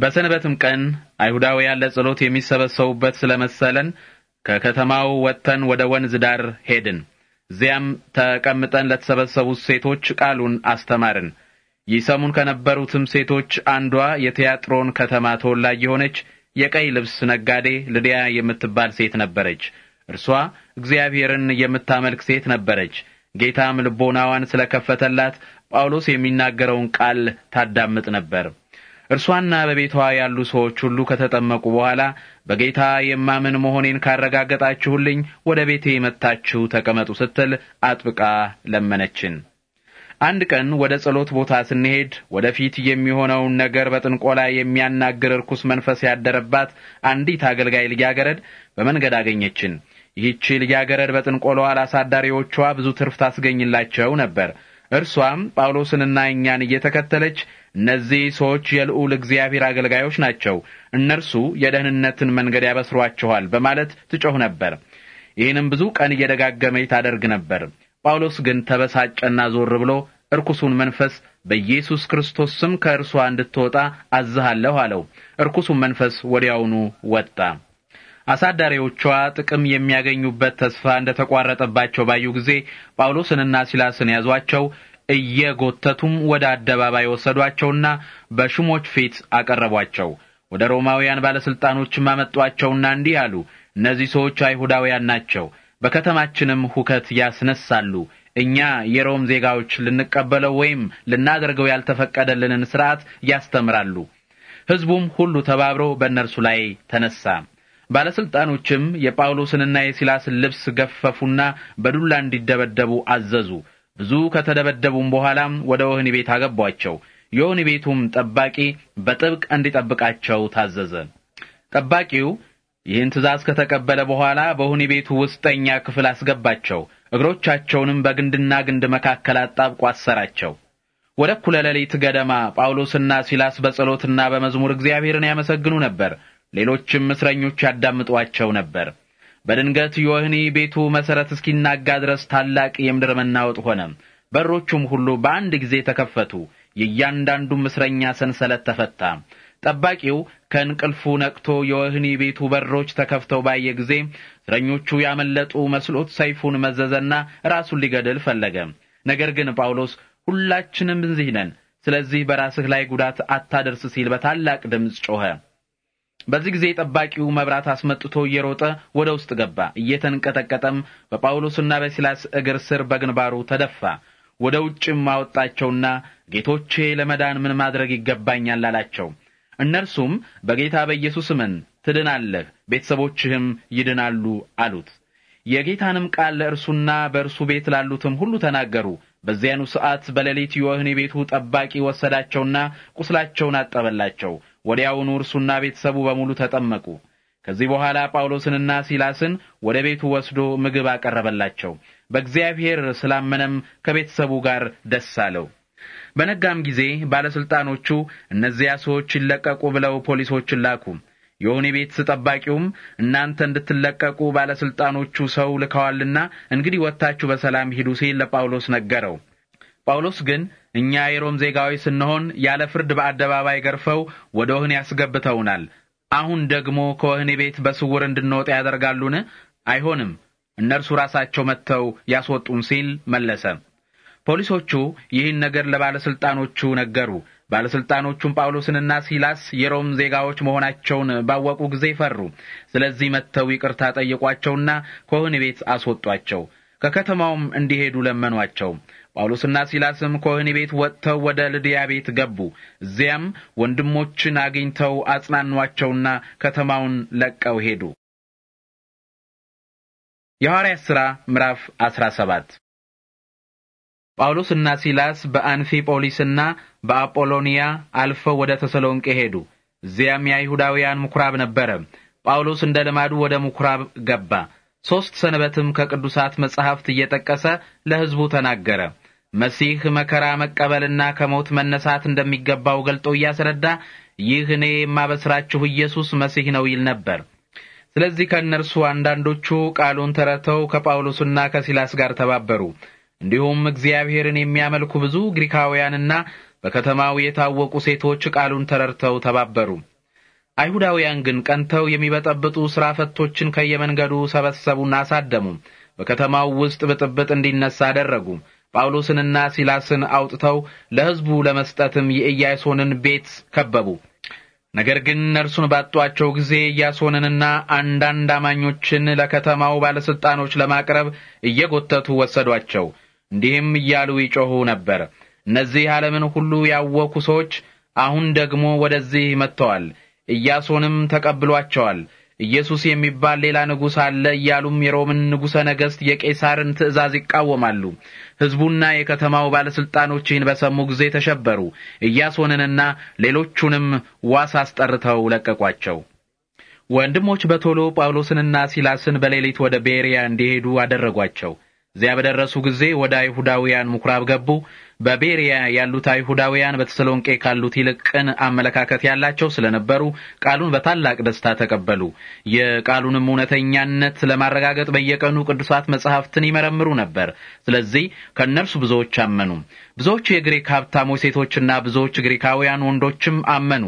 በሰንበትም ቀን አይሁዳውያን ለጸሎት የሚሰበሰቡበት ስለመሰለን ከከተማው ወጥተን ወደ ወንዝ ዳር ሄድን። እዚያም ተቀምጠን ለተሰበሰቡት ሴቶች ቃሉን አስተማርን። ይሰሙን ከነበሩትም ሴቶች አንዷ የትያጥሮን ከተማ ተወላጅ የሆነች የቀይ ልብስ ነጋዴ ልዲያ የምትባል ሴት ነበረች። እርሷ እግዚአብሔርን የምታመልክ ሴት ነበረች። ጌታም ልቦናዋን ስለከፈተላት ጳውሎስ የሚናገረውን ቃል ታዳምጥ ነበር። እርሷና በቤቷ ያሉ ሰዎች ሁሉ ከተጠመቁ በኋላ በጌታ የማምን መሆኔን ካረጋገጣችሁልኝ ወደ ቤቴ መጥታችሁ ተቀመጡ ስትል አጥብቃ ለመነችን። አንድ ቀን ወደ ጸሎት ቦታ ስንሄድ ወደፊት የሚሆነውን ነገር በጥንቆላ የሚያናግር ርኩስ መንፈስ ያደረባት አንዲት አገልጋይ ልጃገረድ በመንገድ አገኘችን። ይህቺ ልጃገረድ በጥንቆላዋ ለአሳዳሪዎቿ ብዙ ትርፍ ታስገኝላቸው ነበር። እርሷም ጳውሎስንና እኛን እየተከተለች እነዚህ ሰዎች የልዑል እግዚአብሔር አገልጋዮች ናቸው፣ እነርሱ የደህንነትን መንገድ ያበስሯችኋል በማለት ትጮህ ነበር። ይህንም ብዙ ቀን እየደጋገመች ታደርግ ነበር። ጳውሎስ ግን ተበሳጨና ዞር ብሎ እርኩሱን መንፈስ በኢየሱስ ክርስቶስ ስም ከእርሷ እንድትወጣ አዝሃለሁ አለው። እርኩሱን መንፈስ ወዲያውኑ ወጣ። አሳዳሪዎቿ ጥቅም የሚያገኙበት ተስፋ እንደተቋረጠባቸው ባዩ ጊዜ ጳውሎስንና ሲላስን ያዟቸው፣ እየጎተቱም ወደ አደባባይ ወሰዷቸውና በሹሞች ፊት አቀረቧቸው። ወደ ሮማውያን ባለሥልጣኖችም አመጧቸውና እንዲህ አሉ፣ እነዚህ ሰዎች አይሁዳውያን ናቸው በከተማችንም ሁከት ያስነሳሉ። እኛ የሮም ዜጋዎች ልንቀበለው ወይም ልናደርገው ያልተፈቀደልንን ሥርዓት ያስተምራሉ። ሕዝቡም ሁሉ ተባብሮ በእነርሱ ላይ ተነሳ። ባለስልጣኖችም የጳውሎስንና የሲላስን ልብስ ገፈፉና በዱላ እንዲደበደቡ አዘዙ። ብዙ ከተደበደቡም በኋላም ወደ ወህኒ ቤት አገቧቸው። የወህኒ ቤቱም ጠባቂ በጥብቅ እንዲጠብቃቸው ታዘዘ። ጠባቂው ይህን ትእዛዝ ከተቀበለ በኋላ በሁኒ ቤቱ ውስጠኛ ክፍል አስገባቸው። እግሮቻቸውንም በግንድና ግንድ መካከል አጣብቆ አሰራቸው። ወደ እኩለ ሌሊት ገደማ ጳውሎስና ሲላስ በጸሎትና በመዝሙር እግዚአብሔርን ያመሰግኑ ነበር። ሌሎችም እስረኞች ያዳምጧቸው ነበር። በድንገት የወህኒ ቤቱ መሠረት እስኪናጋ ድረስ ታላቅ የምድር መናወጥ ሆነ። በሮቹም ሁሉ በአንድ ጊዜ ተከፈቱ። የእያንዳንዱም እስረኛ ሰንሰለት ተፈታ። ጠባቂው ከእንቅልፉ ነቅቶ የወህኒ ቤቱ በሮች ተከፍተው ባየ ጊዜ እስረኞቹ ያመለጡ መስሎት ሰይፉን መዘዘና ራሱን ሊገድል ፈለገ። ነገር ግን ጳውሎስ ሁላችንም እንዚህ ነን፣ ስለዚህ በራስህ ላይ ጉዳት አታደርስ ሲል በታላቅ ድምፅ ጮኸ። በዚህ ጊዜ ጠባቂው መብራት አስመጥቶ እየሮጠ ወደ ውስጥ ገባ። እየተንቀጠቀጠም በጳውሎስና በሲላስ እግር ስር በግንባሩ ተደፋ። ወደ ውጭም አወጣቸውና ጌቶቼ፣ ለመዳን ምን ማድረግ ይገባኛል አላቸው። እነርሱም በጌታ በኢየሱስ እመን ትድናለህ፣ ቤተሰቦችህም ይድናሉ አሉት። የጌታንም ቃል ለእርሱና በእርሱ ቤት ላሉትም ሁሉ ተናገሩ። በዚያኑ ሰዓት በሌሊት የወህኒ ቤቱ ጠባቂ ወሰዳቸውና ቁስላቸውን አጠበላቸው። ወዲያውኑ እርሱና ቤተሰቡ በሙሉ ተጠመቁ። ከዚህ በኋላ ጳውሎስንና ሲላስን ወደ ቤቱ ወስዶ ምግብ አቀረበላቸው። በእግዚአብሔር ስላመነም ከቤተሰቡ ጋር ደስ አለው። በነጋም ጊዜ ባለስልጣኖቹ እነዚያ ሰዎች ይለቀቁ ብለው ፖሊሶችን ላኩ። የወህኒ ቤት ጠባቂውም እናንተ እንድትለቀቁ ባለስልጣኖቹ ሰው ልከዋልና እንግዲህ ወጥታችሁ በሰላም ሂዱ ሲል ለጳውሎስ ነገረው። ጳውሎስ ግን እኛ የሮም ዜጋዊ ስንሆን ያለ ፍርድ በአደባባይ ገርፈው ወደ ወህኒ ያስገብተውናል። አሁን ደግሞ ከወህኒ ቤት በስውር እንድንወጣ ያደርጋሉን? አይሆንም። እነርሱ ራሳቸው መጥተው ያስወጡን ሲል መለሰ። ፖሊሶቹ ይህን ነገር ለባለስልጣኖቹ ነገሩ። ባለስልጣኖቹም ጳውሎስንና ሲላስ የሮም ዜጋዎች መሆናቸውን ባወቁ ጊዜ ፈሩ። ስለዚህ መጥተው ይቅርታ ጠየቋቸውና ከወህኒ ቤት አስወጧቸው። ከከተማውም እንዲሄዱ ለመኗቸው። ጳውሎስና ሲላስም ከወህኒ ቤት ወጥተው ወደ ልድያ ቤት ገቡ። እዚያም ወንድሞችን አግኝተው አጽናኗቸውና ከተማውን ለቀው ሄዱ። የሐዋርያት ሥራ ምዕራፍ አስራ ሰባት ጳውሎስና ሲላስ በአንፊጶሊስና በአጶሎንያ አልፈው ወደ ተሰሎንቄ ሄዱ። እዚያም የአይሁዳውያን ምኵራብ ነበረ። ጳውሎስ እንደ ልማዱ ወደ ምኵራብ ገባ። ሦስት ሰንበትም ከቅዱሳት መጻሕፍት እየጠቀሰ ለሕዝቡ ተናገረ። መሲህ መከራ መቀበልና ከሞት መነሳት እንደሚገባው ገልጦ እያስረዳ ይህ እኔ የማበስራችሁ ኢየሱስ መሲህ ነው ይል ነበር። ስለዚህ ከእነርሱ አንዳንዶቹ ቃሉን ተረተው ከጳውሎስና ከሲላስ ጋር ተባበሩ። እንዲሁም እግዚአብሔርን የሚያመልኩ ብዙ ግሪካውያንና በከተማው የታወቁ ሴቶች ቃሉን ተረድተው ተባበሩ። አይሁዳውያን ግን ቀንተው የሚበጠብጡ ሥራ ፈቶችን ከየመንገዱ ሰበሰቡና አሳደሙ። በከተማው ውስጥ ብጥብጥ እንዲነሳ አደረጉ። ጳውሎስንና ሲላስን አውጥተው ለሕዝቡ ለመስጠትም የኢያሶንን ቤት ከበቡ። ነገር ግን እነርሱን ባጧቸው ጊዜ ኢያሶንንና አንዳንድ አማኞችን ለከተማው ባለሥልጣኖች ለማቅረብ እየጎተቱ ወሰዷቸው። እንዲህም እያሉ ይጮኹ ነበር። እነዚህ ዓለምን ሁሉ ያወኩ ሰዎች አሁን ደግሞ ወደዚህ መጥተዋል፣ ኢያሶንም ተቀብሏቸዋል። ኢየሱስ የሚባል ሌላ ንጉሥ አለ እያሉም የሮምን ንጉሠ ነገሥት የቄሳርን ትእዛዝ ይቃወማሉ። ሕዝቡና የከተማው ባለሥልጣኖች ይህን በሰሙ ጊዜ ተሸበሩ። ኢያሶንንና ሌሎቹንም ዋስ አስጠርተው ለቀቋቸው። ወንድሞች በቶሎ ጳውሎስንና ሲላስን በሌሊት ወደ ቤርያ እንዲሄዱ አደረጓቸው። እዚያ በደረሱ ጊዜ ወደ አይሁዳውያን ምኵራብ ገቡ። በቤሪያ ያሉት አይሁዳውያን በተሰሎንቄ ካሉት ይልቅ ቅን አመለካከት ያላቸው ስለነበሩ ቃሉን በታላቅ ደስታ ተቀበሉ። የቃሉንም እውነተኛነት ለማረጋገጥ በየቀኑ ቅዱሳት መጻሕፍትን ይመረምሩ ነበር። ስለዚህ ከእነርሱ ብዙዎች አመኑ። ብዙዎቹ የግሪክ ሀብታሞች ሴቶችና ብዙዎች ግሪካውያን ወንዶችም አመኑ።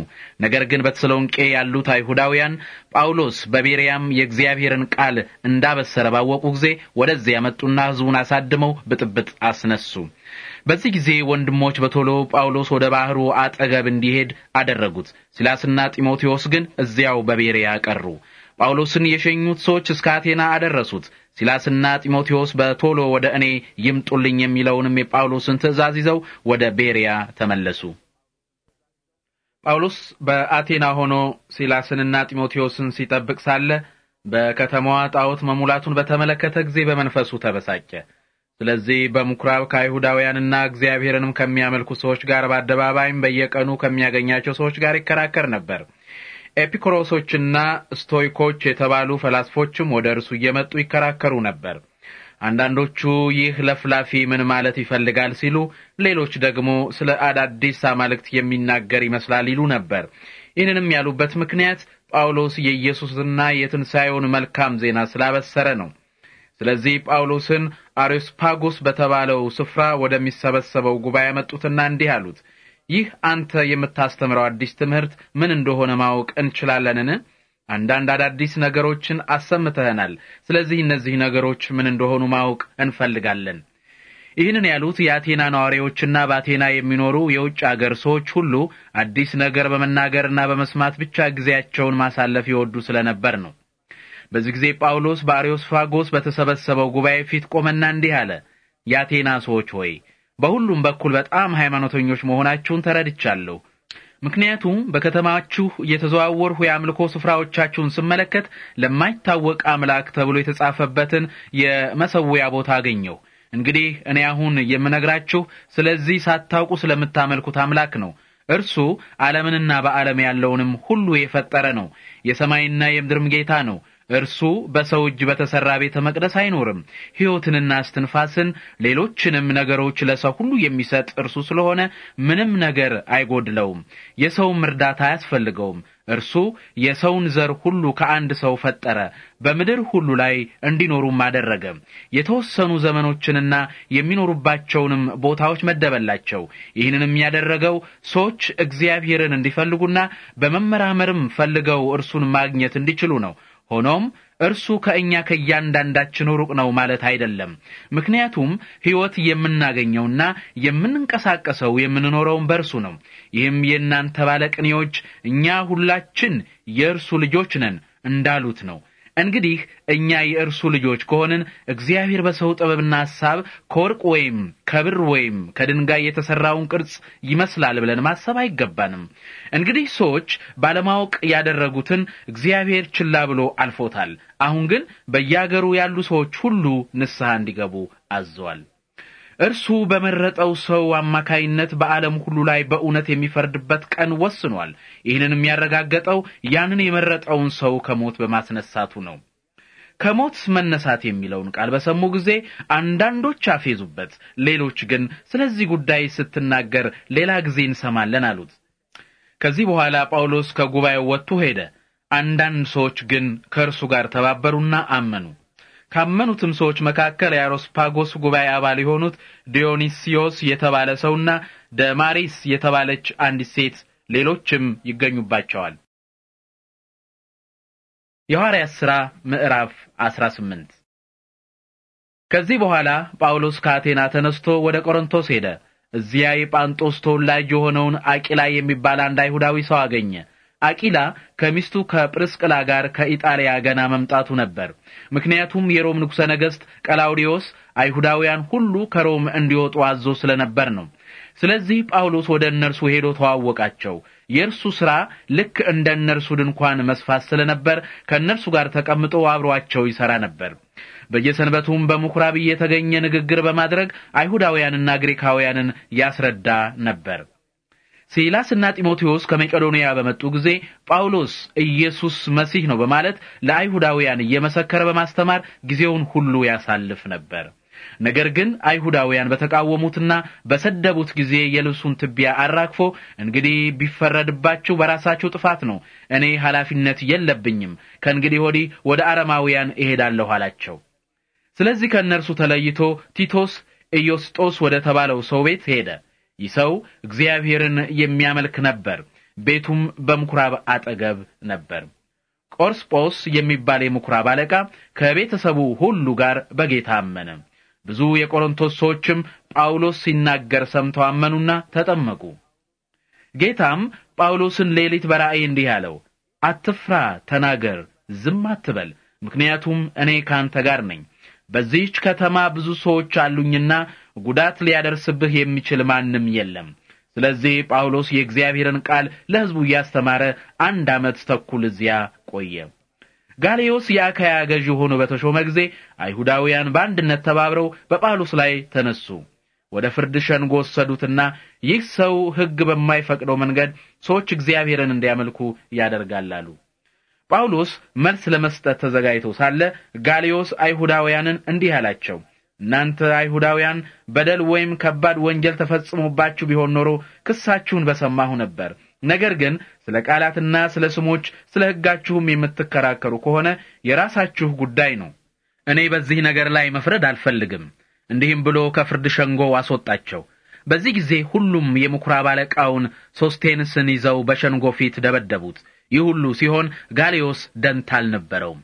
ነገር ግን በተሰሎንቄ ያሉት አይሁዳውያን ጳውሎስ በቤሪያም የእግዚአብሔርን ቃል እንዳበሰረ ባወቁ ጊዜ ወደዚያ መጡና ሕዝቡን አሳድመው ብጥብጥ አስነሱ። በዚህ ጊዜ ወንድሞች በቶሎ ጳውሎስ ወደ ባህሩ አጠገብ እንዲሄድ አደረጉት። ሲላስና ጢሞቴዎስ ግን እዚያው በቤርያ ቀሩ። ጳውሎስን የሸኙት ሰዎች እስከ አቴና አደረሱት። ሲላስና ጢሞቴዎስ በቶሎ ወደ እኔ ይምጡልኝ የሚለውንም የጳውሎስን ትእዛዝ ይዘው ወደ ቤርያ ተመለሱ። ጳውሎስ በአቴና ሆኖ ሲላስንና ጢሞቴዎስን ሲጠብቅ ሳለ በከተማዋ ጣዖት መሙላቱን በተመለከተ ጊዜ በመንፈሱ ተበሳጨ። ስለዚህ በምኵራብ ከአይሁዳውያንና እግዚአብሔርንም ከሚያመልኩ ሰዎች ጋር በአደባባይም በየቀኑ ከሚያገኛቸው ሰዎች ጋር ይከራከር ነበር። ኤፒክሮሶችና ስቶይኮች የተባሉ ፈላስፎችም ወደ እርሱ እየመጡ ይከራከሩ ነበር። አንዳንዶቹ ይህ ለፍላፊ ምን ማለት ይፈልጋል ሲሉ፣ ሌሎች ደግሞ ስለ አዳዲስ አማልክት የሚናገር ይመስላል ይሉ ነበር። ይህንንም ያሉበት ምክንያት ጳውሎስ የኢየሱስና የትንሣኤውን መልካም ዜና ስላበሰረ ነው። ስለዚህ ጳውሎስን አሪስፓጎስ በተባለው ስፍራ ወደሚሰበሰበው ጉባኤ መጡትና እንዲህ አሉት፣ ይህ አንተ የምታስተምረው አዲስ ትምህርት ምን እንደሆነ ማወቅ እንችላለንን? አንዳንድ አዳዲስ ነገሮችን አሰምተህናል። ስለዚህ እነዚህ ነገሮች ምን እንደሆኑ ማወቅ እንፈልጋለን። ይህንን ያሉት የአቴና ነዋሪዎችና በአቴና የሚኖሩ የውጭ አገር ሰዎች ሁሉ አዲስ ነገር በመናገርና በመስማት ብቻ ጊዜያቸውን ማሳለፍ ይወዱ ስለነበር ነው። በዚህ ጊዜ ጳውሎስ በአርዮስፋጎስ በተሰበሰበው ጉባኤ ፊት ቆመና እንዲህ አለ። የአቴና ሰዎች ሆይ በሁሉም በኩል በጣም ሃይማኖተኞች መሆናችሁን ተረድቻለሁ። ምክንያቱም በከተማችሁ እየተዘዋወርሁ የአምልኮ ስፍራዎቻችሁን ስመለከት ለማይታወቅ አምላክ ተብሎ የተጻፈበትን የመሰዊያ ቦታ አገኘሁ። እንግዲህ እኔ አሁን የምነግራችሁ ስለዚህ ሳታውቁ ስለምታመልኩት አምላክ ነው። እርሱ ዓለምንና በዓለም ያለውንም ሁሉ የፈጠረ ነው። የሰማይና የምድርም ጌታ ነው። እርሱ በሰው እጅ በተሰራ ቤተ መቅደስ አይኖርም። ሕይወትንና እስትንፋስን ሌሎችንም ነገሮች ለሰው ሁሉ የሚሰጥ እርሱ ስለሆነ ምንም ነገር አይጎድለውም፣ የሰውም እርዳታ አያስፈልገውም። እርሱ የሰውን ዘር ሁሉ ከአንድ ሰው ፈጠረ፣ በምድር ሁሉ ላይ እንዲኖሩም አደረገ። የተወሰኑ ዘመኖችንና የሚኖሩባቸውንም ቦታዎች መደበላቸው። ይህንንም ያደረገው ሰዎች እግዚአብሔርን እንዲፈልጉና በመመራመርም ፈልገው እርሱን ማግኘት እንዲችሉ ነው። ሆኖም እርሱ ከእኛ ከእያንዳንዳችን ሩቅ ነው ማለት አይደለም። ምክንያቱም ሕይወት የምናገኘውና የምንንቀሳቀሰው የምንኖረውን በእርሱ ነው። ይህም የእናንተ ባለቅኔዎች እኛ ሁላችን የእርሱ ልጆች ነን እንዳሉት ነው። እንግዲህ እኛ የእርሱ ልጆች ከሆንን እግዚአብሔር በሰው ጥበብና ሐሳብ ከወርቅ ወይም ከብር ወይም ከድንጋይ የተሠራውን ቅርጽ ይመስላል ብለን ማሰብ አይገባንም። እንግዲህ ሰዎች ባለማወቅ ያደረጉትን እግዚአብሔር ችላ ብሎ አልፎታል። አሁን ግን በየአገሩ ያሉ ሰዎች ሁሉ ንስሐ እንዲገቡ አዘዋል። እርሱ በመረጠው ሰው አማካይነት በዓለም ሁሉ ላይ በእውነት የሚፈርድበት ቀን ወስኗል። ይህንን የሚያረጋገጠው ያንን የመረጠውን ሰው ከሞት በማስነሳቱ ነው። ከሞት መነሳት የሚለውን ቃል በሰሙ ጊዜ አንዳንዶች አፌዙበት፣ ሌሎች ግን ስለዚህ ጉዳይ ስትናገር ሌላ ጊዜ እንሰማለን አሉት። ከዚህ በኋላ ጳውሎስ ከጉባኤው ወጥቶ ሄደ። አንዳንድ ሰዎች ግን ከእርሱ ጋር ተባበሩና አመኑ። ካመኑትም ሰዎች መካከል የአሮስፓጎስ ጉባኤ አባል የሆኑት ዲዮኒስዮስ የተባለ ሰውና ደማሪስ የተባለች አንዲት ሴት ሌሎችም ይገኙባቸዋል። የሐዋርያት ሥራ ምዕራፍ 18 ከዚህ በኋላ ጳውሎስ ከአቴና ተነስቶ ወደ ቆሮንቶስ ሄደ። እዚያ የጳንጦስ ተወላጅ የሆነውን አቂላ የሚባል አንድ አይሁዳዊ ሰው አገኘ። አቂላ ከሚስቱ ከጵርስቅላ ጋር ከኢጣሊያ ገና መምጣቱ ነበር። ምክንያቱም የሮም ንጉሠ ነገሥት ቀላውዲዮስ አይሁዳውያን ሁሉ ከሮም እንዲወጡ አዞ ስለነበር ነው። ስለዚህ ጳውሎስ ወደ እነርሱ ሄዶ ተዋወቃቸው። የእርሱ ሥራ ልክ እንደ እነርሱ ድንኳን መስፋት ስለነበር ከእነርሱ ጋር ተቀምጦ አብሮአቸው ይሠራ ነበር። በየሰንበቱም በምኵራብ እየተገኘ ንግግር በማድረግ አይሁዳውያንና ግሪካውያንን ያስረዳ ነበር። ሲላስና ጢሞቴዎስ ከመቄዶንያ በመጡ ጊዜ ጳውሎስ ኢየሱስ መሲህ ነው በማለት ለአይሁዳውያን እየመሰከረ በማስተማር ጊዜውን ሁሉ ያሳልፍ ነበር። ነገር ግን አይሁዳውያን በተቃወሙትና በሰደቡት ጊዜ የልብሱን ትቢያ አራግፎ እንግዲህ ቢፈረድባችሁ በራሳችሁ ጥፋት ነው፣ እኔ ኃላፊነት የለብኝም፣ ከእንግዲህ ወዲህ ወደ አረማውያን እሄዳለሁ አላቸው። ስለዚህ ከእነርሱ ተለይቶ ቲቶስ ኢዮስጦስ ወደ ተባለው ሰው ቤት ሄደ። ይህ ሰው እግዚአብሔርን የሚያመልክ ነበር። ቤቱም በምኩራብ አጠገብ ነበር። ቆርስጶስ የሚባል የምኩራብ አለቃ ከቤተሰቡ ሁሉ ጋር በጌታ አመነ። ብዙ የቆሮንቶስ ሰዎችም ጳውሎስ ሲናገር ሰምተው አመኑና ተጠመቁ። ጌታም ጳውሎስን ሌሊት በራእይ እንዲህ አለው፣ አትፍራ፣ ተናገር፣ ዝም አትበል፣ ምክንያቱም እኔ ካንተ ጋር ነኝ። በዚህች ከተማ ብዙ ሰዎች አሉኝና ጉዳት ሊያደርስብህ የሚችል ማንም የለም። ስለዚህ ጳውሎስ የእግዚአብሔርን ቃል ለሕዝቡ እያስተማረ አንድ ዓመት ተኩል እዚያ ቆየ። ጋልዮስ የአካያ ገዢ ሆኖ በተሾመ ጊዜ አይሁዳውያን በአንድነት ተባብረው በጳውሎስ ላይ ተነሱ። ወደ ፍርድ ሸንጎ ወሰዱትና ይህ ሰው ሕግ በማይፈቅደው መንገድ ሰዎች እግዚአብሔርን እንዲያመልኩ ያደርጋላሉ። ጳውሎስ መልስ ለመስጠት ተዘጋጅቶ ሳለ ጋልዮስ አይሁዳውያንን እንዲህ አላቸው። እናንተ አይሁዳውያን በደል ወይም ከባድ ወንጀል ተፈጽሞባችሁ ቢሆን ኖሮ ክሳችሁን በሰማሁ ነበር። ነገር ግን ስለ ቃላትና ስለ ስሞች፣ ስለ ሕጋችሁም የምትከራከሩ ከሆነ የራሳችሁ ጉዳይ ነው። እኔ በዚህ ነገር ላይ መፍረድ አልፈልግም። እንዲህም ብሎ ከፍርድ ሸንጎ አስወጣቸው። በዚህ ጊዜ ሁሉም የምኵራብ አለቃውን ሶስቴንስን ይዘው በሸንጎ ፊት ደበደቡት። ይህ ሁሉ ሲሆን ጋልዮስ ደንታ አልነበረውም።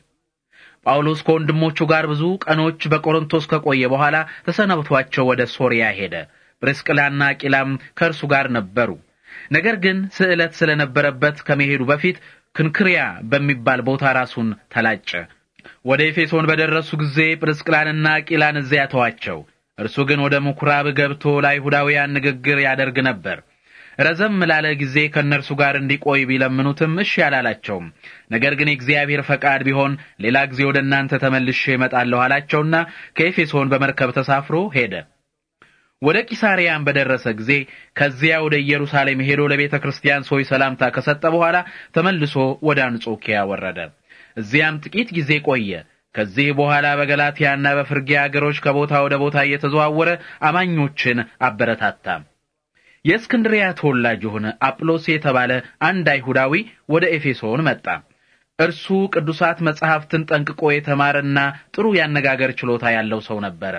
ጳውሎስ ከወንድሞቹ ጋር ብዙ ቀኖች በቆሮንቶስ ከቆየ በኋላ ተሰናብቷቸው ወደ ሶርያ ሄደ። ጵርስቅላና አቂላም ከእርሱ ጋር ነበሩ። ነገር ግን ስዕለት ስለነበረበት ከመሄዱ በፊት ክንክሪያ በሚባል ቦታ ራሱን ተላጨ። ወደ ኤፌሶን በደረሱ ጊዜ ጵርስቅላንና አቂላን እዚያ ተዋቸው። እርሱ ግን ወደ ምኵራብ ገብቶ ለአይሁዳውያን ንግግር ያደርግ ነበር። ረዘም ላለ ጊዜ ከእነርሱ ጋር እንዲቆይ ቢለምኑትም እሺ አላላቸውም። ነገር ግን የእግዚአብሔር ፈቃድ ቢሆን ሌላ ጊዜ ወደ እናንተ ተመልሼ እመጣለሁ አላቸውና ከኤፌሶን በመርከብ ተሳፍሮ ሄደ። ወደ ቂሳርያም በደረሰ ጊዜ ከዚያ ወደ ኢየሩሳሌም ሄዶ ለቤተ ክርስቲያን ሰዎች ሰላምታ ከሰጠ በኋላ ተመልሶ ወደ አንጾኪያ ወረደ። እዚያም ጥቂት ጊዜ ቆየ። ከዚህ በኋላ በገላትያና በፍርጌ አገሮች ከቦታ ወደ ቦታ እየተዘዋወረ አማኞችን አበረታታ። የእስክንድሪያ ተወላጅ የሆነ አጵሎስ የተባለ አንድ አይሁዳዊ ወደ ኤፌሶን መጣ። እርሱ ቅዱሳት መጻሕፍትን ጠንቅቆ የተማረና ጥሩ ያነጋገር ችሎታ ያለው ሰው ነበረ።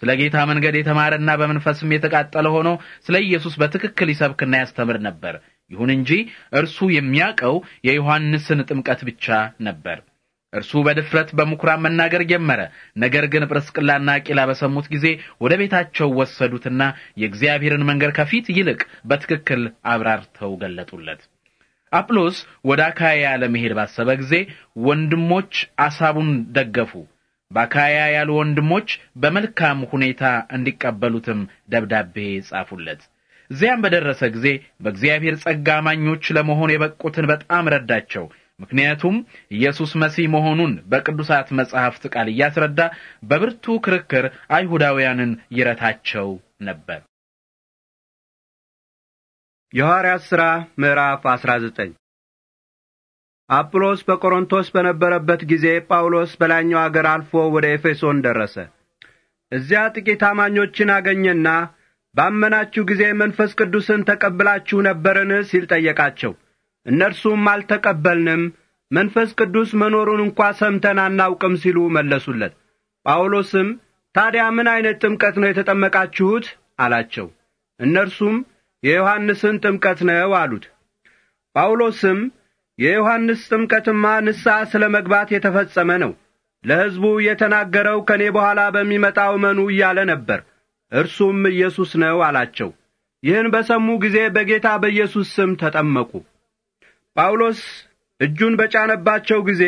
ስለ ጌታ መንገድ የተማረና በመንፈስም የተቃጠለ ሆኖ ስለ ኢየሱስ በትክክል ይሰብክና ያስተምር ነበር። ይሁን እንጂ እርሱ የሚያውቀው የዮሐንስን ጥምቀት ብቻ ነበር። እርሱ በድፍረት በምኵራብ መናገር ጀመረ። ነገር ግን ጵርስቅላና አቂላ በሰሙት ጊዜ ወደ ቤታቸው ወሰዱትና የእግዚአብሔርን መንገድ ከፊት ይልቅ በትክክል አብራርተው ገለጡለት። አጵሎስ ወደ አካያ ለመሄድ ባሰበ ጊዜ ወንድሞች አሳቡን ደገፉ። በአካያ ያሉ ወንድሞች በመልካም ሁኔታ እንዲቀበሉትም ደብዳቤ ጻፉለት። እዚያም በደረሰ ጊዜ በእግዚአብሔር ጸጋ አማኞች ለመሆን የበቁትን በጣም ረዳቸው። ምክንያቱም ኢየሱስ መሲህ መሆኑን በቅዱሳት መጻሕፍት ቃል እያስረዳ በብርቱ ክርክር አይሁዳውያንን ይረታቸው ነበር። የሐዋርያት ሥራ ምዕራፍ 19 አጵሎስ በቆሮንቶስ በነበረበት ጊዜ ጳውሎስ በላይኛው አገር አልፎ ወደ ኤፌሶን ደረሰ። እዚያ ጥቂት አማኞችን አገኘና ባመናችሁ ጊዜ መንፈስ ቅዱስን ተቀብላችሁ ነበርን ሲል ጠየቃቸው። እነርሱም አልተቀበልንም፣ መንፈስ ቅዱስ መኖሩን እንኳ ሰምተን አናውቅም ሲሉ መለሱለት። ጳውሎስም ታዲያ ምን አይነት ጥምቀት ነው የተጠመቃችሁት? አላቸው። እነርሱም የዮሐንስን ጥምቀት ነው አሉት። ጳውሎስም የዮሐንስ ጥምቀትማ ንስሐ ስለ መግባት የተፈጸመ ነው። ለሕዝቡ የተናገረው ከእኔ በኋላ በሚመጣው እመኑ እያለ ነበር። እርሱም ኢየሱስ ነው አላቸው። ይህን በሰሙ ጊዜ በጌታ በኢየሱስ ስም ተጠመቁ። ጳውሎስ እጁን በጫነባቸው ጊዜ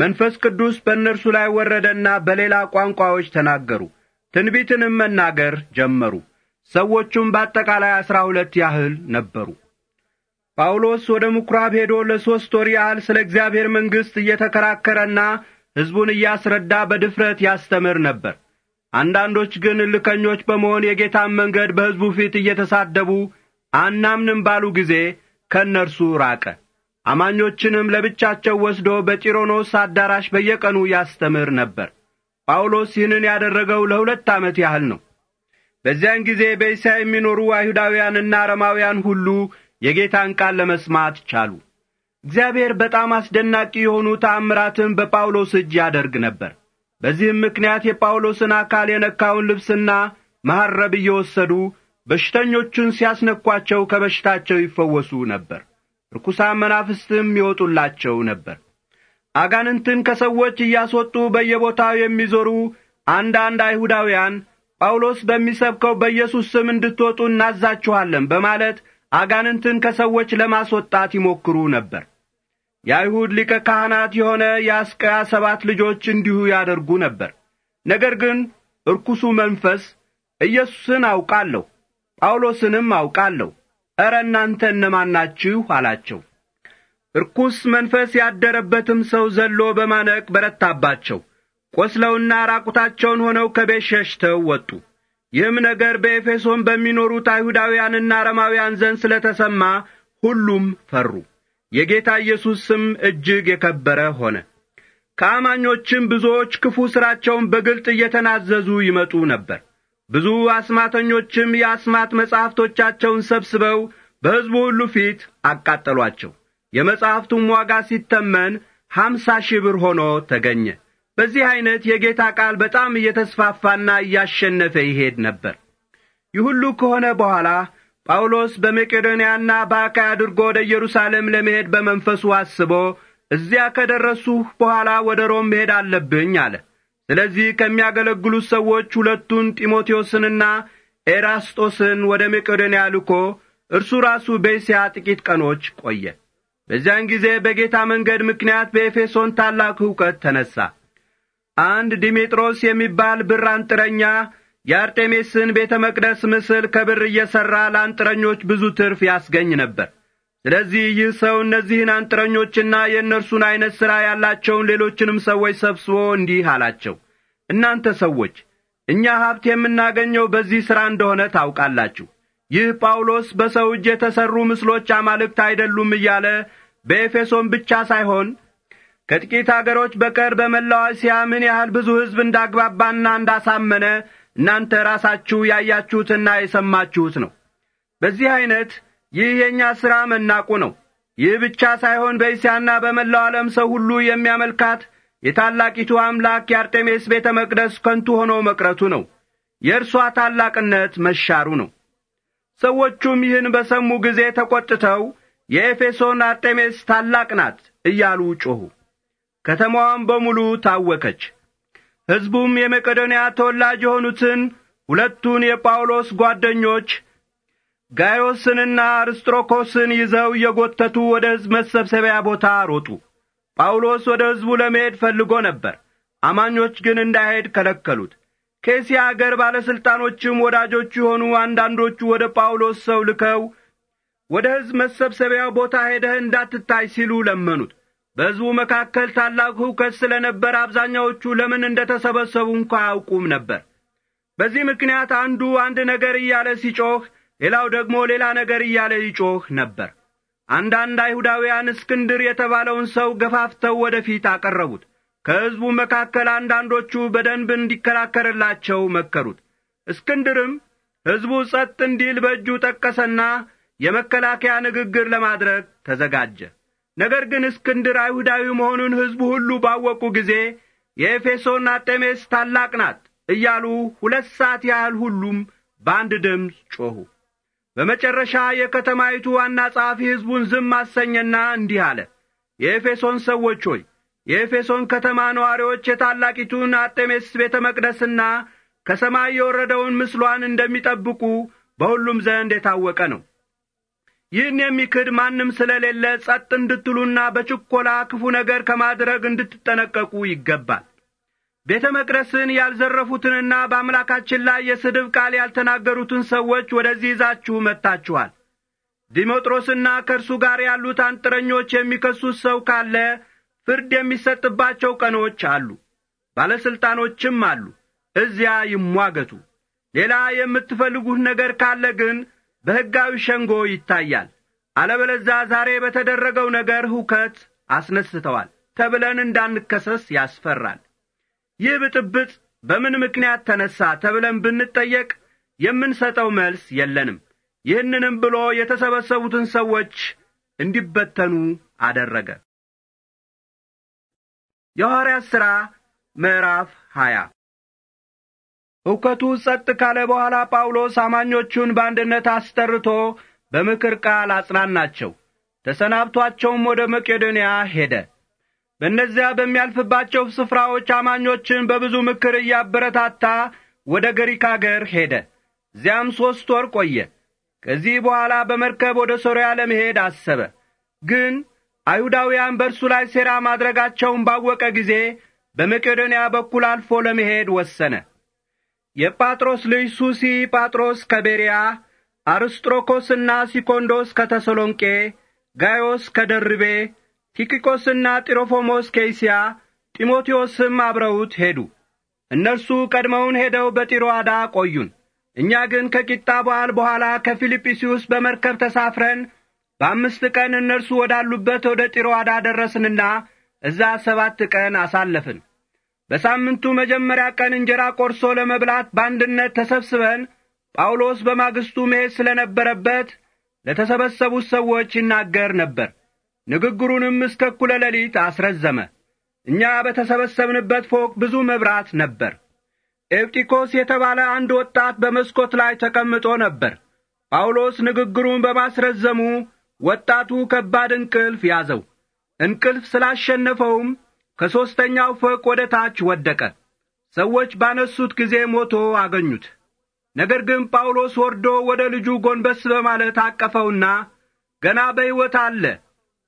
መንፈስ ቅዱስ በእነርሱ ላይ ወረደና በሌላ ቋንቋዎች ተናገሩ፣ ትንቢትንም መናገር ጀመሩ። ሰዎቹም በአጠቃላይ አሥራ ሁለት ያህል ነበሩ። ጳውሎስ ወደ ምኵራብ ሄዶ ለሦስት ወር ያህል ስለ እግዚአብሔር መንግሥት እየተከራከረና ሕዝቡን እያስረዳ በድፍረት ያስተምር ነበር። አንዳንዶች ግን እልከኞች በመሆን የጌታን መንገድ በሕዝቡ ፊት እየተሳደቡ አናምንም ባሉ ጊዜ ከእነርሱ ራቀ። አማኞችንም ለብቻቸው ወስዶ በጢሮኖስ አዳራሽ በየቀኑ ያስተምር ነበር። ጳውሎስ ይህንን ያደረገው ለሁለት ዓመት ያህል ነው። በዚያን ጊዜ በእስያ የሚኖሩ አይሁዳውያንና አረማውያን ሁሉ የጌታን ቃል ለመስማት ቻሉ። እግዚአብሔር በጣም አስደናቂ የሆኑ ተአምራትን በጳውሎስ እጅ ያደርግ ነበር። በዚህም ምክንያት የጳውሎስን አካል የነካውን ልብስና መሐረብ እየወሰዱ በሽተኞቹን ሲያስነኳቸው ከበሽታቸው ይፈወሱ ነበር። ርኩሳን መናፍስትም ይወጡላቸው ነበር። አጋንንትን ከሰዎች እያስወጡ በየቦታው የሚዞሩ አንዳንድ አይሁዳውያን ጳውሎስ በሚሰብከው በኢየሱስ ስም እንድትወጡ እናዛችኋለን በማለት አጋንንትን ከሰዎች ለማስወጣት ይሞክሩ ነበር። የአይሁድ ሊቀ ካህናት የሆነ የአስቀያ ሰባት ልጆች እንዲሁ ያደርጉ ነበር። ነገር ግን እርኩሱ መንፈስ ኢየሱስን አውቃለሁ፣ ጳውሎስንም አውቃለሁ ኧረ እናንተ እነማን ናችሁ አላቸው። ርኩስ መንፈስ ያደረበትም ሰው ዘሎ በማነቅ በረታባቸው። ቆስለውና ራቁታቸውን ሆነው ከቤት ሸሽተው ወጡ። ይህም ነገር በኤፌሶን በሚኖሩት አይሁዳውያንና አረማውያን ዘንድ ስለ ተሰማ ሁሉም ፈሩ። የጌታ ኢየሱስ ስም እጅግ የከበረ ሆነ። ከአማኞችም ብዙዎች ክፉ ሥራቸውን በግልጥ እየተናዘዙ ይመጡ ነበር። ብዙ አስማተኞችም የአስማት መጻሕፍቶቻቸውን ሰብስበው በሕዝቡ ሁሉ ፊት አቃጠሏቸው። የመጻሕፍቱም ዋጋ ሲተመን ሀምሳ ሺህ ብር ሆኖ ተገኘ። በዚህ ዐይነት የጌታ ቃል በጣም እየተስፋፋና እያሸነፈ ይሄድ ነበር። ይህ ሁሉ ከሆነ በኋላ ጳውሎስ በመቄዶንያና በአካይ አድርጎ ወደ ኢየሩሳሌም ለመሄድ በመንፈሱ አስቦ እዚያ ከደረሱ በኋላ ወደ ሮም መሄድ አለብኝ አለ። ስለዚህ ከሚያገለግሉት ሰዎች ሁለቱን ጢሞቴዎስንና ኤራስጦስን ወደ መቄዶንያ ልኮ እርሱ ራሱ በእስያ ጥቂት ቀኖች ቆየ። በዚያን ጊዜ በጌታ መንገድ ምክንያት በኤፌሶን ታላቅ ዕውቀት ተነሣ። አንድ ዲሜጥሮስ የሚባል ብር አንጥረኛ የአርጤሜስን ቤተ መቅደስ ምስል ከብር እየሠራ ለአንጥረኞች ብዙ ትርፍ ያስገኝ ነበር። ስለዚህ ይህ ሰው እነዚህን አንጥረኞችና የእነርሱን ዐይነት ሥራ ያላቸውን ሌሎችንም ሰዎች ሰብስቦ እንዲህ አላቸው። እናንተ ሰዎች እኛ ሀብት የምናገኘው በዚህ ሥራ እንደሆነ ታውቃላችሁ። ይህ ጳውሎስ በሰው እጅ የተሠሩ ምስሎች አማልክት አይደሉም እያለ በኤፌሶን ብቻ ሳይሆን ከጥቂት አገሮች በቀር በመላው እስያ ምን ያህል ብዙ ሕዝብ እንዳግባባና እንዳሳመነ እናንተ ራሳችሁ ያያችሁትና የሰማችሁት ነው። በዚህ ዐይነት ይህ የእኛ ሥራ መናቁ ነው። ይህ ብቻ ሳይሆን በእስያና በመላው ዓለም ሰው ሁሉ የሚያመልካት የታላቂቱ አምላክ የአርጤሜስ ቤተ መቅደስ ከንቱ ሆኖ መቅረቱ ነው። የእርሷ ታላቅነት መሻሩ ነው። ሰዎቹም ይህን በሰሙ ጊዜ ተቈጥተው የኤፌሶን አርጤሜስ ታላቅ ናት እያሉ ጮኹ። ከተማዋም በሙሉ ታወከች። ሕዝቡም የመቄዶንያ ተወላጅ የሆኑትን ሁለቱን የጳውሎስ ጓደኞች ጋዮስንና አርስጥሮኮስን ይዘው እየጐተቱ ወደ ሕዝብ መሰብሰቢያ ቦታ ሮጡ። ጳውሎስ ወደ ሕዝቡ ለመሄድ ፈልጎ ነበር። አማኞች ግን እንዳይሄድ ከለከሉት። ከእስያ አገር ባለሥልጣኖችም ወዳጆቹ የሆኑ አንዳንዶቹ ወደ ጳውሎስ ሰው ልከው ወደ ሕዝብ መሰብሰቢያው ቦታ ሄደህ እንዳትታይ ሲሉ ለመኑት። በሕዝቡ መካከል ታላቅ ሁከት ስለ ነበር አብዛኛዎቹ ለምን እንደ ተሰበሰቡ እንኳ አያውቁም ነበር። በዚህ ምክንያት አንዱ አንድ ነገር እያለ ሲጮኽ ሌላው ደግሞ ሌላ ነገር እያለ ይጮህ ነበር። አንዳንድ አይሁዳውያን እስክንድር የተባለውን ሰው ገፋፍተው ወደ ፊት አቀረቡት። ከሕዝቡ መካከል አንዳንዶቹ በደንብ እንዲከራከርላቸው መከሩት። እስክንድርም ሕዝቡ ጸጥ እንዲል በእጁ ጠቀሰና የመከላከያ ንግግር ለማድረግ ተዘጋጀ። ነገር ግን እስክንድር አይሁዳዊ መሆኑን ሕዝቡ ሁሉ ባወቁ ጊዜ የኤፌሶን አርጤሜስ ታላቅ ናት እያሉ ሁለት ሰዓት ያህል ሁሉም በአንድ ድምፅ ጮኹ። በመጨረሻ የከተማይቱ ዋና ጸሐፊ ሕዝቡን ዝም አሰኘና እንዲህ አለ። የኤፌሶን ሰዎች ሆይ የኤፌሶን ከተማ ነዋሪዎች የታላቂቱን አርጤሜስ ቤተ መቅደስና ከሰማይ የወረደውን ምስሏን እንደሚጠብቁ በሁሉም ዘንድ የታወቀ ነው። ይህን የሚክድ ማንም ስለሌለ ጸጥ እንድትሉና በችኰላ ክፉ ነገር ከማድረግ እንድትጠነቀቁ ይገባል። ቤተ መቅደስን ያልዘረፉትንና በአምላካችን ላይ የስድብ ቃል ያልተናገሩትን ሰዎች ወደዚህ ይዛችሁ መጥታችኋል። ዲሞጥሮስና ከእርሱ ጋር ያሉት አንጥረኞች የሚከሱት ሰው ካለ ፍርድ የሚሰጥባቸው ቀኖች አሉ፣ ባለሥልጣኖችም አሉ። እዚያ ይሟገቱ። ሌላ የምትፈልጉት ነገር ካለ ግን በሕጋዊ ሸንጎ ይታያል። አለበለዚያ ዛሬ በተደረገው ነገር ሁከት አስነስተዋል ተብለን እንዳንከሰስ ያስፈራል። ይህ ብጥብጥ በምን ምክንያት ተነሳ ተብለን ብንጠየቅ የምንሰጠው መልስ የለንም። ይህንንም ብሎ የተሰበሰቡትን ሰዎች እንዲበተኑ አደረገ። የሐዋርያት ሥራ ምዕራፍ ሃያ እውከቱ ጸጥ ካለ በኋላ ጳውሎስ አማኞቹን በአንድነት አስጠርቶ በምክር ቃል አጽናናቸው። ተሰናብቷቸውም ወደ መቄዶንያ ሄደ። በእነዚያ በሚያልፍባቸው ስፍራዎች አማኞችን በብዙ ምክር እያበረታታ ወደ ገሪክ አገር ሄደ። እዚያም ሦስት ወር ቆየ። ከዚህ በኋላ በመርከብ ወደ ሶርያ ለመሄድ አሰበ። ግን አይሁዳውያን በእርሱ ላይ ሴራ ማድረጋቸውን ባወቀ ጊዜ በመቄዶንያ በኩል አልፎ ለመሄድ ወሰነ። የጳጥሮስ ልጅ ሱሲ ጳጥሮስ ከቤርያ፣ አርስጥሮኮስና ሲኮንዶስ ከተሰሎንቄ፣ ጋዮስ ከደርቤ ቲኪቆስና ጢሮፎሞስ ከይሲያ ጢሞቴዎስም አብረውት ሄዱ። እነርሱ ቀድመውን ሄደው በጢሮአዳ ቆዩን። እኛ ግን ከቂጣ በዓል በኋላ ከፊልጵስዩስ በመርከብ ተሳፍረን በአምስት ቀን እነርሱ ወዳሉበት ወደ ጢሮአዳ ደረስንና እዛ ሰባት ቀን አሳለፍን። በሳምንቱ መጀመሪያ ቀን እንጀራ ቆርሶ ለመብላት በአንድነት ተሰብስበን ጳውሎስ በማግስቱ መሄድ ስለ ነበረበት ለተሰበሰቡት ሰዎች ይናገር ነበር። ንግግሩንም እስከ እኩለ ሌሊት አስረዘመ። እኛ በተሰበሰብንበት ፎቅ ብዙ መብራት ነበር። ኤጲቆስ የተባለ አንድ ወጣት በመስኮት ላይ ተቀምጦ ነበር። ጳውሎስ ንግግሩን በማስረዘሙ ወጣቱ ከባድ እንቅልፍ ያዘው። እንቅልፍ ስላሸነፈውም ከሦስተኛው ፎቅ ወደ ታች ወደቀ። ሰዎች ባነሱት ጊዜ ሞቶ አገኙት። ነገር ግን ጳውሎስ ወርዶ ወደ ልጁ ጎንበስ በማለት አቀፈውና ገና በሕይወት አለ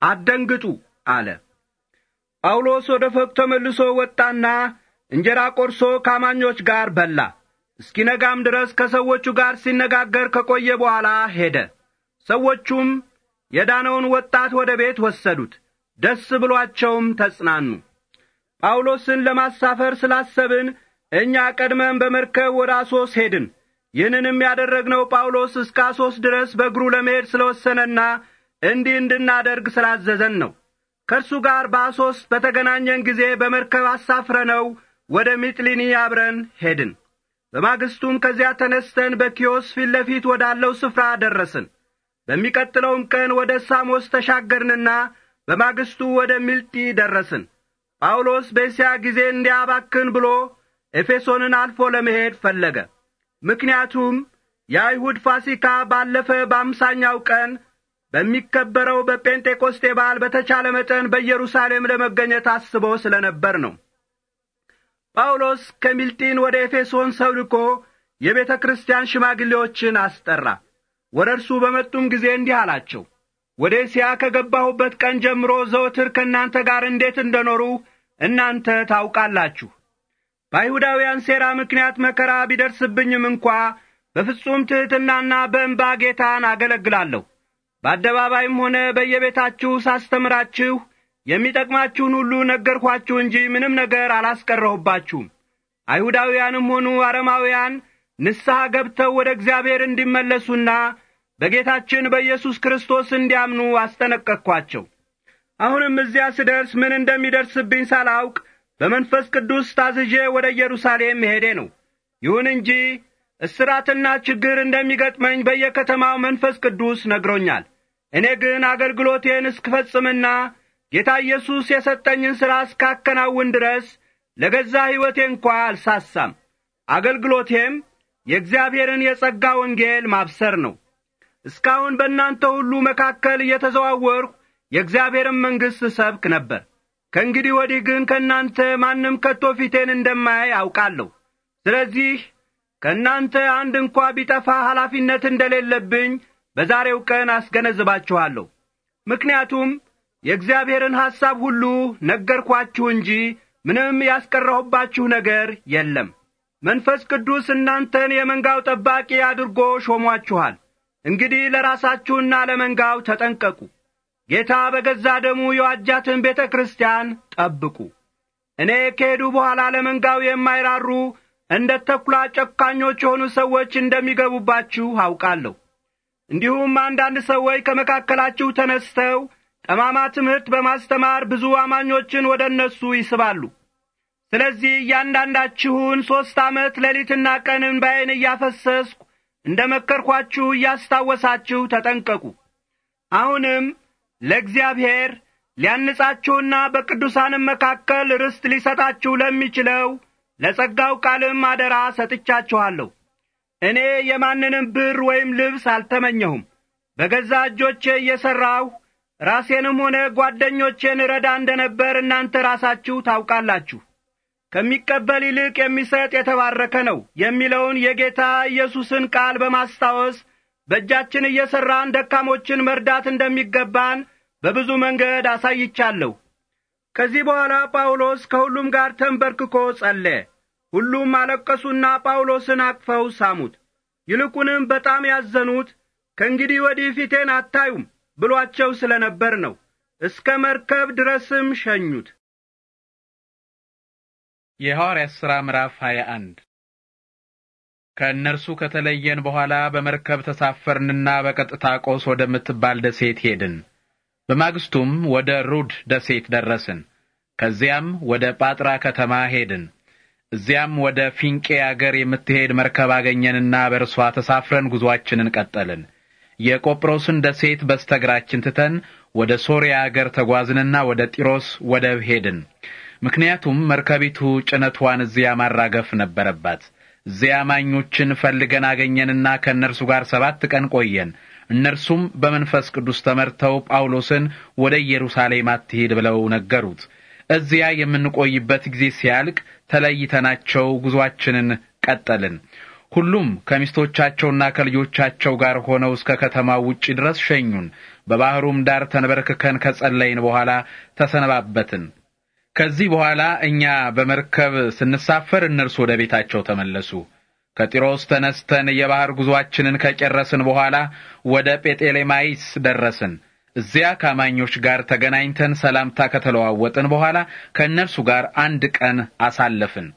አደንግጡ አለ። ጳውሎስ ወደ ፈቅ ተመልሶ ወጣና እንጀራ ቆርሶ ከአማኞች ጋር በላ። እስኪነጋም ድረስ ከሰዎቹ ጋር ሲነጋገር ከቆየ በኋላ ሄደ። ሰዎቹም የዳነውን ወጣት ወደ ቤት ወሰዱት፣ ደስ ብሏቸውም ተጽናኑ። ጳውሎስን ለማሳፈር ስላሰብን እኛ ቀድመን በመርከብ ወደ አሶስ ሄድን። ይህንንም ያደረግነው ጳውሎስ እስከ አሶስ ድረስ በእግሩ ለመሄድ ስለወሰነና እንዲህ እንድናደርግ ስላዘዘን ነው። ከእርሱ ጋር በአሶስ በተገናኘን ጊዜ በመርከብ አሳፍረነው ወደ ሚጥሊኒ አብረን ሄድን። በማግስቱም ከዚያ ተነስተን በኪዮስ ፊት ለፊት ወዳለው ስፍራ ደረስን። በሚቀጥለውም ቀን ወደ ሳሞስ ተሻገርንና በማግስቱ ወደ ሚልጢ ደረስን። ጳውሎስ በእስያ ጊዜ እንዲያባክን ብሎ ኤፌሶንን አልፎ ለመሄድ ፈለገ። ምክንያቱም የአይሁድ ፋሲካ ባለፈ በአምሳኛው ቀን በሚከበረው በጴንጤቆስቴ በዓል በተቻለ መጠን በኢየሩሳሌም ለመገኘት አስበው ስለ ነበር ነው። ጳውሎስ ከሚልጢን ወደ ኤፌሶን ሰውልኮ የቤተ ክርስቲያን ሽማግሌዎችን አስጠራ። ወደ እርሱ በመጡም ጊዜ እንዲህ አላቸው፣ ወደ እስያ ከገባሁበት ቀን ጀምሮ ዘወትር ከእናንተ ጋር እንዴት እንደኖሩ እናንተ ታውቃላችሁ። በአይሁዳውያን ሴራ ምክንያት መከራ ቢደርስብኝም እንኳ በፍጹም ትሕትናና በእንባ ጌታን አገለግላለሁ። በአደባባይም ሆነ በየቤታችሁ ሳስተምራችሁ የሚጠቅማችሁን ሁሉ ነገርኋችሁ እንጂ ምንም ነገር አላስቀረሁባችሁም። አይሁዳውያንም ሆኑ አረማውያን ንስሐ ገብተው ወደ እግዚአብሔር እንዲመለሱና በጌታችን በኢየሱስ ክርስቶስ እንዲያምኑ አስጠነቀቅኳቸው። አሁንም እዚያ ስደርስ ምን እንደሚደርስብኝ ሳላውቅ በመንፈስ ቅዱስ ታዝዤ ወደ ኢየሩሳሌም መሄዴ ነው። ይሁን እንጂ እስራትና ችግር እንደሚገጥመኝ በየከተማው መንፈስ ቅዱስ ነግሮኛል። እኔ ግን አገልግሎቴን እስክፈጽምና ጌታ ኢየሱስ የሰጠኝን ሥራ እስካከናውን ድረስ ለገዛ ሕይወቴ እንኳ አልሳሳም። አገልግሎቴም የእግዚአብሔርን የጸጋ ወንጌል ማብሰር ነው። እስካሁን በእናንተ ሁሉ መካከል እየተዘዋወርሁ የእግዚአብሔርን መንግሥት እሰብክ ነበር። ከእንግዲህ ወዲህ ግን ከእናንተ ማንም ከቶ ፊቴን እንደማያይ አውቃለሁ። ስለዚህ ከእናንተ አንድ እንኳ ቢጠፋ ኃላፊነት እንደሌለብኝ በዛሬው ቀን አስገነዝባችኋለሁ። ምክንያቱም የእግዚአብሔርን ሐሳብ ሁሉ ነገርኳችሁ እንጂ ምንም ያስቀረሁባችሁ ነገር የለም። መንፈስ ቅዱስ እናንተን የመንጋው ጠባቂ አድርጎ ሾሟችኋል። እንግዲህ ለራሳችሁና ለመንጋው ተጠንቀቁ። ጌታ በገዛ ደሙ የዋጃትን ቤተ ክርስቲያን ጠብቁ። እኔ ከሄዱ በኋላ ለመንጋው የማይራሩ እንደ ተኩላ ጨካኞች የሆኑ ሰዎች እንደሚገቡባችሁ አውቃለሁ። እንዲሁም አንዳንድ ሰዎች ከመካከላችሁ ተነስተው ጠማማ ትምህርት በማስተማር ብዙ አማኞችን ወደ እነሱ ይስባሉ። ስለዚህ እያንዳንዳችሁን ሦስት ዓመት ሌሊትና ቀንን እንባዬን እያፈሰስኩ እንደ መከርኳችሁ እያስታወሳችሁ ተጠንቀቁ። አሁንም ለእግዚአብሔር ሊያንጻችሁና በቅዱሳንም መካከል ርስት ሊሰጣችሁ ለሚችለው ለጸጋው ቃልም አደራ ሰጥቻችኋለሁ። እኔ የማንንም ብር ወይም ልብስ አልተመኘሁም። በገዛ እጆቼ እየሠራሁ ራሴንም ሆነ ጓደኞቼን ረዳ እንደ ነበር እናንተ ራሳችሁ ታውቃላችሁ። ከሚቀበል ይልቅ የሚሰጥ የተባረከ ነው የሚለውን የጌታ ኢየሱስን ቃል በማስታወስ በእጃችን እየሠራን ደካሞችን መርዳት እንደሚገባን በብዙ መንገድ አሳይቻለሁ። ከዚህ በኋላ ጳውሎስ ከሁሉም ጋር ተንበርክኮ ጸለየ። ሁሉም አለቀሱና ጳውሎስን አቅፈው ሳሙት። ይልቁንም በጣም ያዘኑት ከእንግዲህ ወዲህ ፊቴን አታዩም ብሏቸው ስለ ነበር ነው። እስከ መርከብ ድረስም ሸኙት። የሐዋርያት ሥራ ምዕራፍ 21 ከእነርሱ ከተለየን በኋላ በመርከብ ተሳፈርንና በቀጥታ ቆስ ወደምትባል ደሴት ሄድን። በማግስቱም ወደ ሩድ ደሴት ደረስን። ከዚያም ወደ ጳጥራ ከተማ ሄድን። እዚያም ወደ ፊንቄ አገር የምትሄድ መርከብ አገኘንና በእርሷ ተሳፍረን ጉዞአችንን ቀጠልን። የቆጵሮስን ደሴት በስተግራችን ትተን ወደ ሶርያ አገር ተጓዝንና ወደ ጢሮስ ወደብ ሄድን። ምክንያቱም መርከቢቱ ጭነቷን እዚያ ማራገፍ ነበረባት። እዚያ አማኞችን ፈልገን አገኘንና ከእነርሱ ጋር ሰባት ቀን ቆየን። እነርሱም በመንፈስ ቅዱስ ተመርተው ጳውሎስን ወደ ኢየሩሳሌም አትሄድ ብለው ነገሩት። እዚያ የምንቆይበት ጊዜ ሲያልቅ ተለይተናቸው ጉዞአችንን ቀጠልን። ሁሉም ከሚስቶቻቸውና ከልጆቻቸው ጋር ሆነው እስከ ከተማው ውጪ ድረስ ሸኙን። በባህሩም ዳር ተንበርክከን ከጸለይን በኋላ ተሰነባበትን። ከዚህ በኋላ እኛ በመርከብ ስንሳፈር እነርሱ ወደ ቤታቸው ተመለሱ። ከጢሮስ ተነስተን የባህር ጉዞአችንን ከጨረስን በኋላ ወደ ጴጤሌማይስ ደረስን። እዚያ ከአማኞች ጋር ተገናኝተን ሰላምታ ከተለዋወጥን በኋላ ከእነርሱ ጋር አንድ ቀን አሳለፍን።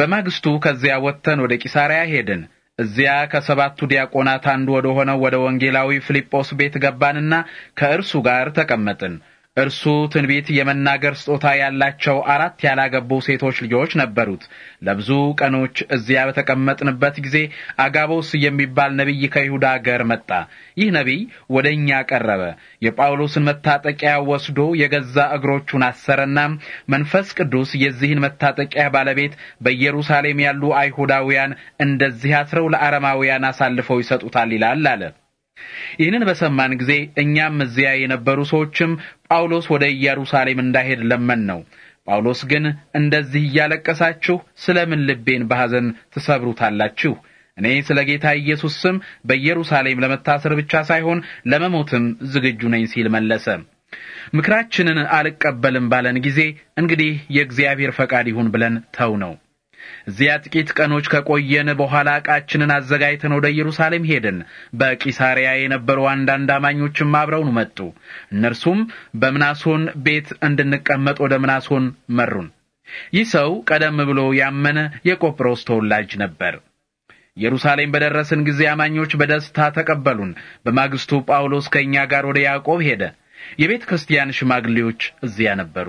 በማግስቱ ከዚያ ወጥተን ወደ ቂሳርያ ሄድን። እዚያ ከሰባቱ ዲያቆናት አንዱ ወደ ሆነው ወደ ወንጌላዊ ፊልጶስ ቤት ገባንና ከእርሱ ጋር ተቀመጥን። እርሱ ትንቢት የመናገር ስጦታ ያላቸው አራት ያላገቡ ሴቶች ልጆች ነበሩት። ለብዙ ቀኖች እዚያ በተቀመጥንበት ጊዜ አጋቦስ የሚባል ነቢይ ከይሁዳ አገር መጣ። ይህ ነቢይ ወደ እኛ ቀረበ። የጳውሎስን መታጠቂያ ወስዶ የገዛ እግሮቹን አሰረና መንፈስ ቅዱስ የዚህን መታጠቂያ ባለቤት በኢየሩሳሌም ያሉ አይሁዳውያን እንደዚህ አስረው ለአረማውያን አሳልፈው ይሰጡታል ይላል አለ። ይህንን በሰማን ጊዜ እኛም እዚያ የነበሩ ሰዎችም ጳውሎስ ወደ ኢየሩሳሌም እንዳይሄድ ለመን ነው። ጳውሎስ ግን እንደዚህ እያለቀሳችሁ ስለምን ልቤን በሐዘን ትሰብሩታላችሁ? እኔ ስለ ጌታ ኢየሱስ ስም በኢየሩሳሌም ለመታሰር ብቻ ሳይሆን ለመሞትም ዝግጁ ነኝ ሲል መለሰ። ምክራችንን አልቀበልም ባለን ጊዜ እንግዲህ የእግዚአብሔር ፈቃድ ይሁን ብለን ተው ነው። እዚያ ጥቂት ቀኖች ከቆየን በኋላ ዕቃችንን አዘጋጅተን ወደ ኢየሩሳሌም ሄድን። በቂሳሪያ የነበሩ አንዳንድ አማኞችም አብረውን መጡ። እነርሱም በምናሶን ቤት እንድንቀመጥ ወደ ምናሶን መሩን። ይህ ሰው ቀደም ብሎ ያመነ የቆጵሮስ ተወላጅ ነበር። ኢየሩሳሌም በደረስን ጊዜ አማኞች በደስታ ተቀበሉን። በማግስቱ ጳውሎስ ከእኛ ጋር ወደ ያዕቆብ ሄደ። የቤተ ክርስቲያን ሽማግሌዎች እዚያ ነበሩ።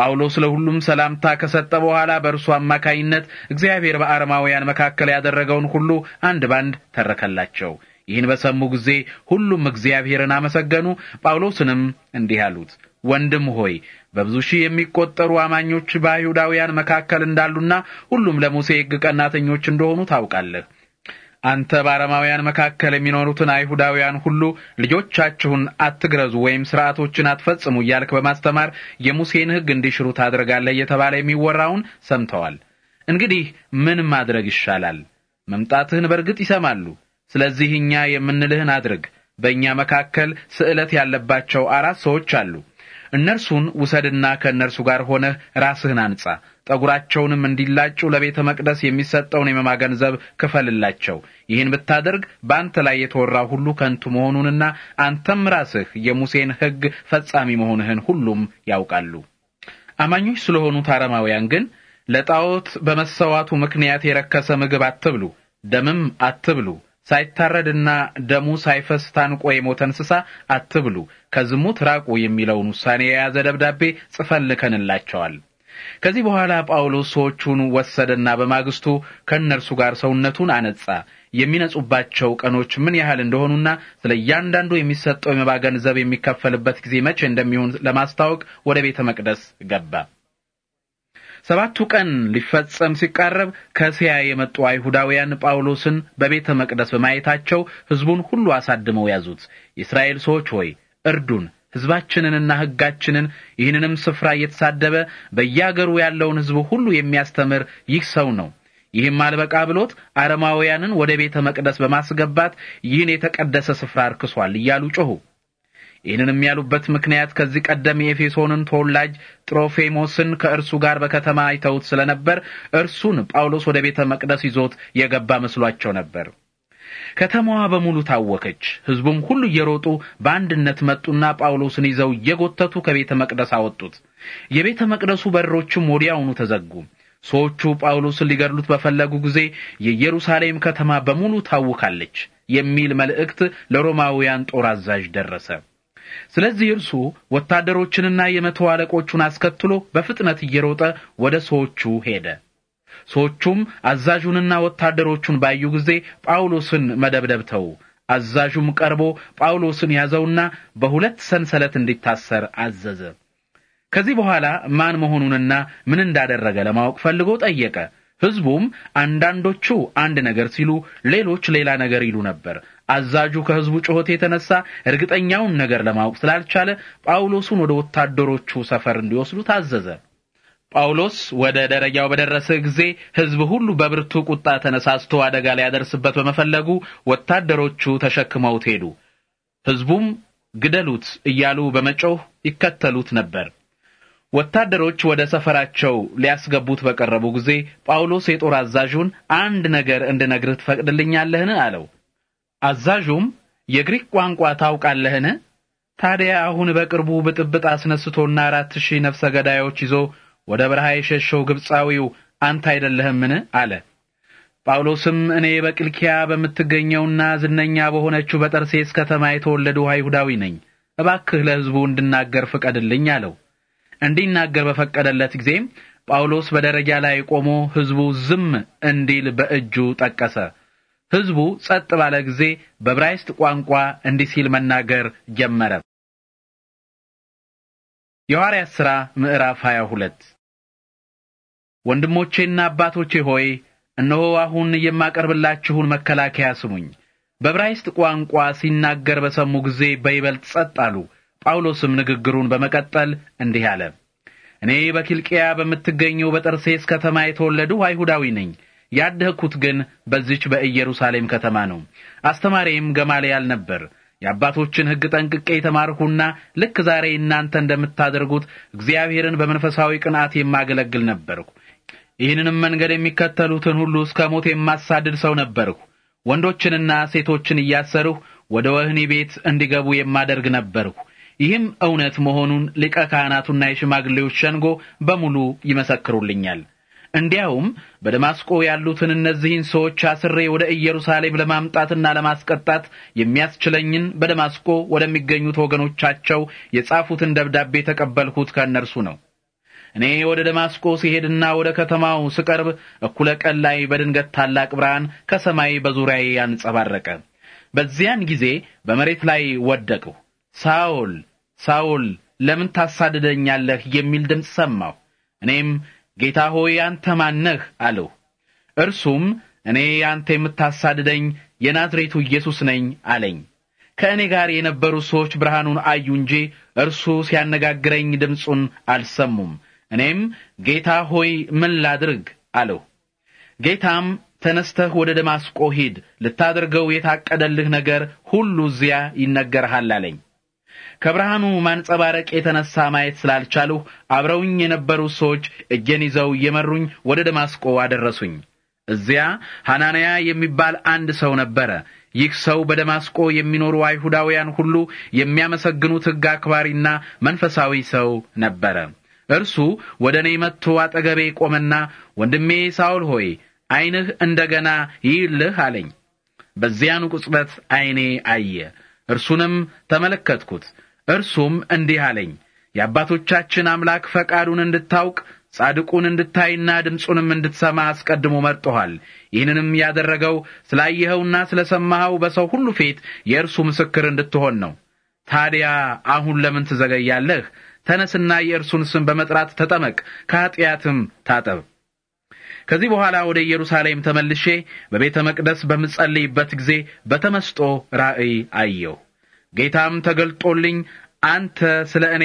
ጳውሎስ ለሁሉም ሰላምታ ከሰጠ በኋላ በእርሱ አማካይነት እግዚአብሔር በአረማውያን መካከል ያደረገውን ሁሉ አንድ ባንድ ተረከላቸው። ይህን በሰሙ ጊዜ ሁሉም እግዚአብሔርን አመሰገኑ። ጳውሎስንም እንዲህ አሉት፣ ወንድም ሆይ በብዙ ሺህ የሚቆጠሩ አማኞች በአይሁዳውያን መካከል እንዳሉና ሁሉም ለሙሴ ሕግ ቀናተኞች እንደሆኑ ታውቃለህ። አንተ በአረማውያን መካከል የሚኖሩትን አይሁዳውያን ሁሉ ልጆቻችሁን አትግረዙ ወይም ስርዓቶችን አትፈጽሙ እያልክ በማስተማር የሙሴን ሕግ እንዲሽሩ ታደርጋለህ እየተባለ የሚወራውን ሰምተዋል። እንግዲህ ምን ማድረግ ይሻላል? መምጣትህን በርግጥ ይሰማሉ። ስለዚህ እኛ የምንልህን አድርግ። በእኛ መካከል ስዕለት ያለባቸው አራት ሰዎች አሉ። እነርሱን ውሰድና ከእነርሱ ጋር ሆነህ ራስህን አንጻ። ጠጉራቸውንም እንዲላጩ ለቤተ መቅደስ የሚሰጠውን የመማ ገንዘብ ክፈልላቸው። ይህን ብታደርግ በአንተ ላይ የተወራ ሁሉ ከንቱ መሆኑንና አንተም ራስህ የሙሴን ሕግ ፈጻሚ መሆንህን ሁሉም ያውቃሉ። አማኞች ስለሆኑት አረማውያን ግን ለጣዖት በመሰዋቱ ምክንያት የረከሰ ምግብ አትብሉ፣ ደምም አትብሉ ሳይታረድና ደሙ ሳይፈስ ታንቆ የሞተ እንስሳ አትብሉ፣ ከዝሙት ራቁ የሚለውን ውሳኔ የያዘ ደብዳቤ ጽፈን ልከንላቸዋል። ከዚህ በኋላ ጳውሎስ ሰዎቹን ወሰደና በማግስቱ ከእነርሱ ጋር ሰውነቱን አነጻ። የሚነጹባቸው ቀኖች ምን ያህል እንደሆኑና ስለ እያንዳንዱ የሚሰጠው የመባ ገንዘብ የሚከፈልበት ጊዜ መቼ እንደሚሆን ለማስታወቅ ወደ ቤተ መቅደስ ገባ። ሰባቱ ቀን ሊፈጸም ሲቃረብ ከእስያ የመጡ አይሁዳውያን ጳውሎስን በቤተ መቅደስ በማየታቸው ሕዝቡን ሁሉ አሳድመው ያዙት። የእስራኤል ሰዎች ሆይ እርዱን፣ ሕዝባችንንና ሕጋችንን፣ ይህንንም ስፍራ እየተሳደበ በያገሩ ያለውን ሕዝብ ሁሉ የሚያስተምር ይህ ሰው ነው። ይህም አልበቃ ብሎት አረማውያንን ወደ ቤተ መቅደስ በማስገባት ይህን የተቀደሰ ስፍራ አርክሷል እያሉ ጮኹ። ይህንንም ያሉበት ምክንያት ከዚህ ቀደም የኤፌሶንን ተወላጅ ጥሮፌሞስን ከእርሱ ጋር በከተማ አይተውት ስለነበር እርሱን ጳውሎስ ወደ ቤተ መቅደስ ይዞት የገባ መስሏቸው ነበር። ከተማዋ በሙሉ ታወከች። ሕዝቡም ሁሉ እየሮጡ በአንድነት መጡና ጳውሎስን ይዘው እየጎተቱ ከቤተ መቅደስ አወጡት። የቤተ መቅደሱ በሮችም ወዲያውኑ ተዘጉ። ሰዎቹ ጳውሎስን ሊገድሉት በፈለጉ ጊዜ የኢየሩሳሌም ከተማ በሙሉ ታውካለች የሚል መልእክት ለሮማውያን ጦር አዛዥ ደረሰ። ስለዚህ እርሱ ወታደሮችንና የመቶ አለቆቹን አስከትሎ በፍጥነት እየሮጠ ወደ ሰዎቹ ሄደ። ሰዎቹም አዛዡንና ወታደሮቹን ባዩ ጊዜ ጳውሎስን መደብደብ ተዉ። አዛዡም ቀርቦ ጳውሎስን ያዘውና በሁለት ሰንሰለት እንዲታሰር አዘዘ። ከዚህ በኋላ ማን መሆኑንና ምን እንዳደረገ ለማወቅ ፈልጎ ጠየቀ። ሕዝቡም አንዳንዶቹ አንድ ነገር ሲሉ፣ ሌሎች ሌላ ነገር ይሉ ነበር። አዛዡ ከህዝቡ ጩኸት የተነሳ እርግጠኛውን ነገር ለማወቅ ስላልቻለ ጳውሎስን ወደ ወታደሮቹ ሰፈር እንዲወስዱ ታዘዘ። ጳውሎስ ወደ ደረጃው በደረሰ ጊዜ ህዝብ ሁሉ በብርቱ ቁጣ ተነሳስቶ አደጋ ሊያደርስበት በመፈለጉ ወታደሮቹ ተሸክመውት ሄዱ። ህዝቡም ግደሉት እያሉ በመጮህ ይከተሉት ነበር። ወታደሮች ወደ ሰፈራቸው ሊያስገቡት በቀረቡ ጊዜ ጳውሎስ የጦር አዛዡን አንድ ነገር እንድነግርህ ትፈቅድልኛለህን? አለው። አዛዡም የግሪክ ቋንቋ ታውቃለህን? ታዲያ አሁን በቅርቡ ብጥብጥ አስነስቶና አራት ሺህ ነፍሰ ገዳዮች ይዞ ወደ በረሃ የሸሸው ግብፃዊው አንተ አይደለህምን? አለ። ጳውሎስም እኔ በቅልኪያ በምትገኘውና ዝነኛ በሆነችው በጠርሴስ ከተማ የተወለድሁ አይሁዳዊ ነኝ፣ እባክህ ለሕዝቡ እንድናገር ፍቀድልኝ አለው። እንዲናገር በፈቀደለት ጊዜም ጳውሎስ በደረጃ ላይ ቆሞ ሕዝቡ ዝም እንዲል በእጁ ጠቀሰ። ሕዝቡ ጸጥ ባለ ጊዜ በብራይስት ቋንቋ እንዲህ ሲል መናገር ጀመረ። የሐዋርያት ሥራ ምዕራፍ 22 ወንድሞቼና አባቶቼ ሆይ እነሆ አሁን የማቀርብላችሁን መከላከያ ስሙኝ። በብራይስት ቋንቋ ሲናገር በሰሙ ጊዜ በይበልጥ ጸጥ አሉ። ጳውሎስም ንግግሩን በመቀጠል እንዲህ አለ። እኔ በኪልቅያ በምትገኘው በጠርሴስ ከተማ የተወለድሁ አይሁዳዊ ነኝ። ያደግኩት ግን በዚች በኢየሩሳሌም ከተማ ነው። አስተማሪዬም ገማልያል ነበር። የአባቶችን ሕግ ጠንቅቄ የተማርሁና ልክ ዛሬ እናንተ እንደምታደርጉት እግዚአብሔርን በመንፈሳዊ ቅንዓት የማገለግል ነበርሁ። ይህንንም መንገድ የሚከተሉትን ሁሉ እስከ ሞት የማሳድድ ሰው ነበርሁ። ወንዶችንና ሴቶችን እያሰርሁ ወደ ወህኒ ቤት እንዲገቡ የማደርግ ነበርሁ። ይህም እውነት መሆኑን ሊቀ ካህናቱና የሽማግሌዎች ሸንጎ በሙሉ ይመሰክሩልኛል። እንዲያውም በደማስቆ ያሉትን እነዚህን ሰዎች አስሬ ወደ ኢየሩሳሌም ለማምጣትና ለማስቀጣት የሚያስችለኝን በደማስቆ ወደሚገኙት ወገኖቻቸው የጻፉትን ደብዳቤ ተቀበልሁት ከእነርሱ ነው። እኔ ወደ ደማስቆ ሲሄድና ወደ ከተማው ስቀርብ እኩለ ቀን ላይ በድንገት ታላቅ ብርሃን ከሰማይ በዙሪያዬ ያንጸባረቀ። በዚያን ጊዜ በመሬት ላይ ወደቅሁ። ሳውል ሳውል ለምን ታሳድደኛለህ የሚል ድምፅ ሰማሁ። እኔም ጌታ ሆይ አንተ ማነህ አለው። እርሱም እኔ አንተ የምታሳድደኝ የናዝሬቱ ኢየሱስ ነኝ አለኝ። ከእኔ ጋር የነበሩ ሰዎች ብርሃኑን አዩ እንጂ እርሱ ሲያነጋግረኝ ድምፁን አልሰሙም። እኔም ጌታ ሆይ ምን ላድርግ አለው። ጌታም ተነስተህ ወደ ደማስቆ ሂድ፣ ልታደርገው የታቀደልህ ነገር ሁሉ እዚያ ይነገርሃል አለኝ። ከብርሃኑ ማንጸባረቅ የተነሳ ማየት ስላልቻልሁ አብረውኝ የነበሩ ሰዎች እጄን ይዘው እየመሩኝ ወደ ደማስቆ አደረሱኝ። እዚያ ሐናንያ የሚባል አንድ ሰው ነበረ። ይህ ሰው በደማስቆ የሚኖሩ አይሁዳውያን ሁሉ የሚያመሰግኑት ሕግ አክባሪና መንፈሳዊ ሰው ነበረ። እርሱ ወደ እኔ መጥቶ አጠገቤ ቆመና ወንድሜ ሳውል ሆይ እንደ እንደገና ይይልህ አለኝ። በዚያኑ ቅጽበት ዐይኔ አየ፣ እርሱንም ተመለከትኩት። እርሱም እንዲህ አለኝ፣ የአባቶቻችን አምላክ ፈቃዱን እንድታውቅ ጻድቁን እንድታይና ድምፁንም እንድትሰማ አስቀድሞ መርጦሃል። ይህንንም ያደረገው ስላየኸውና ስለ ሰማኸው በሰው ሁሉ ፊት የእርሱ ምስክር እንድትሆን ነው። ታዲያ አሁን ለምን ትዘገያለህ? ተነስና የእርሱን ስም በመጥራት ተጠመቅ፣ ከኀጢአትም ታጠብ። ከዚህ በኋላ ወደ ኢየሩሳሌም ተመልሼ በቤተ መቅደስ በምጸልይበት ጊዜ በተመስጦ ራእይ አየሁ። ጌታም ተገልጦልኝ አንተ ስለ እኔ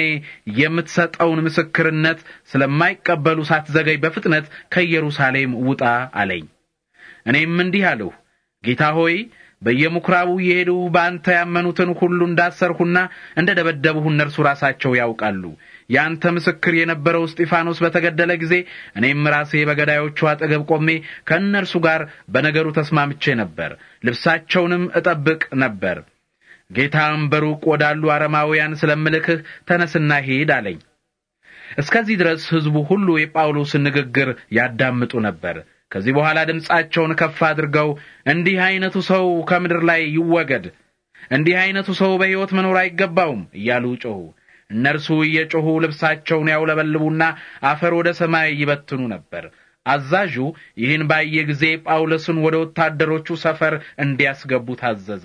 የምትሰጠውን ምስክርነት ስለማይቀበሉ ሳትዘገይ በፍጥነት ከኢየሩሳሌም ውጣ አለኝ። እኔም እንዲህ አለሁ፣ ጌታ ሆይ በየምኵራቡ የሄዱ በአንተ ያመኑትን ሁሉ እንዳሰርሁና እንደ ደበደቡሁ እነርሱ ራሳቸው ያውቃሉ። ያንተ ምስክር የነበረው እስጢፋኖስ በተገደለ ጊዜ እኔም ራሴ በገዳዮቹ አጠገብ ቆሜ ከእነርሱ ጋር በነገሩ ተስማምቼ ነበር፣ ልብሳቸውንም እጠብቅ ነበር። ጌታም በሩቅ ወዳሉ አረማውያን ስለምልክህ ተነስና ሂድ አለኝ። እስከዚህ ድረስ ሕዝቡ ሁሉ የጳውሎስን ንግግር ያዳምጡ ነበር። ከዚህ በኋላ ድምፃቸውን ከፍ አድርገው እንዲህ ዐይነቱ ሰው ከምድር ላይ ይወገድ፣ እንዲህ ዐይነቱ ሰው በሕይወት መኖር አይገባውም እያሉ ጮኹ። እነርሱ እየጮኹ ልብሳቸውን ያውለበልቡና አፈር ወደ ሰማይ ይበትኑ ነበር። አዛዡ ይህን ባየ ጊዜ ጳውሎስን ወደ ወታደሮቹ ሰፈር እንዲያስገቡ ታዘዘ።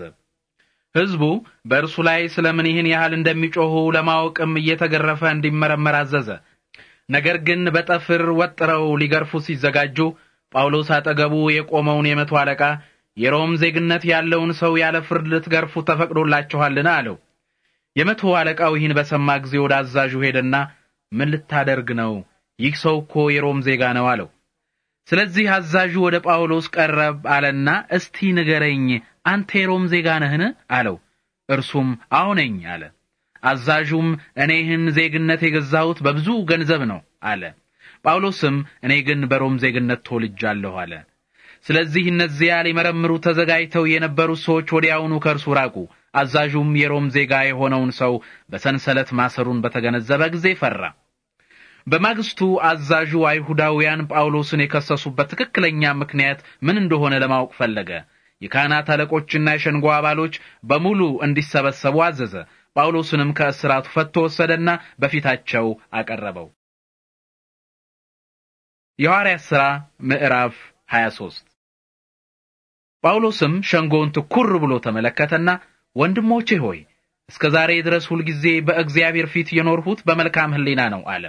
ሕዝቡ በእርሱ ላይ ስለምን ይህን ያህል እንደሚጮኹ ለማወቅም እየተገረፈ እንዲመረመር አዘዘ። ነገር ግን በጠፍር ወጥረው ሊገርፉ ሲዘጋጁ ጳውሎስ አጠገቡ የቆመውን የመቶ አለቃ የሮም ዜግነት ያለውን ሰው ያለ ፍርድ ልትገርፉ ተፈቅዶላችኋልን? አለው። የመቶ አለቃው ይህን በሰማ ጊዜ ወደ አዛዡ ሄደና ምን ልታደርግ ነው? ይህ ሰው እኮ የሮም ዜጋ ነው አለው። ስለዚህ አዛዡ ወደ ጳውሎስ ቀረብ አለና እስቲ ንገረኝ አንተ የሮም ዜጋ ነህን? አለው። እርሱም አዎ ነኝ አለ። አዛዡም እኔ ይህን ዜግነት የገዛሁት በብዙ ገንዘብ ነው አለ። ጳውሎስም እኔ ግን በሮም ዜግነት ተወልጃለሁ አለ። ስለዚህ እነዚያ ሊመረምሩ ተዘጋጅተው የነበሩት ሰዎች ወዲያውኑ ከእርሱ ራቁ። አዛዡም የሮም ዜጋ የሆነውን ሰው በሰንሰለት ማሰሩን በተገነዘበ ጊዜ ፈራ። በማግስቱ አዛዡ አይሁዳውያን ጳውሎስን የከሰሱበት ትክክለኛ ምክንያት ምን እንደሆነ ለማወቅ ፈለገ። የካህናት አለቆችና የሸንጎ አባሎች በሙሉ እንዲሰበሰቡ አዘዘ። ጳውሎስንም ከእስራቱ ፈቶ ወሰደና በፊታቸው አቀረበው። የሐዋርያት ሥራ ምዕራፍ 23 ጳውሎስም ሸንጎውን ትኩር ብሎ ተመለከተና ወንድሞቼ ሆይ እስከ ዛሬ ድረስ ሁልጊዜ በእግዚአብሔር ፊት የኖርሁት በመልካም ሕሊና ነው አለ።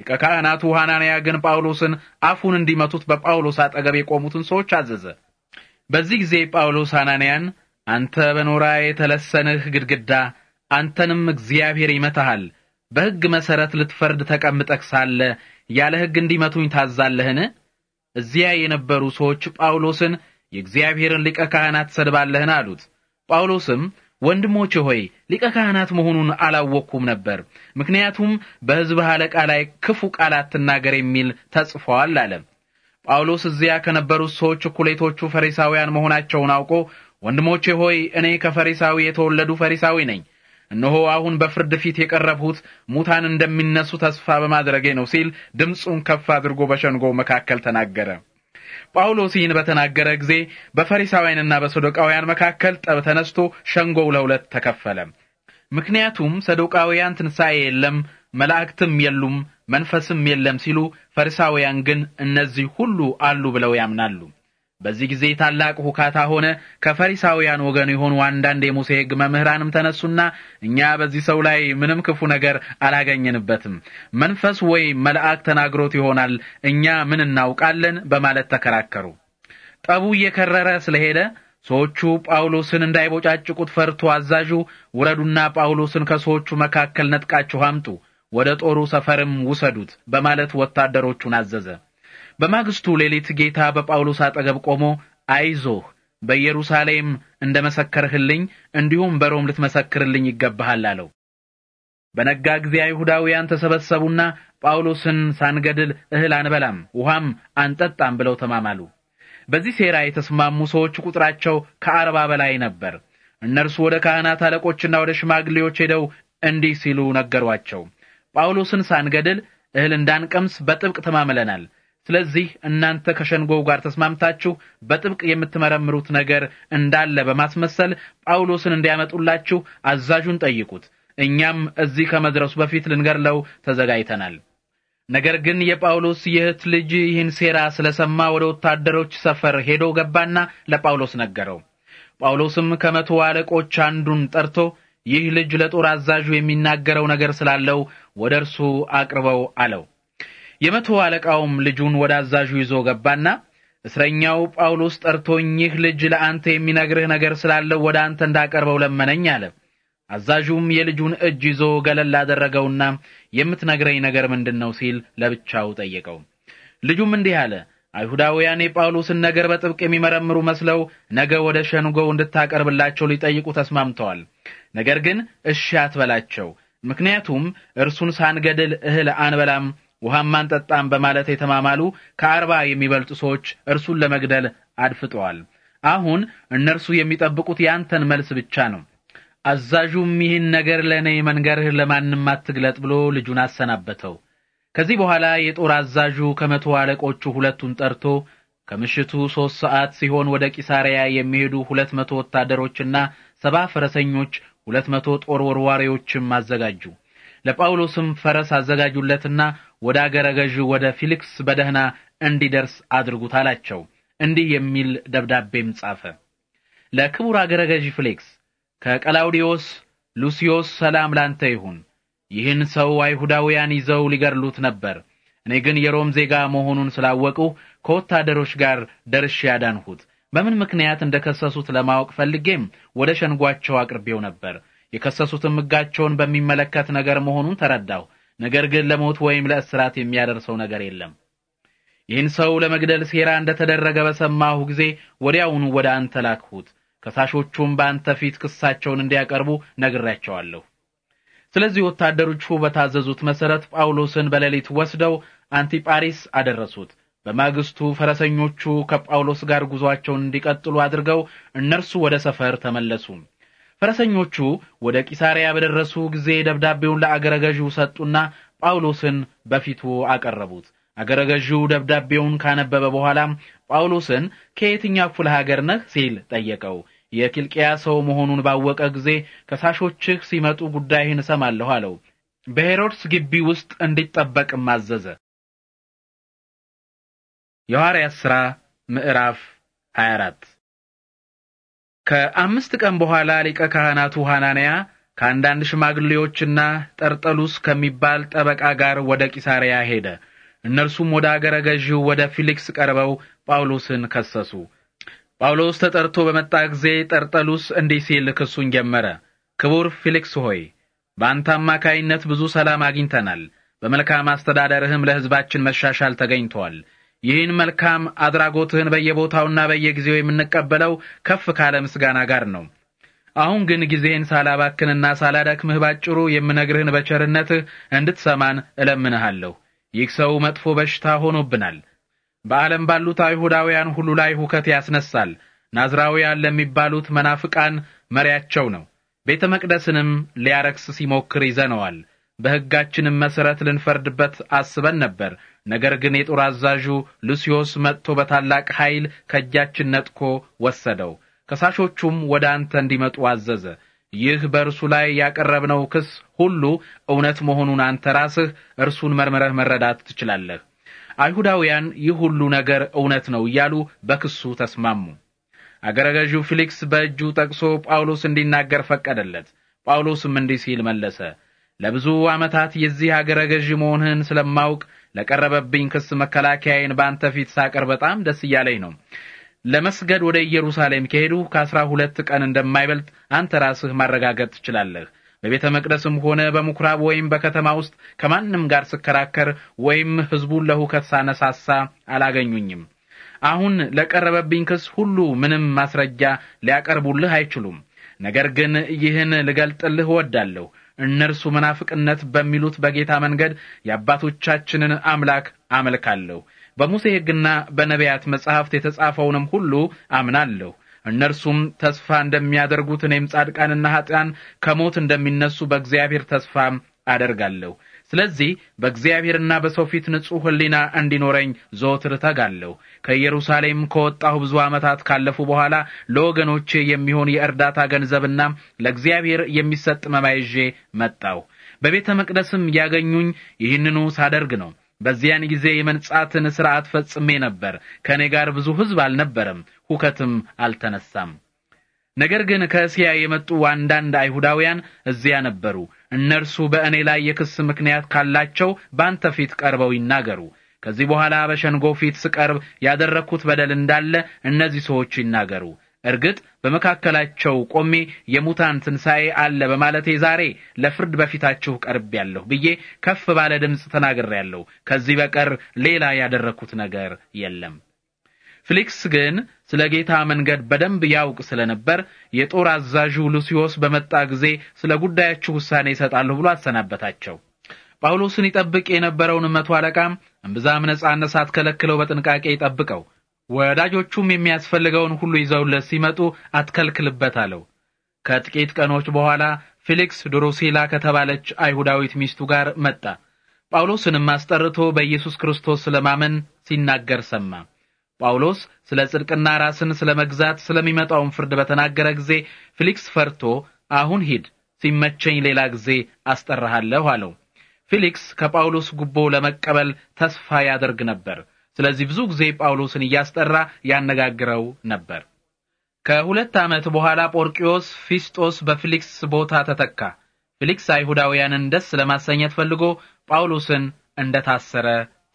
ሊቀ ካህናቱ ሐናንያ ግን ጳውሎስን አፉን እንዲመቱት በጳውሎስ አጠገብ የቆሙትን ሰዎች አዘዘ። በዚህ ጊዜ ጳውሎስ አናንያን አንተ በኖራ የተለሰንህ ግድግዳ፣ አንተንም እግዚአብሔር ይመታሃል። በሕግ መሠረት ልትፈርድ ተቀምጠህ ሳለ ያለ ሕግ እንዲመቱኝ ታዛለህን? እዚያ የነበሩ ሰዎች ጳውሎስን የእግዚአብሔርን ሊቀ ካህናት ሰድባለህን አሉት። ጳውሎስም ወንድሞቼ ሆይ ሊቀ ካህናት መሆኑን አላወቅኩም ነበር፣ ምክንያቱም በሕዝብህ አለቃ ላይ ክፉ ቃል አትናገር የሚል ተጽፏል አለ። ጳውሎስ እዚያ ከነበሩት ሰዎች እኩሌቶቹ ፈሪሳውያን መሆናቸውን አውቆ ወንድሞቼ ሆይ እኔ ከፈሪሳዊ የተወለዱ ፈሪሳዊ ነኝ፣ እነሆ አሁን በፍርድ ፊት የቀረብሁት ሙታን እንደሚነሱ ተስፋ በማድረጌ ነው ሲል ድምፁን ከፍ አድርጎ በሸንጎ መካከል ተናገረ። ጳውሎስ ይህን በተናገረ ጊዜ በፈሪሳውያንና በሰዶቃውያን መካከል ጠብ ተነስቶ ሸንጎው ለሁለት ተከፈለ። ምክንያቱም ሰዶቃውያን ትንሣኤ የለም መላእክትም የሉም፣ መንፈስም የለም ሲሉ ፈሪሳውያን ግን እነዚህ ሁሉ አሉ ብለው ያምናሉ። በዚህ ጊዜ ታላቅ ሁካታ ሆነ። ከፈሪሳውያን ወገን የሆኑ አንዳንድ የሙሴ ሕግ መምህራንም ተነሱና እኛ በዚህ ሰው ላይ ምንም ክፉ ነገር አላገኘንበትም፣ መንፈስ ወይም መልአክ ተናግሮት ይሆናል፣ እኛ ምን እናውቃለን በማለት ተከራከሩ። ጠቡ እየከረረ ስለሄደ ሰዎቹ ጳውሎስን እንዳይቦጫጭቁት ፈርቶ አዛዡ ውረዱና ጳውሎስን ከሰዎቹ መካከል ነጥቃችሁ አምጡ ወደ ጦሩ ሰፈርም ውሰዱት በማለት ወታደሮቹን አዘዘ። በማግስቱ ሌሊት ጌታ በጳውሎስ አጠገብ ቆሞ አይዞህ፣ በኢየሩሳሌም እንደ መሰከርህልኝ እንዲሁም በሮም ልትመሰክርልኝ ይገባሃል አለው። በነጋ ጊዜ አይሁዳውያን ተሰበሰቡና ጳውሎስን ሳንገድል እህል አንበላም ውሃም አንጠጣም ብለው ተማማሉ። በዚህ ሴራ የተስማሙ ሰዎች ቁጥራቸው ከአርባ በላይ ነበር። እነርሱ ወደ ካህናት አለቆችና ወደ ሽማግሌዎች ሄደው እንዲህ ሲሉ ነገሯቸው። ጳውሎስን ሳንገድል እህል እንዳንቀምስ በጥብቅ ተማምለናል። ስለዚህ እናንተ ከሸንጎው ጋር ተስማምታችሁ በጥብቅ የምትመረምሩት ነገር እንዳለ በማስመሰል ጳውሎስን እንዲያመጡላችሁ አዛዡን ጠይቁት። እኛም እዚህ ከመድረሱ በፊት ልንገድለው ተዘጋጅተናል። ነገር ግን የጳውሎስ የእህት ልጅ ይህን ሴራ ስለሰማ ወደ ወታደሮች ሰፈር ሄዶ ገባና ለጳውሎስ ነገረው። ጳውሎስም ከመቶ አለቆች አንዱን ጠርቶ ይህ ልጅ ለጦር አዛዡ የሚናገረው ነገር ስላለው ወደ እርሱ አቅርበው አለው። የመቶ አለቃውም ልጁን ወደ አዛዡ ይዞ ገባና እስረኛው ጳውሎስ ጠርቶኝ ይህ ልጅ ለአንተ የሚነግርህ ነገር ስላለው ወደ አንተ እንዳቀርበው ለመነኝ አለ። አዛዡም የልጁን እጅ ይዞ ገለል አደረገውና የምትነግረኝ ነገር ምንድን ነው ሲል ለብቻው ጠየቀው። ልጁም እንዲህ አለ አይሁዳውያን የጳውሎስን ነገር በጥብቅ የሚመረምሩ መስለው ነገ ወደ ሸንጎው እንድታቀርብላቸው ሊጠይቁ ተስማምተዋል። ነገር ግን እሺ አትበላቸው። ምክንያቱም እርሱን ሳንገድል እህል አንበላም ውሃም አንጠጣም በማለት የተማማሉ ከአርባ የሚበልጡ ሰዎች እርሱን ለመግደል አድፍጠዋል። አሁን እነርሱ የሚጠብቁት ያንተን መልስ ብቻ ነው። አዛዡም ይህን ነገር ለእኔ መንገርህ ለማንም አትግለጥ ብሎ ልጁን አሰናበተው። ከዚህ በኋላ የጦር አዛዡ ከመቶ አለቆቹ ሁለቱን ጠርቶ ከምሽቱ ሦስት ሰዓት ሲሆን ወደ ቂሳሪያ የሚሄዱ ሁለት መቶ ወታደሮችና ሰባ ፈረሰኞች ሁለት መቶ ጦር ወርዋሪዎችም አዘጋጁ። ለጳውሎስም ፈረስ አዘጋጁለትና ወደ አገረ ገዥ ወደ ፊልክስ በደህና እንዲደርስ አድርጉት አላቸው። እንዲህ የሚል ደብዳቤም ጻፈ። ለክቡር አገረ ገዥ ፊልክስ ከቀላውዲዮስ ሉሲዮስ ሰላም ላንተ ይሁን። ይህን ሰው አይሁዳውያን ይዘው ሊገድሉት ነበር። እኔ ግን የሮም ዜጋ መሆኑን ስላወቁ ከወታደሮች ጋር ደርሼ ያዳንሁት። በምን ምክንያት እንደ ከሰሱት ለማወቅ ፈልጌም ወደ ሸንጓቸው አቅርቤው ነበር። የከሰሱትም ሕጋቸውን በሚመለከት ነገር መሆኑን ተረዳሁ። ነገር ግን ለሞት ወይም ለእስራት የሚያደርሰው ነገር የለም። ይህን ሰው ለመግደል ሴራ እንደተደረገ በሰማሁ ጊዜ ወዲያውኑ ወደ አንተ ላክሁት። ከሳሾቹም በአንተ ፊት ክሳቸውን እንዲያቀርቡ ነግሬያቸዋለሁ። ስለዚህ ወታደሮቹ በታዘዙት መሰረት ጳውሎስን በሌሊት ወስደው አንቲጳሪስ አደረሱት። በማግስቱ ፈረሰኞቹ ከጳውሎስ ጋር ጉዟቸውን እንዲቀጥሉ አድርገው እነርሱ ወደ ሰፈር ተመለሱ። ፈረሰኞቹ ወደ ቂሳሪያ በደረሱ ጊዜ ደብዳቤውን ለአገረ ገዢው ሰጡና ጳውሎስን በፊቱ አቀረቡት። አገረ ገዢው ደብዳቤውን ካነበበ በኋላም ጳውሎስን ከየትኛው ክፍለ ሀገር ነህ ሲል ጠየቀው። የኪልቅያ ሰው መሆኑን ባወቀ ጊዜ ከሳሾችህ ሲመጡ ጉዳይህን እሰማለሁ አለው። በሄሮድስ ግቢ ውስጥ እንዲጠበቅም አዘዘ። የሐዋርያት ሥራ ምዕራፍ 24 ከአምስት ቀን በኋላ ሊቀ ካህናቱ ሐናንያ ከአንዳንድ ሽማግሌዎችና ጠርጠሉስ ከሚባል ጠበቃ ጋር ወደ ቂሳርያ ሄደ። እነርሱም ወደ አገረ ገዢው ወደ ፊሊክስ ቀርበው ጳውሎስን ከሰሱ። ጳውሎስ ተጠርቶ በመጣ ጊዜ ጠርጠሉስ እንዲህ ሲል ክሱን ጀመረ። ክቡር ፊልክስ ሆይ በአንተ አማካይነት ብዙ ሰላም አግኝተናል። በመልካም አስተዳደርህም ለሕዝባችን መሻሻል ተገኝቷል። ይህን መልካም አድራጎትህን በየቦታውና በየጊዜው የምንቀበለው ከፍ ካለ ምስጋና ጋር ነው። አሁን ግን ጊዜህን ሳላባክንና ሳላደክምህ ባጭሩ የምነግርህን በቸርነትህ እንድትሰማን እለምንሃለሁ። ይህ ሰው መጥፎ በሽታ ሆኖብናል። በዓለም ባሉት አይሁዳውያን ሁሉ ላይ ሁከት ያስነሳል። ናዝራውያን ለሚባሉት መናፍቃን መሪያቸው ነው። ቤተ መቅደስንም ሊያረክስ ሲሞክር ይዘነዋል። በሕጋችንም መሠረት ልንፈርድበት አስበን ነበር። ነገር ግን የጦር አዛዡ ሉሲዮስ መጥቶ በታላቅ ኃይል ከእጃችን ነጥቆ ወሰደው። ከሳሾቹም ወደ አንተ እንዲመጡ አዘዘ። ይህ በእርሱ ላይ ያቀረብነው ክስ ሁሉ እውነት መሆኑን አንተ ራስህ እርሱን መርምረህ መረዳት ትችላለህ። አይሁዳውያን ይህ ሁሉ ነገር እውነት ነው እያሉ በክሱ ተስማሙ። አገረ ገዢው ፊሊክስ በእጁ ጠቅሶ ጳውሎስ እንዲናገር ፈቀደለት። ጳውሎስም እንዲህ ሲል መለሰ። ለብዙ ዓመታት የዚህ አገረ ገዢ መሆንህን ስለማውቅ ለቀረበብኝ ክስ መከላከያዬን በአንተ ፊት ሳቀር በጣም ደስ እያለኝ ነው። ለመስገድ ወደ ኢየሩሳሌም ከሄዱ ከአስራ ሁለት ቀን እንደማይበልጥ አንተ ራስህ ማረጋገጥ ትችላለህ። በቤተ መቅደስም ሆነ በምኩራብ ወይም በከተማ ውስጥ ከማንም ጋር ስከራከር ወይም ሕዝቡን ለሁከት ሳነሳሳ አላገኙኝም። አሁን ለቀረበብኝ ክስ ሁሉ ምንም ማስረጃ ሊያቀርቡልህ አይችሉም። ነገር ግን ይህን ልገልጥልህ እወዳለሁ። እነርሱ መናፍቅነት በሚሉት በጌታ መንገድ የአባቶቻችንን አምላክ አመልካለሁ። በሙሴ ሕግና በነቢያት መጻሕፍት የተጻፈውንም ሁሉ አምናለሁ። እነርሱም ተስፋ እንደሚያደርጉት እኔም ጻድቃንና ኀጢያን ከሞት እንደሚነሱ በእግዚአብሔር ተስፋ አደርጋለሁ። ስለዚህ በእግዚአብሔርና በሰው ፊት ንጹሕ ሕሊና እንዲኖረኝ ዘወትር እተጋለሁ። ከኢየሩሳሌም ከወጣሁ ብዙ ዓመታት ካለፉ በኋላ ለወገኖቼ የሚሆን የእርዳታ ገንዘብና ለእግዚአብሔር የሚሰጥ መባ ይዤ መጣሁ። በቤተ መቅደስም ያገኙኝ ይህንኑ ሳደርግ ነው። በዚያን ጊዜ የመንጻትን ሥርዓት ፈጽሜ ነበር። ከእኔ ጋር ብዙ ሕዝብ አልነበረም፣ ሁከትም አልተነሳም። ነገር ግን ከእስያ የመጡ አንዳንድ አይሁዳውያን እዚያ ነበሩ። እነርሱ በእኔ ላይ የክስ ምክንያት ካላቸው በአንተ ፊት ቀርበው ይናገሩ። ከዚህ በኋላ በሸንጎ ፊት ስቀርብ ያደረግኩት በደል እንዳለ እነዚህ ሰዎች ይናገሩ። እርግጥ በመካከላቸው ቆሜ የሙታን ትንሣኤ አለ በማለቴ ዛሬ ለፍርድ በፊታችሁ ቀርቤያለሁ ብዬ ከፍ ባለ ድምፅ ተናግሬያለሁ። ከዚህ በቀር ሌላ ያደረግኩት ነገር የለም። ፍሊክስ ግን ስለ ጌታ መንገድ በደንብ ያውቅ ስለነበር የጦር አዛዡ ሉሲዮስ በመጣ ጊዜ ስለ ጉዳያችሁ ውሳኔ ይሰጣለሁ ብሎ አሰናበታቸው። ጳውሎስን ይጠብቅ የነበረውን መቶ አለቃም እምብዛም ነጻነት ሳትከለክለው በጥንቃቄ ይጠብቀው ወዳጆቹም የሚያስፈልገውን ሁሉ ይዘውለት ሲመጡ አትከልክልበት አለው። ከጥቂት ቀኖች በኋላ ፊሊክስ ዶሮሴላ ከተባለች አይሁዳዊት ሚስቱ ጋር መጣ። ጳውሎስንም አስጠርቶ በኢየሱስ ክርስቶስ ስለማመን ሲናገር ሰማ። ጳውሎስ ስለ ጽድቅና ራስን ስለ መግዛት ስለሚመጣውን ፍርድ በተናገረ ጊዜ ፊሊክስ ፈርቶ አሁን ሂድ፣ ሲመቸኝ ሌላ ጊዜ አስጠራሃለሁ አለው። ፊሊክስ ከጳውሎስ ጉቦ ለመቀበል ተስፋ ያደርግ ነበር። ስለዚህ ብዙ ጊዜ ጳውሎስን እያስጠራ ያነጋግረው ነበር። ከሁለት ዓመት በኋላ ጶርቅዮስ ፊስጦስ በፊሊክስ ቦታ ተተካ። ፊሊክስ አይሁዳውያንን ደስ ለማሰኘት ፈልጎ ጳውሎስን እንደታሰረ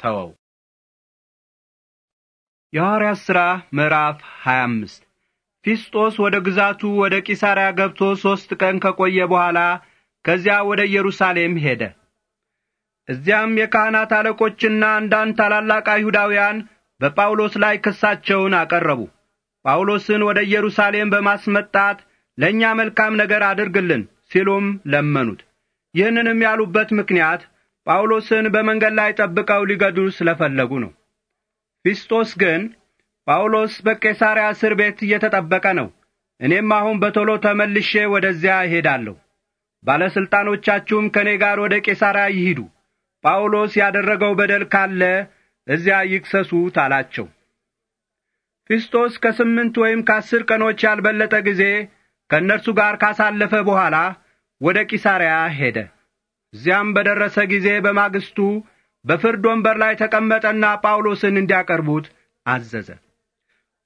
ተወው። የሐዋርያ ሥራ ምዕራፍ 25 ፊስጦስ ወደ ግዛቱ ወደ ቂሳርያ ገብቶ ሦስት ቀን ከቆየ በኋላ ከዚያ ወደ ኢየሩሳሌም ሄደ። እዚያም የካህናት አለቆችና አንዳንድ ታላላቅ አይሁዳውያን በጳውሎስ ላይ ክሳቸውን አቀረቡ። ጳውሎስን ወደ ኢየሩሳሌም በማስመጣት ለእኛ መልካም ነገር አድርግልን ሲሉም ለመኑት። ይህንንም ያሉበት ምክንያት ጳውሎስን በመንገድ ላይ ጠብቀው ሊገዱ ስለፈለጉ ነው። ፊስጦስ ግን ጳውሎስ በቄሳርያ እስር ቤት እየተጠበቀ ነው፣ እኔም አሁን በቶሎ ተመልሼ ወደዚያ እሄዳለሁ። ባለሥልጣኖቻችሁም ከእኔ ጋር ወደ ቄሳርያ ይሂዱ ጳውሎስ ያደረገው በደል ካለ እዚያ ይክሰሱት አላቸው። ፊስጦስ ከስምንት ወይም ከአስር ቀኖች ያልበለጠ ጊዜ ከእነርሱ ጋር ካሳለፈ በኋላ ወደ ቂሳርያ ሄደ። እዚያም በደረሰ ጊዜ በማግስቱ በፍርድ ወንበር ላይ ተቀመጠና ጳውሎስን እንዲያቀርቡት አዘዘ።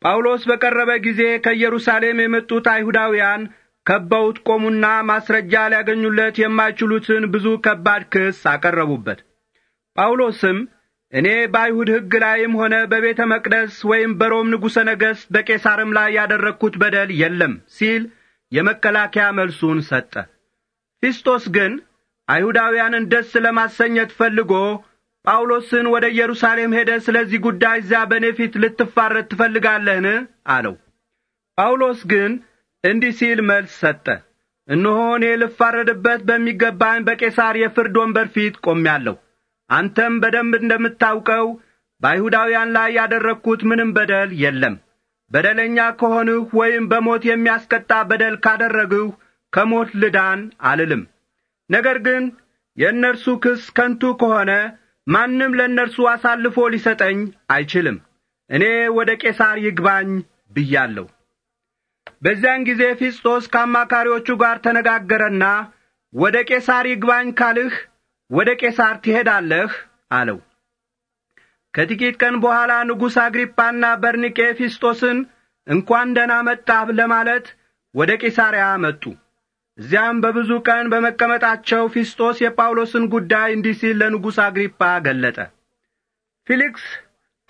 ጳውሎስ በቀረበ ጊዜ ከኢየሩሳሌም የመጡት አይሁዳውያን ከበውት ቆሙና ማስረጃ ሊያገኙለት የማይችሉትን ብዙ ከባድ ክስ አቀረቡበት። ጳውሎስም እኔ በአይሁድ ሕግ ላይም ሆነ በቤተ መቅደስ ወይም በሮም ንጉሠ ነገሥት በቄሳርም ላይ ያደረግሁት በደል የለም ሲል የመከላከያ መልሱን ሰጠ። ፊስጦስ ግን አይሁዳውያንን ደስ ለማሰኘት ፈልጎ ጳውሎስን ወደ ኢየሩሳሌም ሄደ፣ ስለዚህ ጉዳይ እዚያ በእኔ ፊት ልትፋረት ትፈልጋለህን? አለው። ጳውሎስ ግን እንዲህ ሲል መልስ ሰጠ። እነሆ እኔ ልፋረድበት በሚገባኝ በቄሳር የፍርድ ወንበር ፊት ቆሜአለሁ። አንተም በደንብ እንደምታውቀው በአይሁዳውያን ላይ ያደረግሁት ምንም በደል የለም። በደለኛ ከሆንሁ ወይም በሞት የሚያስቀጣ በደል ካደረግሁ ከሞት ልዳን አልልም። ነገር ግን የእነርሱ ክስ ከንቱ ከሆነ ማንም ለእነርሱ አሳልፎ ሊሰጠኝ አይችልም። እኔ ወደ ቄሳር ይግባኝ ብያለሁ። በዚያን ጊዜ ፊስጦስ ከአማካሪዎቹ ጋር ተነጋገረና ወደ ቄሳር ይግባኝ ካልህ ወደ ቄሳር ትሄዳለህ አለው። ከጥቂት ቀን በኋላ ንጉሥ አግሪጳና በርኒቄ ፊስጦስን እንኳን ደህና መጣህ ለማለት ወደ ቂሳርያ መጡ። እዚያም በብዙ ቀን በመቀመጣቸው ፊስጦስ የጳውሎስን ጉዳይ እንዲህ ሲል ለንጉሥ አግሪጳ ገለጠ። ፊሊክስ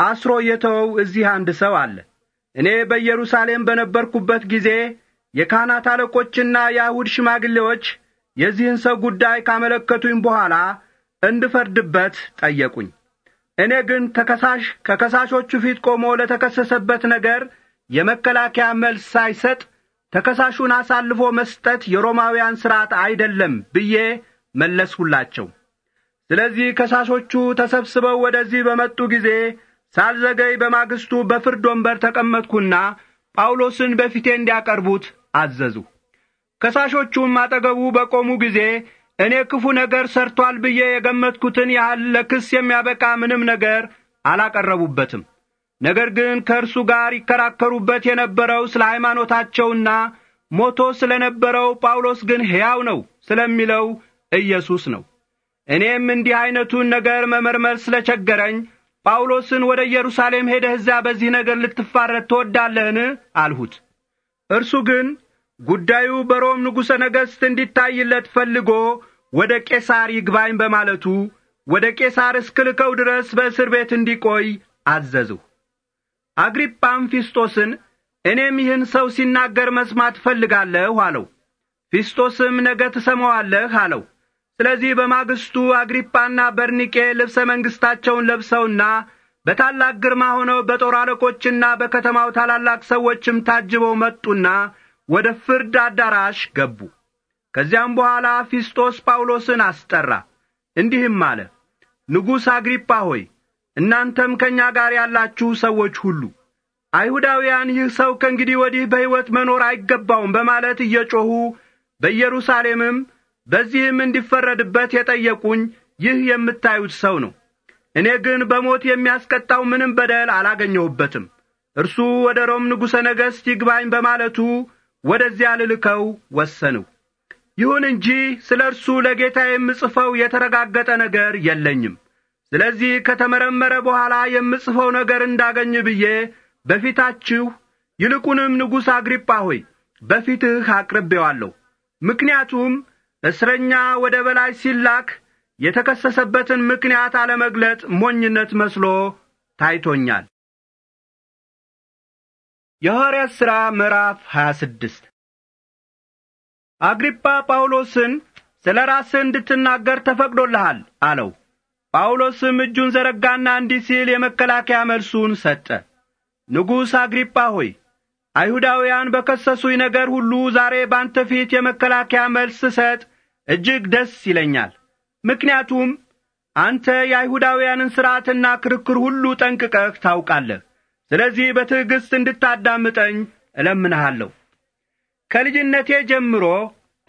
አስሮ የተወው እዚህ አንድ ሰው አለ። እኔ በኢየሩሳሌም በነበርኩበት ጊዜ የካህናት አለቆችና የአይሁድ ሽማግሌዎች የዚህን ሰው ጉዳይ ካመለከቱኝ በኋላ እንድፈርድበት ጠየቁኝ። እኔ ግን ተከሳሽ ከከሳሾቹ ፊት ቆሞ ለተከሰሰበት ነገር የመከላከያ መልስ ሳይሰጥ ተከሳሹን አሳልፎ መስጠት የሮማውያን ሥርዓት አይደለም ብዬ መለስሁላቸው። ስለዚህ ከሳሾቹ ተሰብስበው ወደዚህ በመጡ ጊዜ ሳልዘገይ በማግስቱ በፍርድ ወንበር ተቀመጥኩና ጳውሎስን በፊቴ እንዲያቀርቡት አዘዙ። ከሳሾቹም አጠገቡ በቆሙ ጊዜ እኔ ክፉ ነገር ሰርቷል ብዬ የገመትኩትን ያህል ለክስ የሚያበቃ ምንም ነገር አላቀረቡበትም። ነገር ግን ከእርሱ ጋር ይከራከሩበት የነበረው ስለ ሃይማኖታቸውና ሞቶ ስለ ነበረው ጳውሎስ ግን ሕያው ነው ስለሚለው ኢየሱስ ነው። እኔም እንዲህ ዐይነቱን ነገር መመርመር ስለ ቸገረኝ ጳውሎስን ወደ ኢየሩሳሌም ሄደህ እዚያ በዚህ ነገር ልትፋረት ትወዳለህን? አልሁት። እርሱ ግን ጉዳዩ በሮም ንጉሠ ነገሥት እንዲታይለት ፈልጎ ወደ ቄሳር ይግባኝ በማለቱ ወደ ቄሳር እስክልከው ድረስ በእስር ቤት እንዲቆይ አዘዝሁ። አግሪጳም ፊስጦስን እኔም ይህን ሰው ሲናገር መስማት እፈልጋለሁ አለው። ፊስጦስም ነገ ትሰማዋለህ አለው። ስለዚህ በማግስቱ አግሪጳና በርኒቄ ልብሰ መንግሥታቸውን ለብሰውና በታላቅ ግርማ ሆነው በጦር አለቆችና በከተማው ታላላቅ ሰዎችም ታጅበው መጡና ወደ ፍርድ አዳራሽ ገቡ። ከዚያም በኋላ ፊስጦስ ጳውሎስን አስጠራ፣ እንዲህም አለ። ንጉሥ አግሪጳ ሆይ እናንተም ከእኛ ጋር ያላችሁ ሰዎች ሁሉ አይሁዳውያን ይህ ሰው ከእንግዲህ ወዲህ በሕይወት መኖር አይገባውም በማለት እየጮኹ በኢየሩሳሌምም በዚህም እንዲፈረድበት የጠየቁኝ ይህ የምታዩት ሰው ነው። እኔ ግን በሞት የሚያስቀጣው ምንም በደል አላገኘሁበትም። እርሱ ወደ ሮም ንጉሠ ነገሥት ይግባኝ በማለቱ ወደዚያ ልልከው ወሰንሁ። ይሁን እንጂ ስለ እርሱ ለጌታ የምጽፈው የተረጋገጠ ነገር የለኝም። ስለዚህ ከተመረመረ በኋላ የምጽፈው ነገር እንዳገኝ ብዬ በፊታችሁ ይልቁንም ንጉሥ አግሪጳ ሆይ በፊትህ አቅርቤዋለሁ። ምክንያቱም እስረኛ ወደ በላይ ሲላክ የተከሰሰበትን ምክንያት አለመግለጽ ሞኝነት መስሎ ታይቶኛል። የሐዋርያት ሥራ ምዕራፍ 26 አግሪጳ ጳውሎስን ስለ ራስህ እንድትናገር ተፈቅዶልሃል አለው። ጳውሎስም እጁን ዘረጋና እንዲህ ሲል የመከላከያ መልሱን ሰጠ። ንጉሥ አግሪጳ ሆይ አይሁዳውያን በከሰሱኝ ነገር ሁሉ ዛሬ ባንተ ፊት የመከላከያ መልስ ስሰጥ እጅግ ደስ ይለኛል። ምክንያቱም አንተ የአይሁዳውያንን ሥርዓትና ክርክር ሁሉ ጠንቅቀህ ታውቃለህ። ስለዚህ በትዕግሥት እንድታዳምጠኝ እለምንሃለሁ። ከልጅነቴ ጀምሮ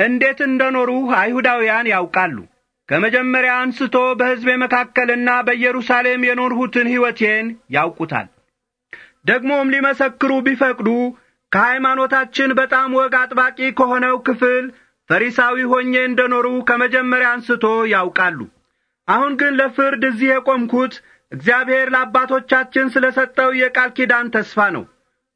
እንዴት እንደ ኖሩህ አይሁዳውያን ያውቃሉ። ከመጀመሪያ አንስቶ በሕዝቤ መካከልና በኢየሩሳሌም የኖርሁትን ሕይወቴን ያውቁታል። ደግሞም ሊመሰክሩ ቢፈቅዱ ከሃይማኖታችን በጣም ወግ አጥባቂ ከሆነው ክፍል ፈሪሳዊ ሆኜ እንደኖሩ ከመጀመሪያ አንስቶ ያውቃሉ። አሁን ግን ለፍርድ እዚህ የቆምኩት እግዚአብሔር ለአባቶቻችን ስለ ሰጠው የቃል ኪዳን ተስፋ ነው።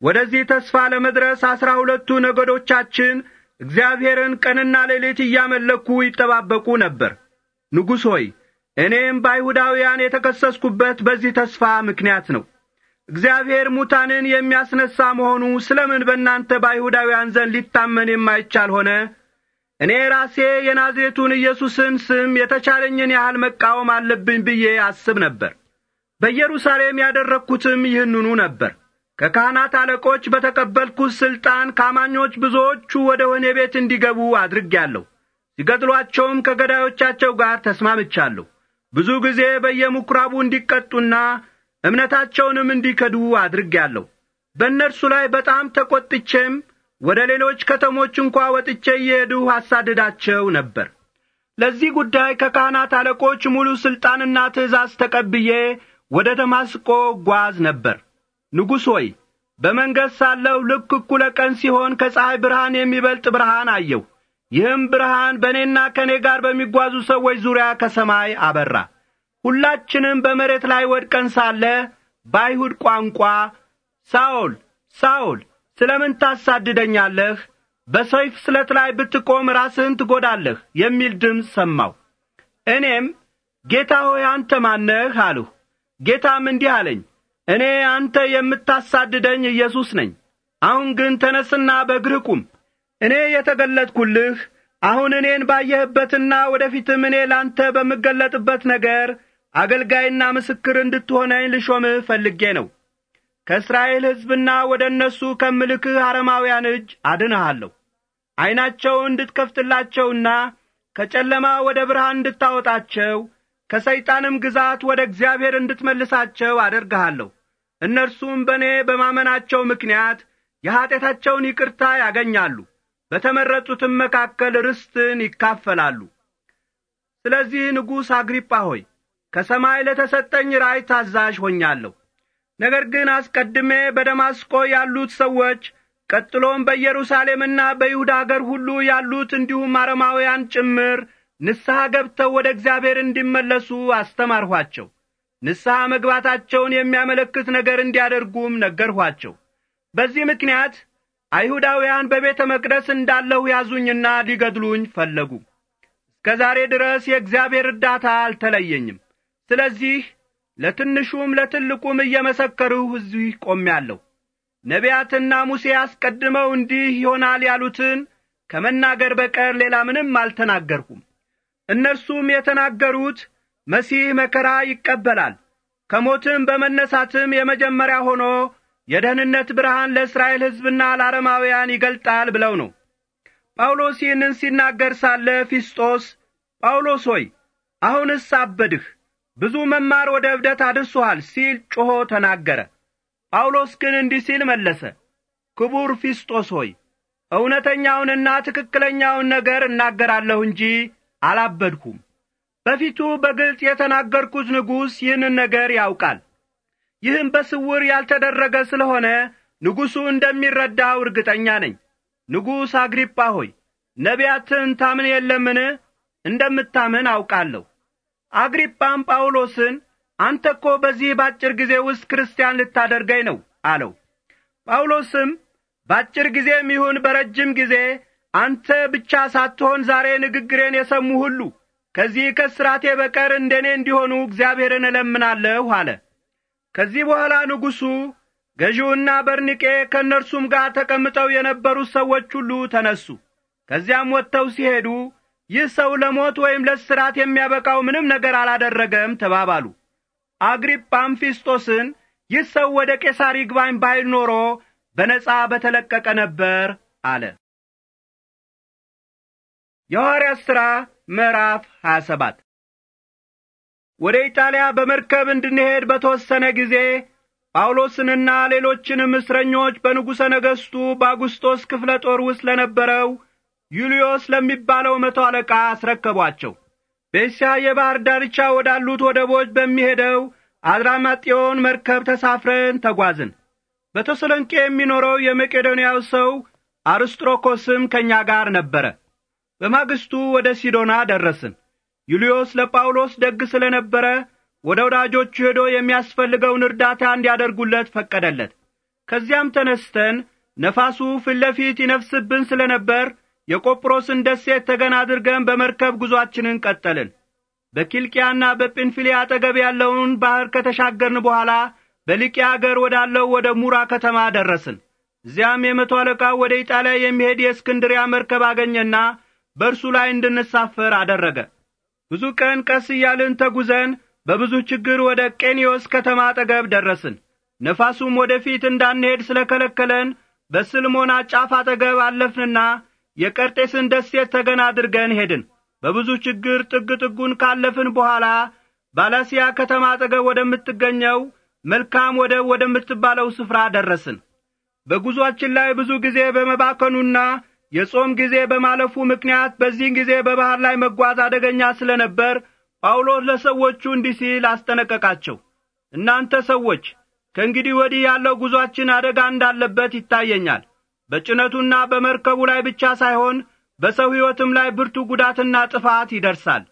ወደዚህ ተስፋ ለመድረስ አስራ ሁለቱ ነገዶቻችን እግዚአብሔርን ቀንና ሌሊት እያመለኩ ይጠባበቁ ነበር። ንጉሥ ሆይ እኔም በአይሁዳውያን የተከሰስኩበት በዚህ ተስፋ ምክንያት ነው። እግዚአብሔር ሙታንን የሚያስነሣ መሆኑ ስለምን በእናንተ በአይሁዳውያን ዘንድ ሊታመን የማይቻል ሆነ? እኔ ራሴ የናዝሬቱን ኢየሱስን ስም የተቻለኝን ያህል መቃወም አለብኝ ብዬ አስብ ነበር። በኢየሩሳሌም ያደረግኩትም ይህንኑ ነበር። ከካህናት አለቆች በተቀበልኩት ሥልጣን ከአማኞች ብዙዎቹ ወደ ወህኒ ቤት እንዲገቡ አድርጌአለሁ። ሲገድሏቸውም ከገዳዮቻቸው ጋር ተስማምቻለሁ። ብዙ ጊዜ በየምኵራቡ እንዲቀጡና እምነታቸውንም እንዲከዱ አድርጌአለሁ። በእነርሱ ላይ በጣም ተቈጥቼም ወደ ሌሎች ከተሞች እንኳ ወጥቼ እየሄድሁ አሳድዳቸው ነበር። ለዚህ ጉዳይ ከካህናት አለቆች ሙሉ ሥልጣንና ትእዛዝ ተቀብዬ ወደ ደማስቆ ጓዝ ነበር። ንጉሥ ሆይ በመንገድ ሳለሁ ልክ እኩለ ቀን ሲሆን ከፀሐይ ብርሃን የሚበልጥ ብርሃን አየሁ። ይህም ብርሃን በእኔና ከእኔ ጋር በሚጓዙ ሰዎች ዙሪያ ከሰማይ አበራ። ሁላችንም በመሬት ላይ ወድቀን ሳለ በአይሁድ ቋንቋ ሳኦል ሳኦል ስለ ምን ታሳድደኛለህ? በሰይፍ ስለት ላይ ብትቆም ራስህን ትጐዳለህ የሚል ድምፅ ሰማሁ። እኔም ጌታ ሆይ አንተ ማነህ አልሁ። ጌታም እንዲህ አለኝ፣ እኔ አንተ የምታሳድደኝ ኢየሱስ ነኝ። አሁን ግን ተነስና በእግርህ ቁም። እኔ የተገለጥኩልህ አሁን እኔን ባየህበትና ወደፊትም እኔ ላንተ በምገለጥበት ነገር አገልጋይና ምስክር እንድትሆነኝ ልሾምህ ፈልጌ ነው። ከእስራኤል ሕዝብና ወደ እነሱ ከምልክህ አረማውያን እጅ አድንሃለሁ። ዐይናቸው እንድትከፍትላቸውና ከጨለማ ወደ ብርሃን እንድታወጣቸው ከሰይጣንም ግዛት ወደ እግዚአብሔር እንድትመልሳቸው አደርግሃለሁ። እነርሱም በእኔ በማመናቸው ምክንያት የኀጢአታቸውን ይቅርታ ያገኛሉ፣ በተመረጡትም መካከል ርስትን ይካፈላሉ። ስለዚህ ንጉሥ አግሪጳ ሆይ ከሰማይ ለተሰጠኝ ራእይ ታዛዥ ሆኛለሁ። ነገር ግን አስቀድሜ በደማስቆ ያሉት ሰዎች ቀጥሎም በኢየሩሳሌምና በይሁዳ አገር ሁሉ ያሉት እንዲሁም አረማውያን ጭምር ንስሐ ገብተው ወደ እግዚአብሔር እንዲመለሱ አስተማርኋቸው። ንስሐ መግባታቸውን የሚያመለክት ነገር እንዲያደርጉም ነገርኋቸው። በዚህ ምክንያት አይሁዳውያን በቤተ መቅደስ እንዳለሁ ያዙኝና ሊገድሉኝ ፈለጉ። እስከ ዛሬ ድረስ የእግዚአብሔር እርዳታ አልተለየኝም። ስለዚህ ለትንሹም ለትልቁም እየመሰከርሁ እዚህ ቆሜአለሁ። ነቢያትና ሙሴ አስቀድመው እንዲህ ይሆናል ያሉትን ከመናገር በቀር ሌላ ምንም አልተናገርሁም። እነርሱም የተናገሩት መሲህ መከራ ይቀበላል፣ ከሞትም በመነሳትም የመጀመሪያ ሆኖ የደህንነት ብርሃን ለእስራኤል ሕዝብና ለአረማውያን ይገልጣል ብለው ነው። ጳውሎስ ይህንን ሲናገር ሳለ ፊስጦስ ጳውሎስ ሆይ አሁንስ አበድህ ብዙ መማር ወደ እብደት አድርሶሃል ሲል ጮኾ ተናገረ። ጳውሎስ ግን እንዲህ ሲል መለሰ፣ ክቡር ፊስጦስ ሆይ እውነተኛውንና ትክክለኛውን ነገር እናገራለሁ እንጂ አላበድኩም። በፊቱ በግልጽ የተናገርኩት ንጉሥ ይህንን ነገር ያውቃል። ይህም በስውር ያልተደረገ ስለሆነ ንጉሡ እንደሚረዳው እርግጠኛ ነኝ። ንጉሥ አግሪጳ ሆይ ነቢያትን ታምን የለምን? እንደምታምን አውቃለሁ። አግሪጳም ጳውሎስን አንተ እኮ በዚህ በአጭር ጊዜ ውስጥ ክርስቲያን ልታደርገኝ ነው አለው። ጳውሎስም በአጭር ጊዜም ይሁን በረጅም ጊዜ አንተ ብቻ ሳትሆን ዛሬ ንግግሬን የሰሙ ሁሉ ከዚህ ከስራቴ በቀር እንደ እኔ እንዲሆኑ እግዚአብሔርን እለምናለሁ አለ። ከዚህ በኋላ ንጉሡ ገዢውና በርኒቄ ከእነርሱም ጋር ተቀምጠው የነበሩት ሰዎች ሁሉ ተነሱ። ከዚያም ወጥተው ሲሄዱ ይህ ሰው ለሞት ወይም ለስራት የሚያበቃው ምንም ነገር አላደረገም ተባባሉ። አግሪጳም ፊስጦስን ይህ ሰው ወደ ቄሳር ይግባኝ ባይል ኖሮ በነጻ በተለቀቀ ነበር አለ። የሐዋርያ ሥራ ምዕራፍ 27 ወደ ኢጣሊያ በመርከብ እንድንሄድ በተወሰነ ጊዜ ጳውሎስንና ሌሎችንም እስረኞች በንጉሠ ነገሥቱ በአጉስጦስ ክፍለ ጦር ውስጥ ለነበረው ዩልዮስ ለሚባለው መቶ አለቃ አስረከቧቸው። በእስያ የባሕር ዳርቻ ወዳሉት ወደቦች በሚሄደው አድራማጤዮን መርከብ ተሳፍረን ተጓዝን። በተሰሎንቄ የሚኖረው የመቄዶንያው ሰው አርስጥሮኮስም ከእኛ ጋር ነበረ። በማግስቱ ወደ ሲዶና ደረስን። ዩልዮስ ለጳውሎስ ደግ ስለ ነበረ ወደ ወዳጆቹ ሄዶ የሚያስፈልገውን እርዳታ እንዲያደርጉለት ፈቀደለት። ከዚያም ተነስተን ነፋሱ ፊት ለፊት ይነፍስብን ስለ ነበር የቆጵሮስን ደሴት ተገን አድርገን በመርከብ ጒዞአችንን ቀጠልን። በኪልቅያና በጵንፍልያ አጠገብ ያለውን ባሕር ከተሻገርን በኋላ በልቅያ አገር ወዳለው ወደ ሙራ ከተማ ደረስን። እዚያም የመቶ አለቃው ወደ ኢጣሊያ የሚሄድ የእስክንድሪያ መርከብ አገኘና በእርሱ ላይ እንድንሳፈር አደረገ። ብዙ ቀን ቀስ እያልን ተጉዘን በብዙ ችግር ወደ ቄኒዮስ ከተማ አጠገብ ደረስን። ነፋሱም ወደ ፊት እንዳንሄድ ስለ ከለከለን በስልሞና ጫፍ አጠገብ አለፍንና የቀርጤስን ደሴት ተገን አድርገን ሄድን። በብዙ ችግር ጥግ ጥጉን ካለፍን በኋላ ባላሲያ ከተማ አጠገብ ወደምትገኘው መልካም ወደብ ወደምትባለው ስፍራ ደረስን። በጉዞአችን ላይ ብዙ ጊዜ በመባከኑና የጾም ጊዜ በማለፉ ምክንያት በዚህን ጊዜ በባሕር ላይ መጓዝ አደገኛ ስለ ነበር ጳውሎስ ለሰዎቹ እንዲህ ሲል አስጠነቀቃቸው። እናንተ ሰዎች ከእንግዲህ ወዲህ ያለው ጉዞአችን አደጋ እንዳለበት ይታየኛል። በጭነቱና በመርከቡ ላይ ብቻ ሳይሆን በሰው ሕይወትም ላይ ብርቱ ጉዳትና ጥፋት ይደርሳል።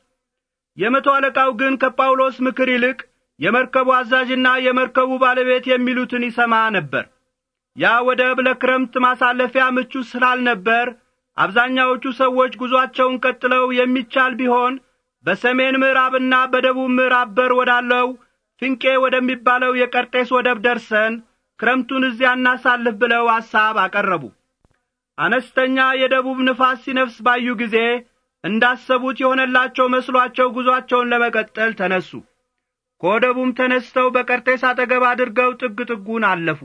የመቶ አለቃው ግን ከጳውሎስ ምክር ይልቅ የመርከቡ አዛዥና የመርከቡ ባለቤት የሚሉትን ይሰማ ነበር። ያ ወደብ ለክረምት ማሳለፊያ ምቹ ስላልነበር አብዛኛዎቹ ሰዎች ጉዞአቸውን ቀጥለው የሚቻል ቢሆን በሰሜን ምዕራብና በደቡብ ምዕራብ በር ወዳለው ፍንቄ ወደሚባለው የቀርጤስ ወደብ ደርሰን ክረምቱን እዚያ እናሳልፍ ብለው ሐሳብ አቀረቡ። አነስተኛ የደቡብ ንፋስ ሲነፍስ ባዩ ጊዜ እንዳሰቡት የሆነላቸው መስሏቸው ጒዞአቸውን ለመቀጠል ተነሱ። ከወደቡም ተነስተው በቀርጤስ አጠገብ አድርገው ጥግ ጥጉን አለፉ።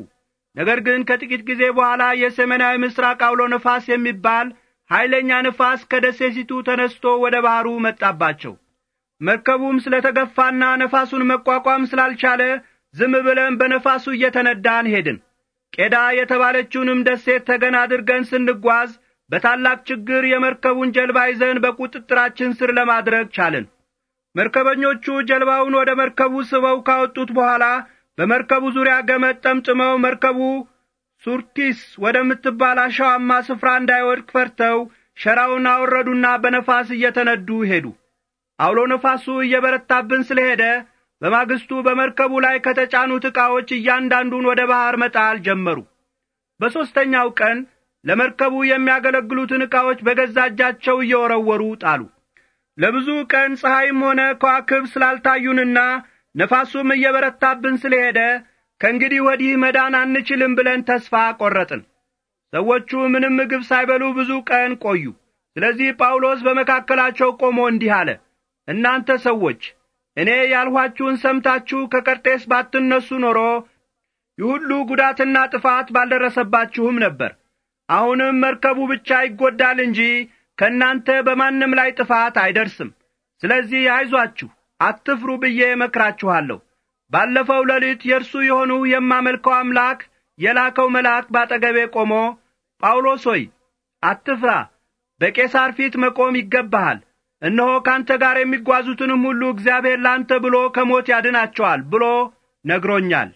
ነገር ግን ከጥቂት ጊዜ በኋላ የሰሜናዊ ምስራቅ አውሎ ነፋስ የሚባል ኃይለኛ ንፋስ ከደሴቲቱ ተነስቶ ወደ ባሕሩ መጣባቸው። መርከቡም ስለ ተገፋና ነፋሱን መቋቋም ስላልቻለ ዝም ብለን በነፋሱ እየተነዳን ሄድን። ቄዳ የተባለችውንም ደሴት ተገን አድርገን ስንጓዝ በታላቅ ችግር የመርከቡን ጀልባ ይዘን በቁጥጥራችን ስር ለማድረግ ቻልን። መርከበኞቹ ጀልባውን ወደ መርከቡ ስበው ካወጡት በኋላ በመርከቡ ዙሪያ ገመድ ጠምጥመው መርከቡ ሱርቲስ ወደምትባል አሸዋማ ስፍራ እንዳይወድቅ ፈርተው ሸራውን አወረዱና በነፋስ እየተነዱ ሄዱ። አውሎ ነፋሱ እየበረታብን ስለሄደ በማግስቱ በመርከቡ ላይ ከተጫኑት ዕቃዎች እያንዳንዱን ወደ ባሕር መጣል ጀመሩ። በሦስተኛው ቀን ለመርከቡ የሚያገለግሉትን ዕቃዎች በገዛ እጃቸው እየወረወሩ ጣሉ። ለብዙ ቀን ፀሐይም ሆነ ከዋክብ ስላልታዩንና ነፋሱም እየበረታብን ስለሄደ ከእንግዲህ ወዲህ መዳን አንችልም ብለን ተስፋ ቈረጥን። ሰዎቹ ምንም ምግብ ሳይበሉ ብዙ ቀን ቆዩ። ስለዚህ ጳውሎስ በመካከላቸው ቆሞ እንዲህ አለ፣ እናንተ ሰዎች እኔ ያልኋችሁን ሰምታችሁ ከቀርጤስ ባትነሱ ኖሮ ይህ ሁሉ ጉዳትና ጥፋት ባልደረሰባችሁም ነበር። አሁንም መርከቡ ብቻ ይጐዳል እንጂ ከእናንተ በማንም ላይ ጥፋት አይደርስም። ስለዚህ አይዟችሁ፣ አትፍሩ ብዬ እመክራችኋለሁ። ባለፈው ሌሊት የእርሱ የሆኑ የማመልከው አምላክ የላከው መልአክ ባጠገቤ ቆሞ ጳውሎስ ሆይ አትፍራ፣ በቄሳር ፊት መቆም ይገባሃል እነሆ ካንተ ጋር የሚጓዙትንም ሁሉ እግዚአብሔር ላንተ ብሎ ከሞት ያድናቸዋል ብሎ ነግሮኛል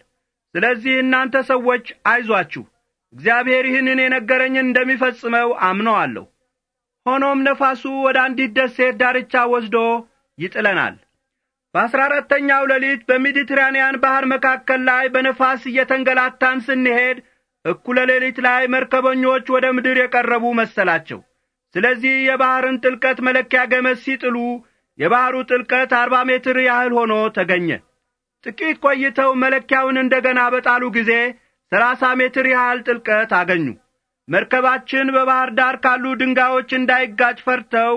ስለዚህ እናንተ ሰዎች አይዟችሁ እግዚአብሔር ይህንን የነገረኝን እንደሚፈጽመው አምነዋለሁ ሆኖም ነፋሱ ወደ አንዲት ደሴት ዳርቻ ወስዶ ይጥለናል በአሥራ አራተኛው ሌሊት በሜዲትራንያን ባሕር መካከል ላይ በነፋስ እየተንገላታን ስንሄድ እኩለ ሌሊት ላይ መርከበኞች ወደ ምድር የቀረቡ መሰላቸው ስለዚህ የባሕርን ጥልቀት መለኪያ ገመድ ሲጥሉ የባሕሩ ጥልቀት አርባ ሜትር ያህል ሆኖ ተገኘ። ጥቂት ቆይተው መለኪያውን እንደ ገና በጣሉ ጊዜ ሰላሳ ሜትር ያህል ጥልቀት አገኙ። መርከባችን በባሕር ዳር ካሉ ድንጋዮች እንዳይጋጭ ፈርተው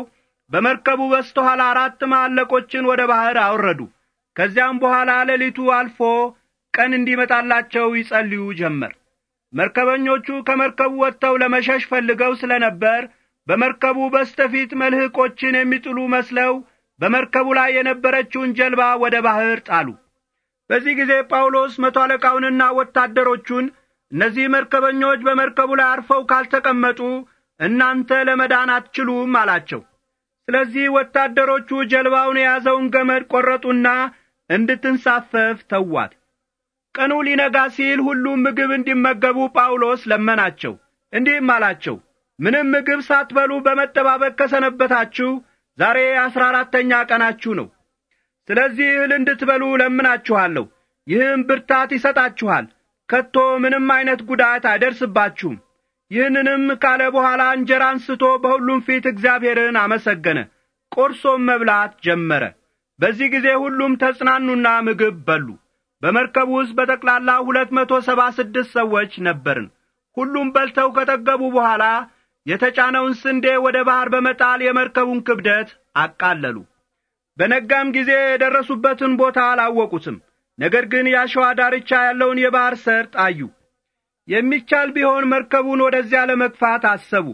በመርከቡ በስተኋላ አራት ማለቆችን ወደ ባሕር አወረዱ። ከዚያም በኋላ ሌሊቱ አልፎ ቀን እንዲመጣላቸው ይጸልዩ ጀመር። መርከበኞቹ ከመርከቡ ወጥተው ለመሸሽ ፈልገው ስለ ነበር በመርከቡ በስተፊት መልህቆችን የሚጥሉ መስለው በመርከቡ ላይ የነበረችውን ጀልባ ወደ ባሕር ጣሉ። በዚህ ጊዜ ጳውሎስ መቶ አለቃውንና ወታደሮቹን እነዚህ መርከበኞች በመርከቡ ላይ አርፈው ካልተቀመጡ እናንተ ለመዳን አትችሉም አላቸው። ስለዚህ ወታደሮቹ ጀልባውን የያዘውን ገመድ ቈረጡና እንድትንሳፈፍ ተዋት። ቀኑ ሊነጋ ሲል ሁሉም ምግብ እንዲመገቡ ጳውሎስ ለመናቸው፣ እንዲህም አላቸው ምንም ምግብ ሳትበሉ በመጠባበቅ ከሰነበታችሁ ዛሬ አሥራ አራተኛ ቀናችሁ ነው። ስለዚህ እህል እንድትበሉ ለምናችኋለሁ። ይህም ብርታት ይሰጣችኋል፣ ከቶ ምንም ዐይነት ጉዳት አይደርስባችሁም። ይህንንም ካለ በኋላ እንጀራ አንስቶ በሁሉም ፊት እግዚአብሔርን አመሰገነ፣ ቆርሶም መብላት ጀመረ። በዚህ ጊዜ ሁሉም ተጽናኑና ምግብ በሉ። በመርከቡ ውስጥ በጠቅላላ ሁለት መቶ ሰባ ስድስት ሰዎች ነበርን። ሁሉም በልተው ከጠገቡ በኋላ የተጫነውን ስንዴ ወደ ባሕር በመጣል የመርከቡን ክብደት አቃለሉ። በነጋም ጊዜ የደረሱበትን ቦታ አላወቁትም። ነገር ግን የአሸዋ ዳርቻ ያለውን የባሕር ሰርጥ አዩ። የሚቻል ቢሆን መርከቡን ወደዚያ ለመግፋት አሰቡ።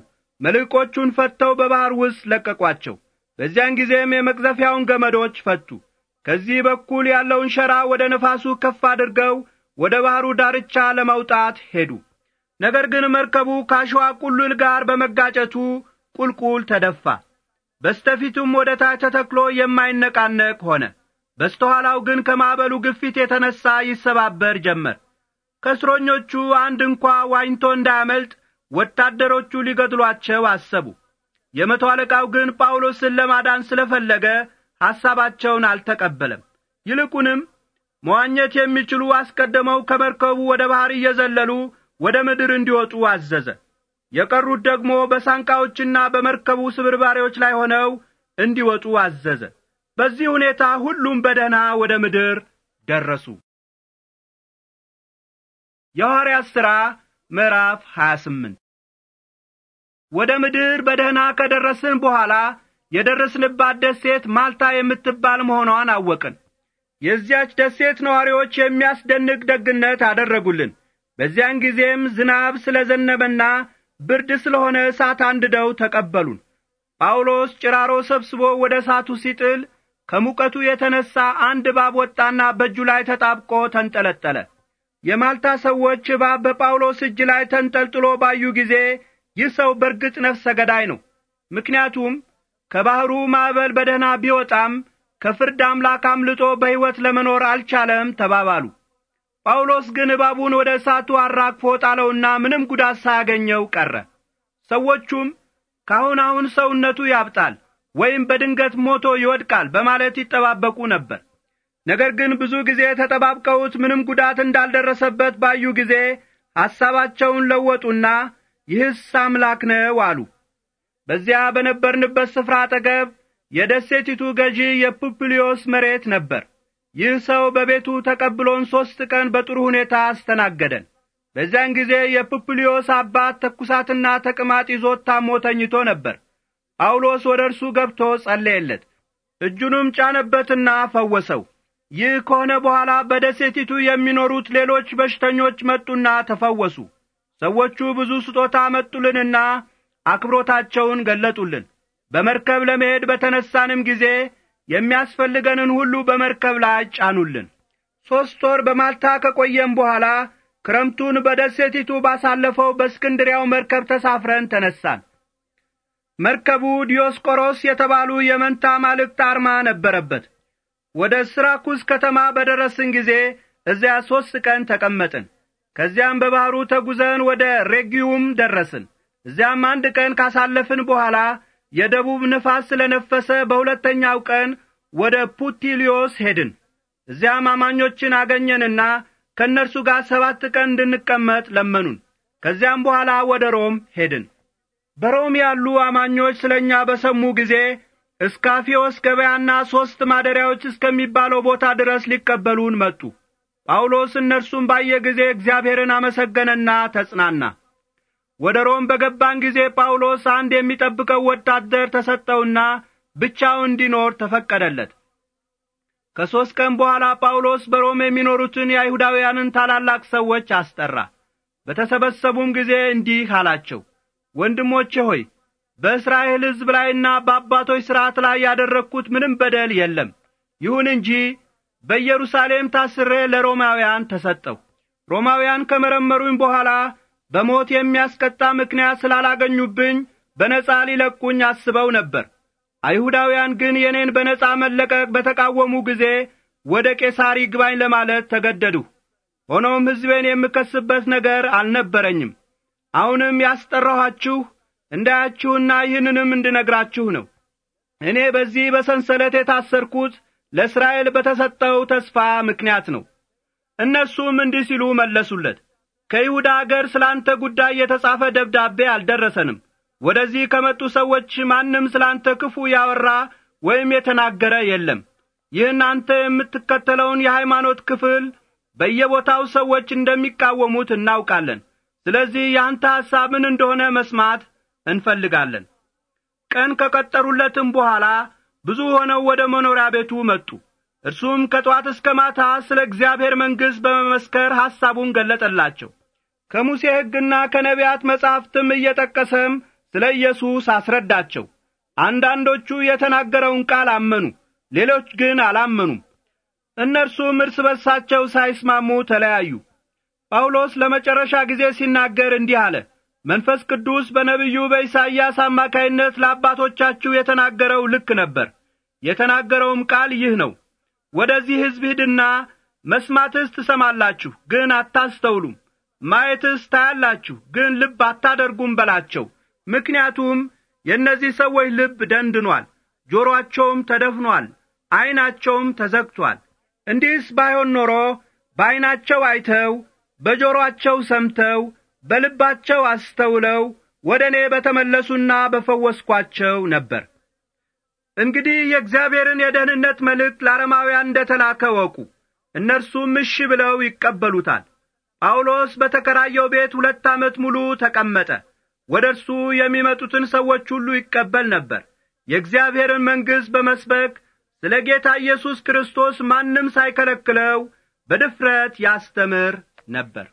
መልሕቆቹን ፈትተው በባሕር ውስጥ ለቀቋቸው። በዚያን ጊዜም የመቅዘፊያውን ገመዶች ፈቱ። ከዚህ በኩል ያለውን ሸራ ወደ ነፋሱ ከፍ አድርገው ወደ ባሕሩ ዳርቻ ለማውጣት ሄዱ። ነገር ግን መርከቡ ከአሸዋ ቁልል ጋር በመጋጨቱ ቁልቁል ተደፋ። በስተፊቱም ወደ ታች ተተክሎ የማይነቃነቅ ሆነ። በስተኋላው ግን ከማዕበሉ ግፊት የተነሣ ይሰባበር ጀመር። ከእስረኞቹ አንድ እንኳ ዋኝቶ እንዳያመልጥ ወታደሮቹ ሊገድሏቸው አሰቡ። የመቶ አለቃው ግን ጳውሎስን ለማዳን ስለፈለገ ሐሳባቸውን አልተቀበለም። ይልቁንም መዋኘት የሚችሉ አስቀድመው ከመርከቡ ወደ ባሕር እየዘለሉ ወደ ምድር እንዲወጡ አዘዘ። የቀሩት ደግሞ በሳንቃዎችና በመርከቡ ስብርባሪዎች ላይ ሆነው እንዲወጡ አዘዘ። በዚህ ሁኔታ ሁሉም በደህና ወደ ምድር ደረሱ። የሐዋርያት ሥራ ምዕራፍ 28 ወደ ምድር በደህና ከደረስን በኋላ የደረስንባት ደሴት ማልታ የምትባል መሆኗን አወቅን። የዚያች ደሴት ነዋሪዎች የሚያስደንቅ ደግነት አደረጉልን። በዚያን ጊዜም ዝናብ ስለ ዘነበና ብርድ ስለሆነ እሳት አንድደው ተቀበሉን። ጳውሎስ ጭራሮ ሰብስቦ ወደ እሳቱ ሲጥል ከሙቀቱ የተነሣ አንድ እባብ ወጣና በእጁ ላይ ተጣብቆ ተንጠለጠለ። የማልታ ሰዎች እባብ በጳውሎስ እጅ ላይ ተንጠልጥሎ ባዩ ጊዜ ይህ ሰው በርግጥ ነፍሰ ገዳይ ነው፣ ምክንያቱም ከባሕሩ ማዕበል በደህና ቢወጣም ከፍርድ አምላክ አምልጦ በሕይወት ለመኖር አልቻለም ተባባሉ። ጳውሎስ ግን እባቡን ወደ እሳቱ አራግፎ ጣለውና ምንም ጉዳት ሳያገኘው ቀረ። ሰዎቹም ካሁን አሁን ሰውነቱ ያብጣል ወይም በድንገት ሞቶ ይወድቃል በማለት ይጠባበቁ ነበር። ነገር ግን ብዙ ጊዜ ተጠባብቀውት ምንም ጉዳት እንዳልደረሰበት ባዩ ጊዜ ሐሳባቸውን ለወጡና ይህስ አምላክ ነው አሉ። በዚያ በነበርንበት ስፍራ አጠገብ የደሴቲቱ ገዢ የፑፕልዮስ መሬት ነበር። ይህ ሰው በቤቱ ተቀብሎን ሦስት ቀን በጥሩ ሁኔታ አስተናገደን። በዚያን ጊዜ የፑፕልዮስ አባት ተኩሳትና ተቅማጥ ይዞት ታሞ ተኝቶ ነበር። ጳውሎስ ወደ እርሱ ገብቶ ጸለየለት፣ እጁንም ጫነበትና ፈወሰው። ይህ ከሆነ በኋላ በደሴቲቱ የሚኖሩት ሌሎች በሽተኞች መጡና ተፈወሱ። ሰዎቹ ብዙ ስጦታ መጡልንና አክብሮታቸውን ገለጡልን። በመርከብ ለመሄድ በተነሳንም ጊዜ የሚያስፈልገንን ሁሉ በመርከብ ላይ ጫኑልን። ሦስት ወር በማልታ ከቆየም በኋላ ክረምቱን በደሴቲቱ ባሳለፈው በእስክንድሪያው መርከብ ተሳፍረን ተነሳን። መርከቡ ዲዮስቆሮስ የተባሉ የመንታ ማልክት አርማ ነበረበት። ወደ ስራኩስ ከተማ በደረስን ጊዜ እዚያ ሦስት ቀን ተቀመጥን። ከዚያም በባሕሩ ተጉዘን ወደ ሬጊዩም ደረስን። እዚያም አንድ ቀን ካሳለፍን በኋላ የደቡብ ንፋስ ስለ ነፈሰ በሁለተኛው ቀን ወደ ፑቲሊዮስ ሄድን። እዚያም አማኞችን አገኘንና ከእነርሱ ጋር ሰባት ቀን እንድንቀመጥ ለመኑን። ከዚያም በኋላ ወደ ሮም ሄድን። በሮም ያሉ አማኞች ስለ እኛ በሰሙ ጊዜ እስከ አፊዮስ ገበያና ሦስት ማደሪያዎች እስከሚባለው ቦታ ድረስ ሊቀበሉን መጡ። ጳውሎስ እነርሱም ባየ ጊዜ እግዚአብሔርን አመሰገነና ተጽናና። ወደ ሮም በገባን ጊዜ ጳውሎስ አንድ የሚጠብቀው ወታደር ተሰጠውና ብቻው እንዲኖር ተፈቀደለት። ከሦስት ቀን በኋላ ጳውሎስ በሮም የሚኖሩትን የአይሁዳውያንን ታላላቅ ሰዎች አስጠራ። በተሰበሰቡም ጊዜ እንዲህ አላቸው፣ ወንድሞቼ ሆይ በእስራኤል ሕዝብ ላይና በአባቶች ሥርዓት ላይ ያደረግሁት ምንም በደል የለም። ይሁን እንጂ በኢየሩሳሌም ታስሬ ለሮማውያን ተሰጠሁ። ሮማውያን ከመረመሩኝ በኋላ በሞት የሚያስቀጣ ምክንያት ስላላገኙብኝ በነጻ ሊለቁኝ አስበው ነበር። አይሁዳውያን ግን የኔን በነጻ መለቀቅ በተቃወሙ ጊዜ ወደ ቄሳር ይግባኝ ለማለት ተገደዱ። ሆኖም ሕዝቤን የምከስበት ነገር አልነበረኝም። አሁንም ያስጠራኋችሁ እንዳያችሁና ይህንንም እንድነግራችሁ ነው። እኔ በዚህ በሰንሰለት የታሰርኩት ለእስራኤል በተሰጠው ተስፋ ምክንያት ነው። እነርሱም እንዲህ ሲሉ መለሱለት፣ ከይሁዳ አገር ስለ አንተ ጉዳይ የተጻፈ ደብዳቤ አልደረሰንም። ወደዚህ ከመጡ ሰዎች ማንም ስለ አንተ ክፉ ያወራ ወይም የተናገረ የለም። ይህን አንተ የምትከተለውን የሃይማኖት ክፍል በየቦታው ሰዎች እንደሚቃወሙት እናውቃለን። ስለዚህ የአንተ ሐሳብ ምን እንደሆነ መስማት እንፈልጋለን። ቀን ከቀጠሩለትም በኋላ ብዙ ሆነው ወደ መኖሪያ ቤቱ መጡ። እርሱም ከጠዋት እስከ ማታ ስለ እግዚአብሔር መንግሥት በመመስከር ሐሳቡን ገለጠላቸው። ከሙሴ ሕግና ከነቢያት መጻሕፍትም እየጠቀሰም ስለ ኢየሱስ አስረዳቸው። አንዳንዶቹ የተናገረውን ቃል አመኑ፣ ሌሎች ግን አላመኑም። እነርሱም እርስ በርሳቸው ሳይስማሙ ተለያዩ። ጳውሎስ ለመጨረሻ ጊዜ ሲናገር እንዲህ አለ። መንፈስ ቅዱስ በነቢዩ በኢሳይያስ አማካይነት ለአባቶቻችሁ የተናገረው ልክ ነበር። የተናገረውም ቃል ይህ ነው። ወደዚህ ሕዝብ ሂድና መስማትስ ትሰማላችሁ፣ ግን አታስተውሉም ማየትስ ታያላችሁ፣ ግን ልብ አታደርጉም በላቸው። ምክንያቱም የእነዚህ ሰዎች ልብ ደንድኗል፣ ጆሮአቸውም ተደፍኗል፣ ዐይናቸውም ተዘግቷል። እንዲህስ ባይሆን ኖሮ በዐይናቸው አይተው፣ በጆሮአቸው ሰምተው፣ በልባቸው አስተውለው ወደ እኔ በተመለሱና በፈወስኳቸው ነበር። እንግዲህ የእግዚአብሔርን የደህንነት መልእክት ለአረማውያን እንደ ተላከ ወቁ። እነርሱም እሺ ብለው ይቀበሉታል። ጳውሎስ በተከራየው ቤት ሁለት ዓመት ሙሉ ተቀመጠ። ወደ እርሱ የሚመጡትን ሰዎች ሁሉ ይቀበል ነበር። የእግዚአብሔርን መንግሥት በመስበክ ስለ ጌታ ኢየሱስ ክርስቶስ ማንም ሳይከለክለው በድፍረት ያስተምር ነበር።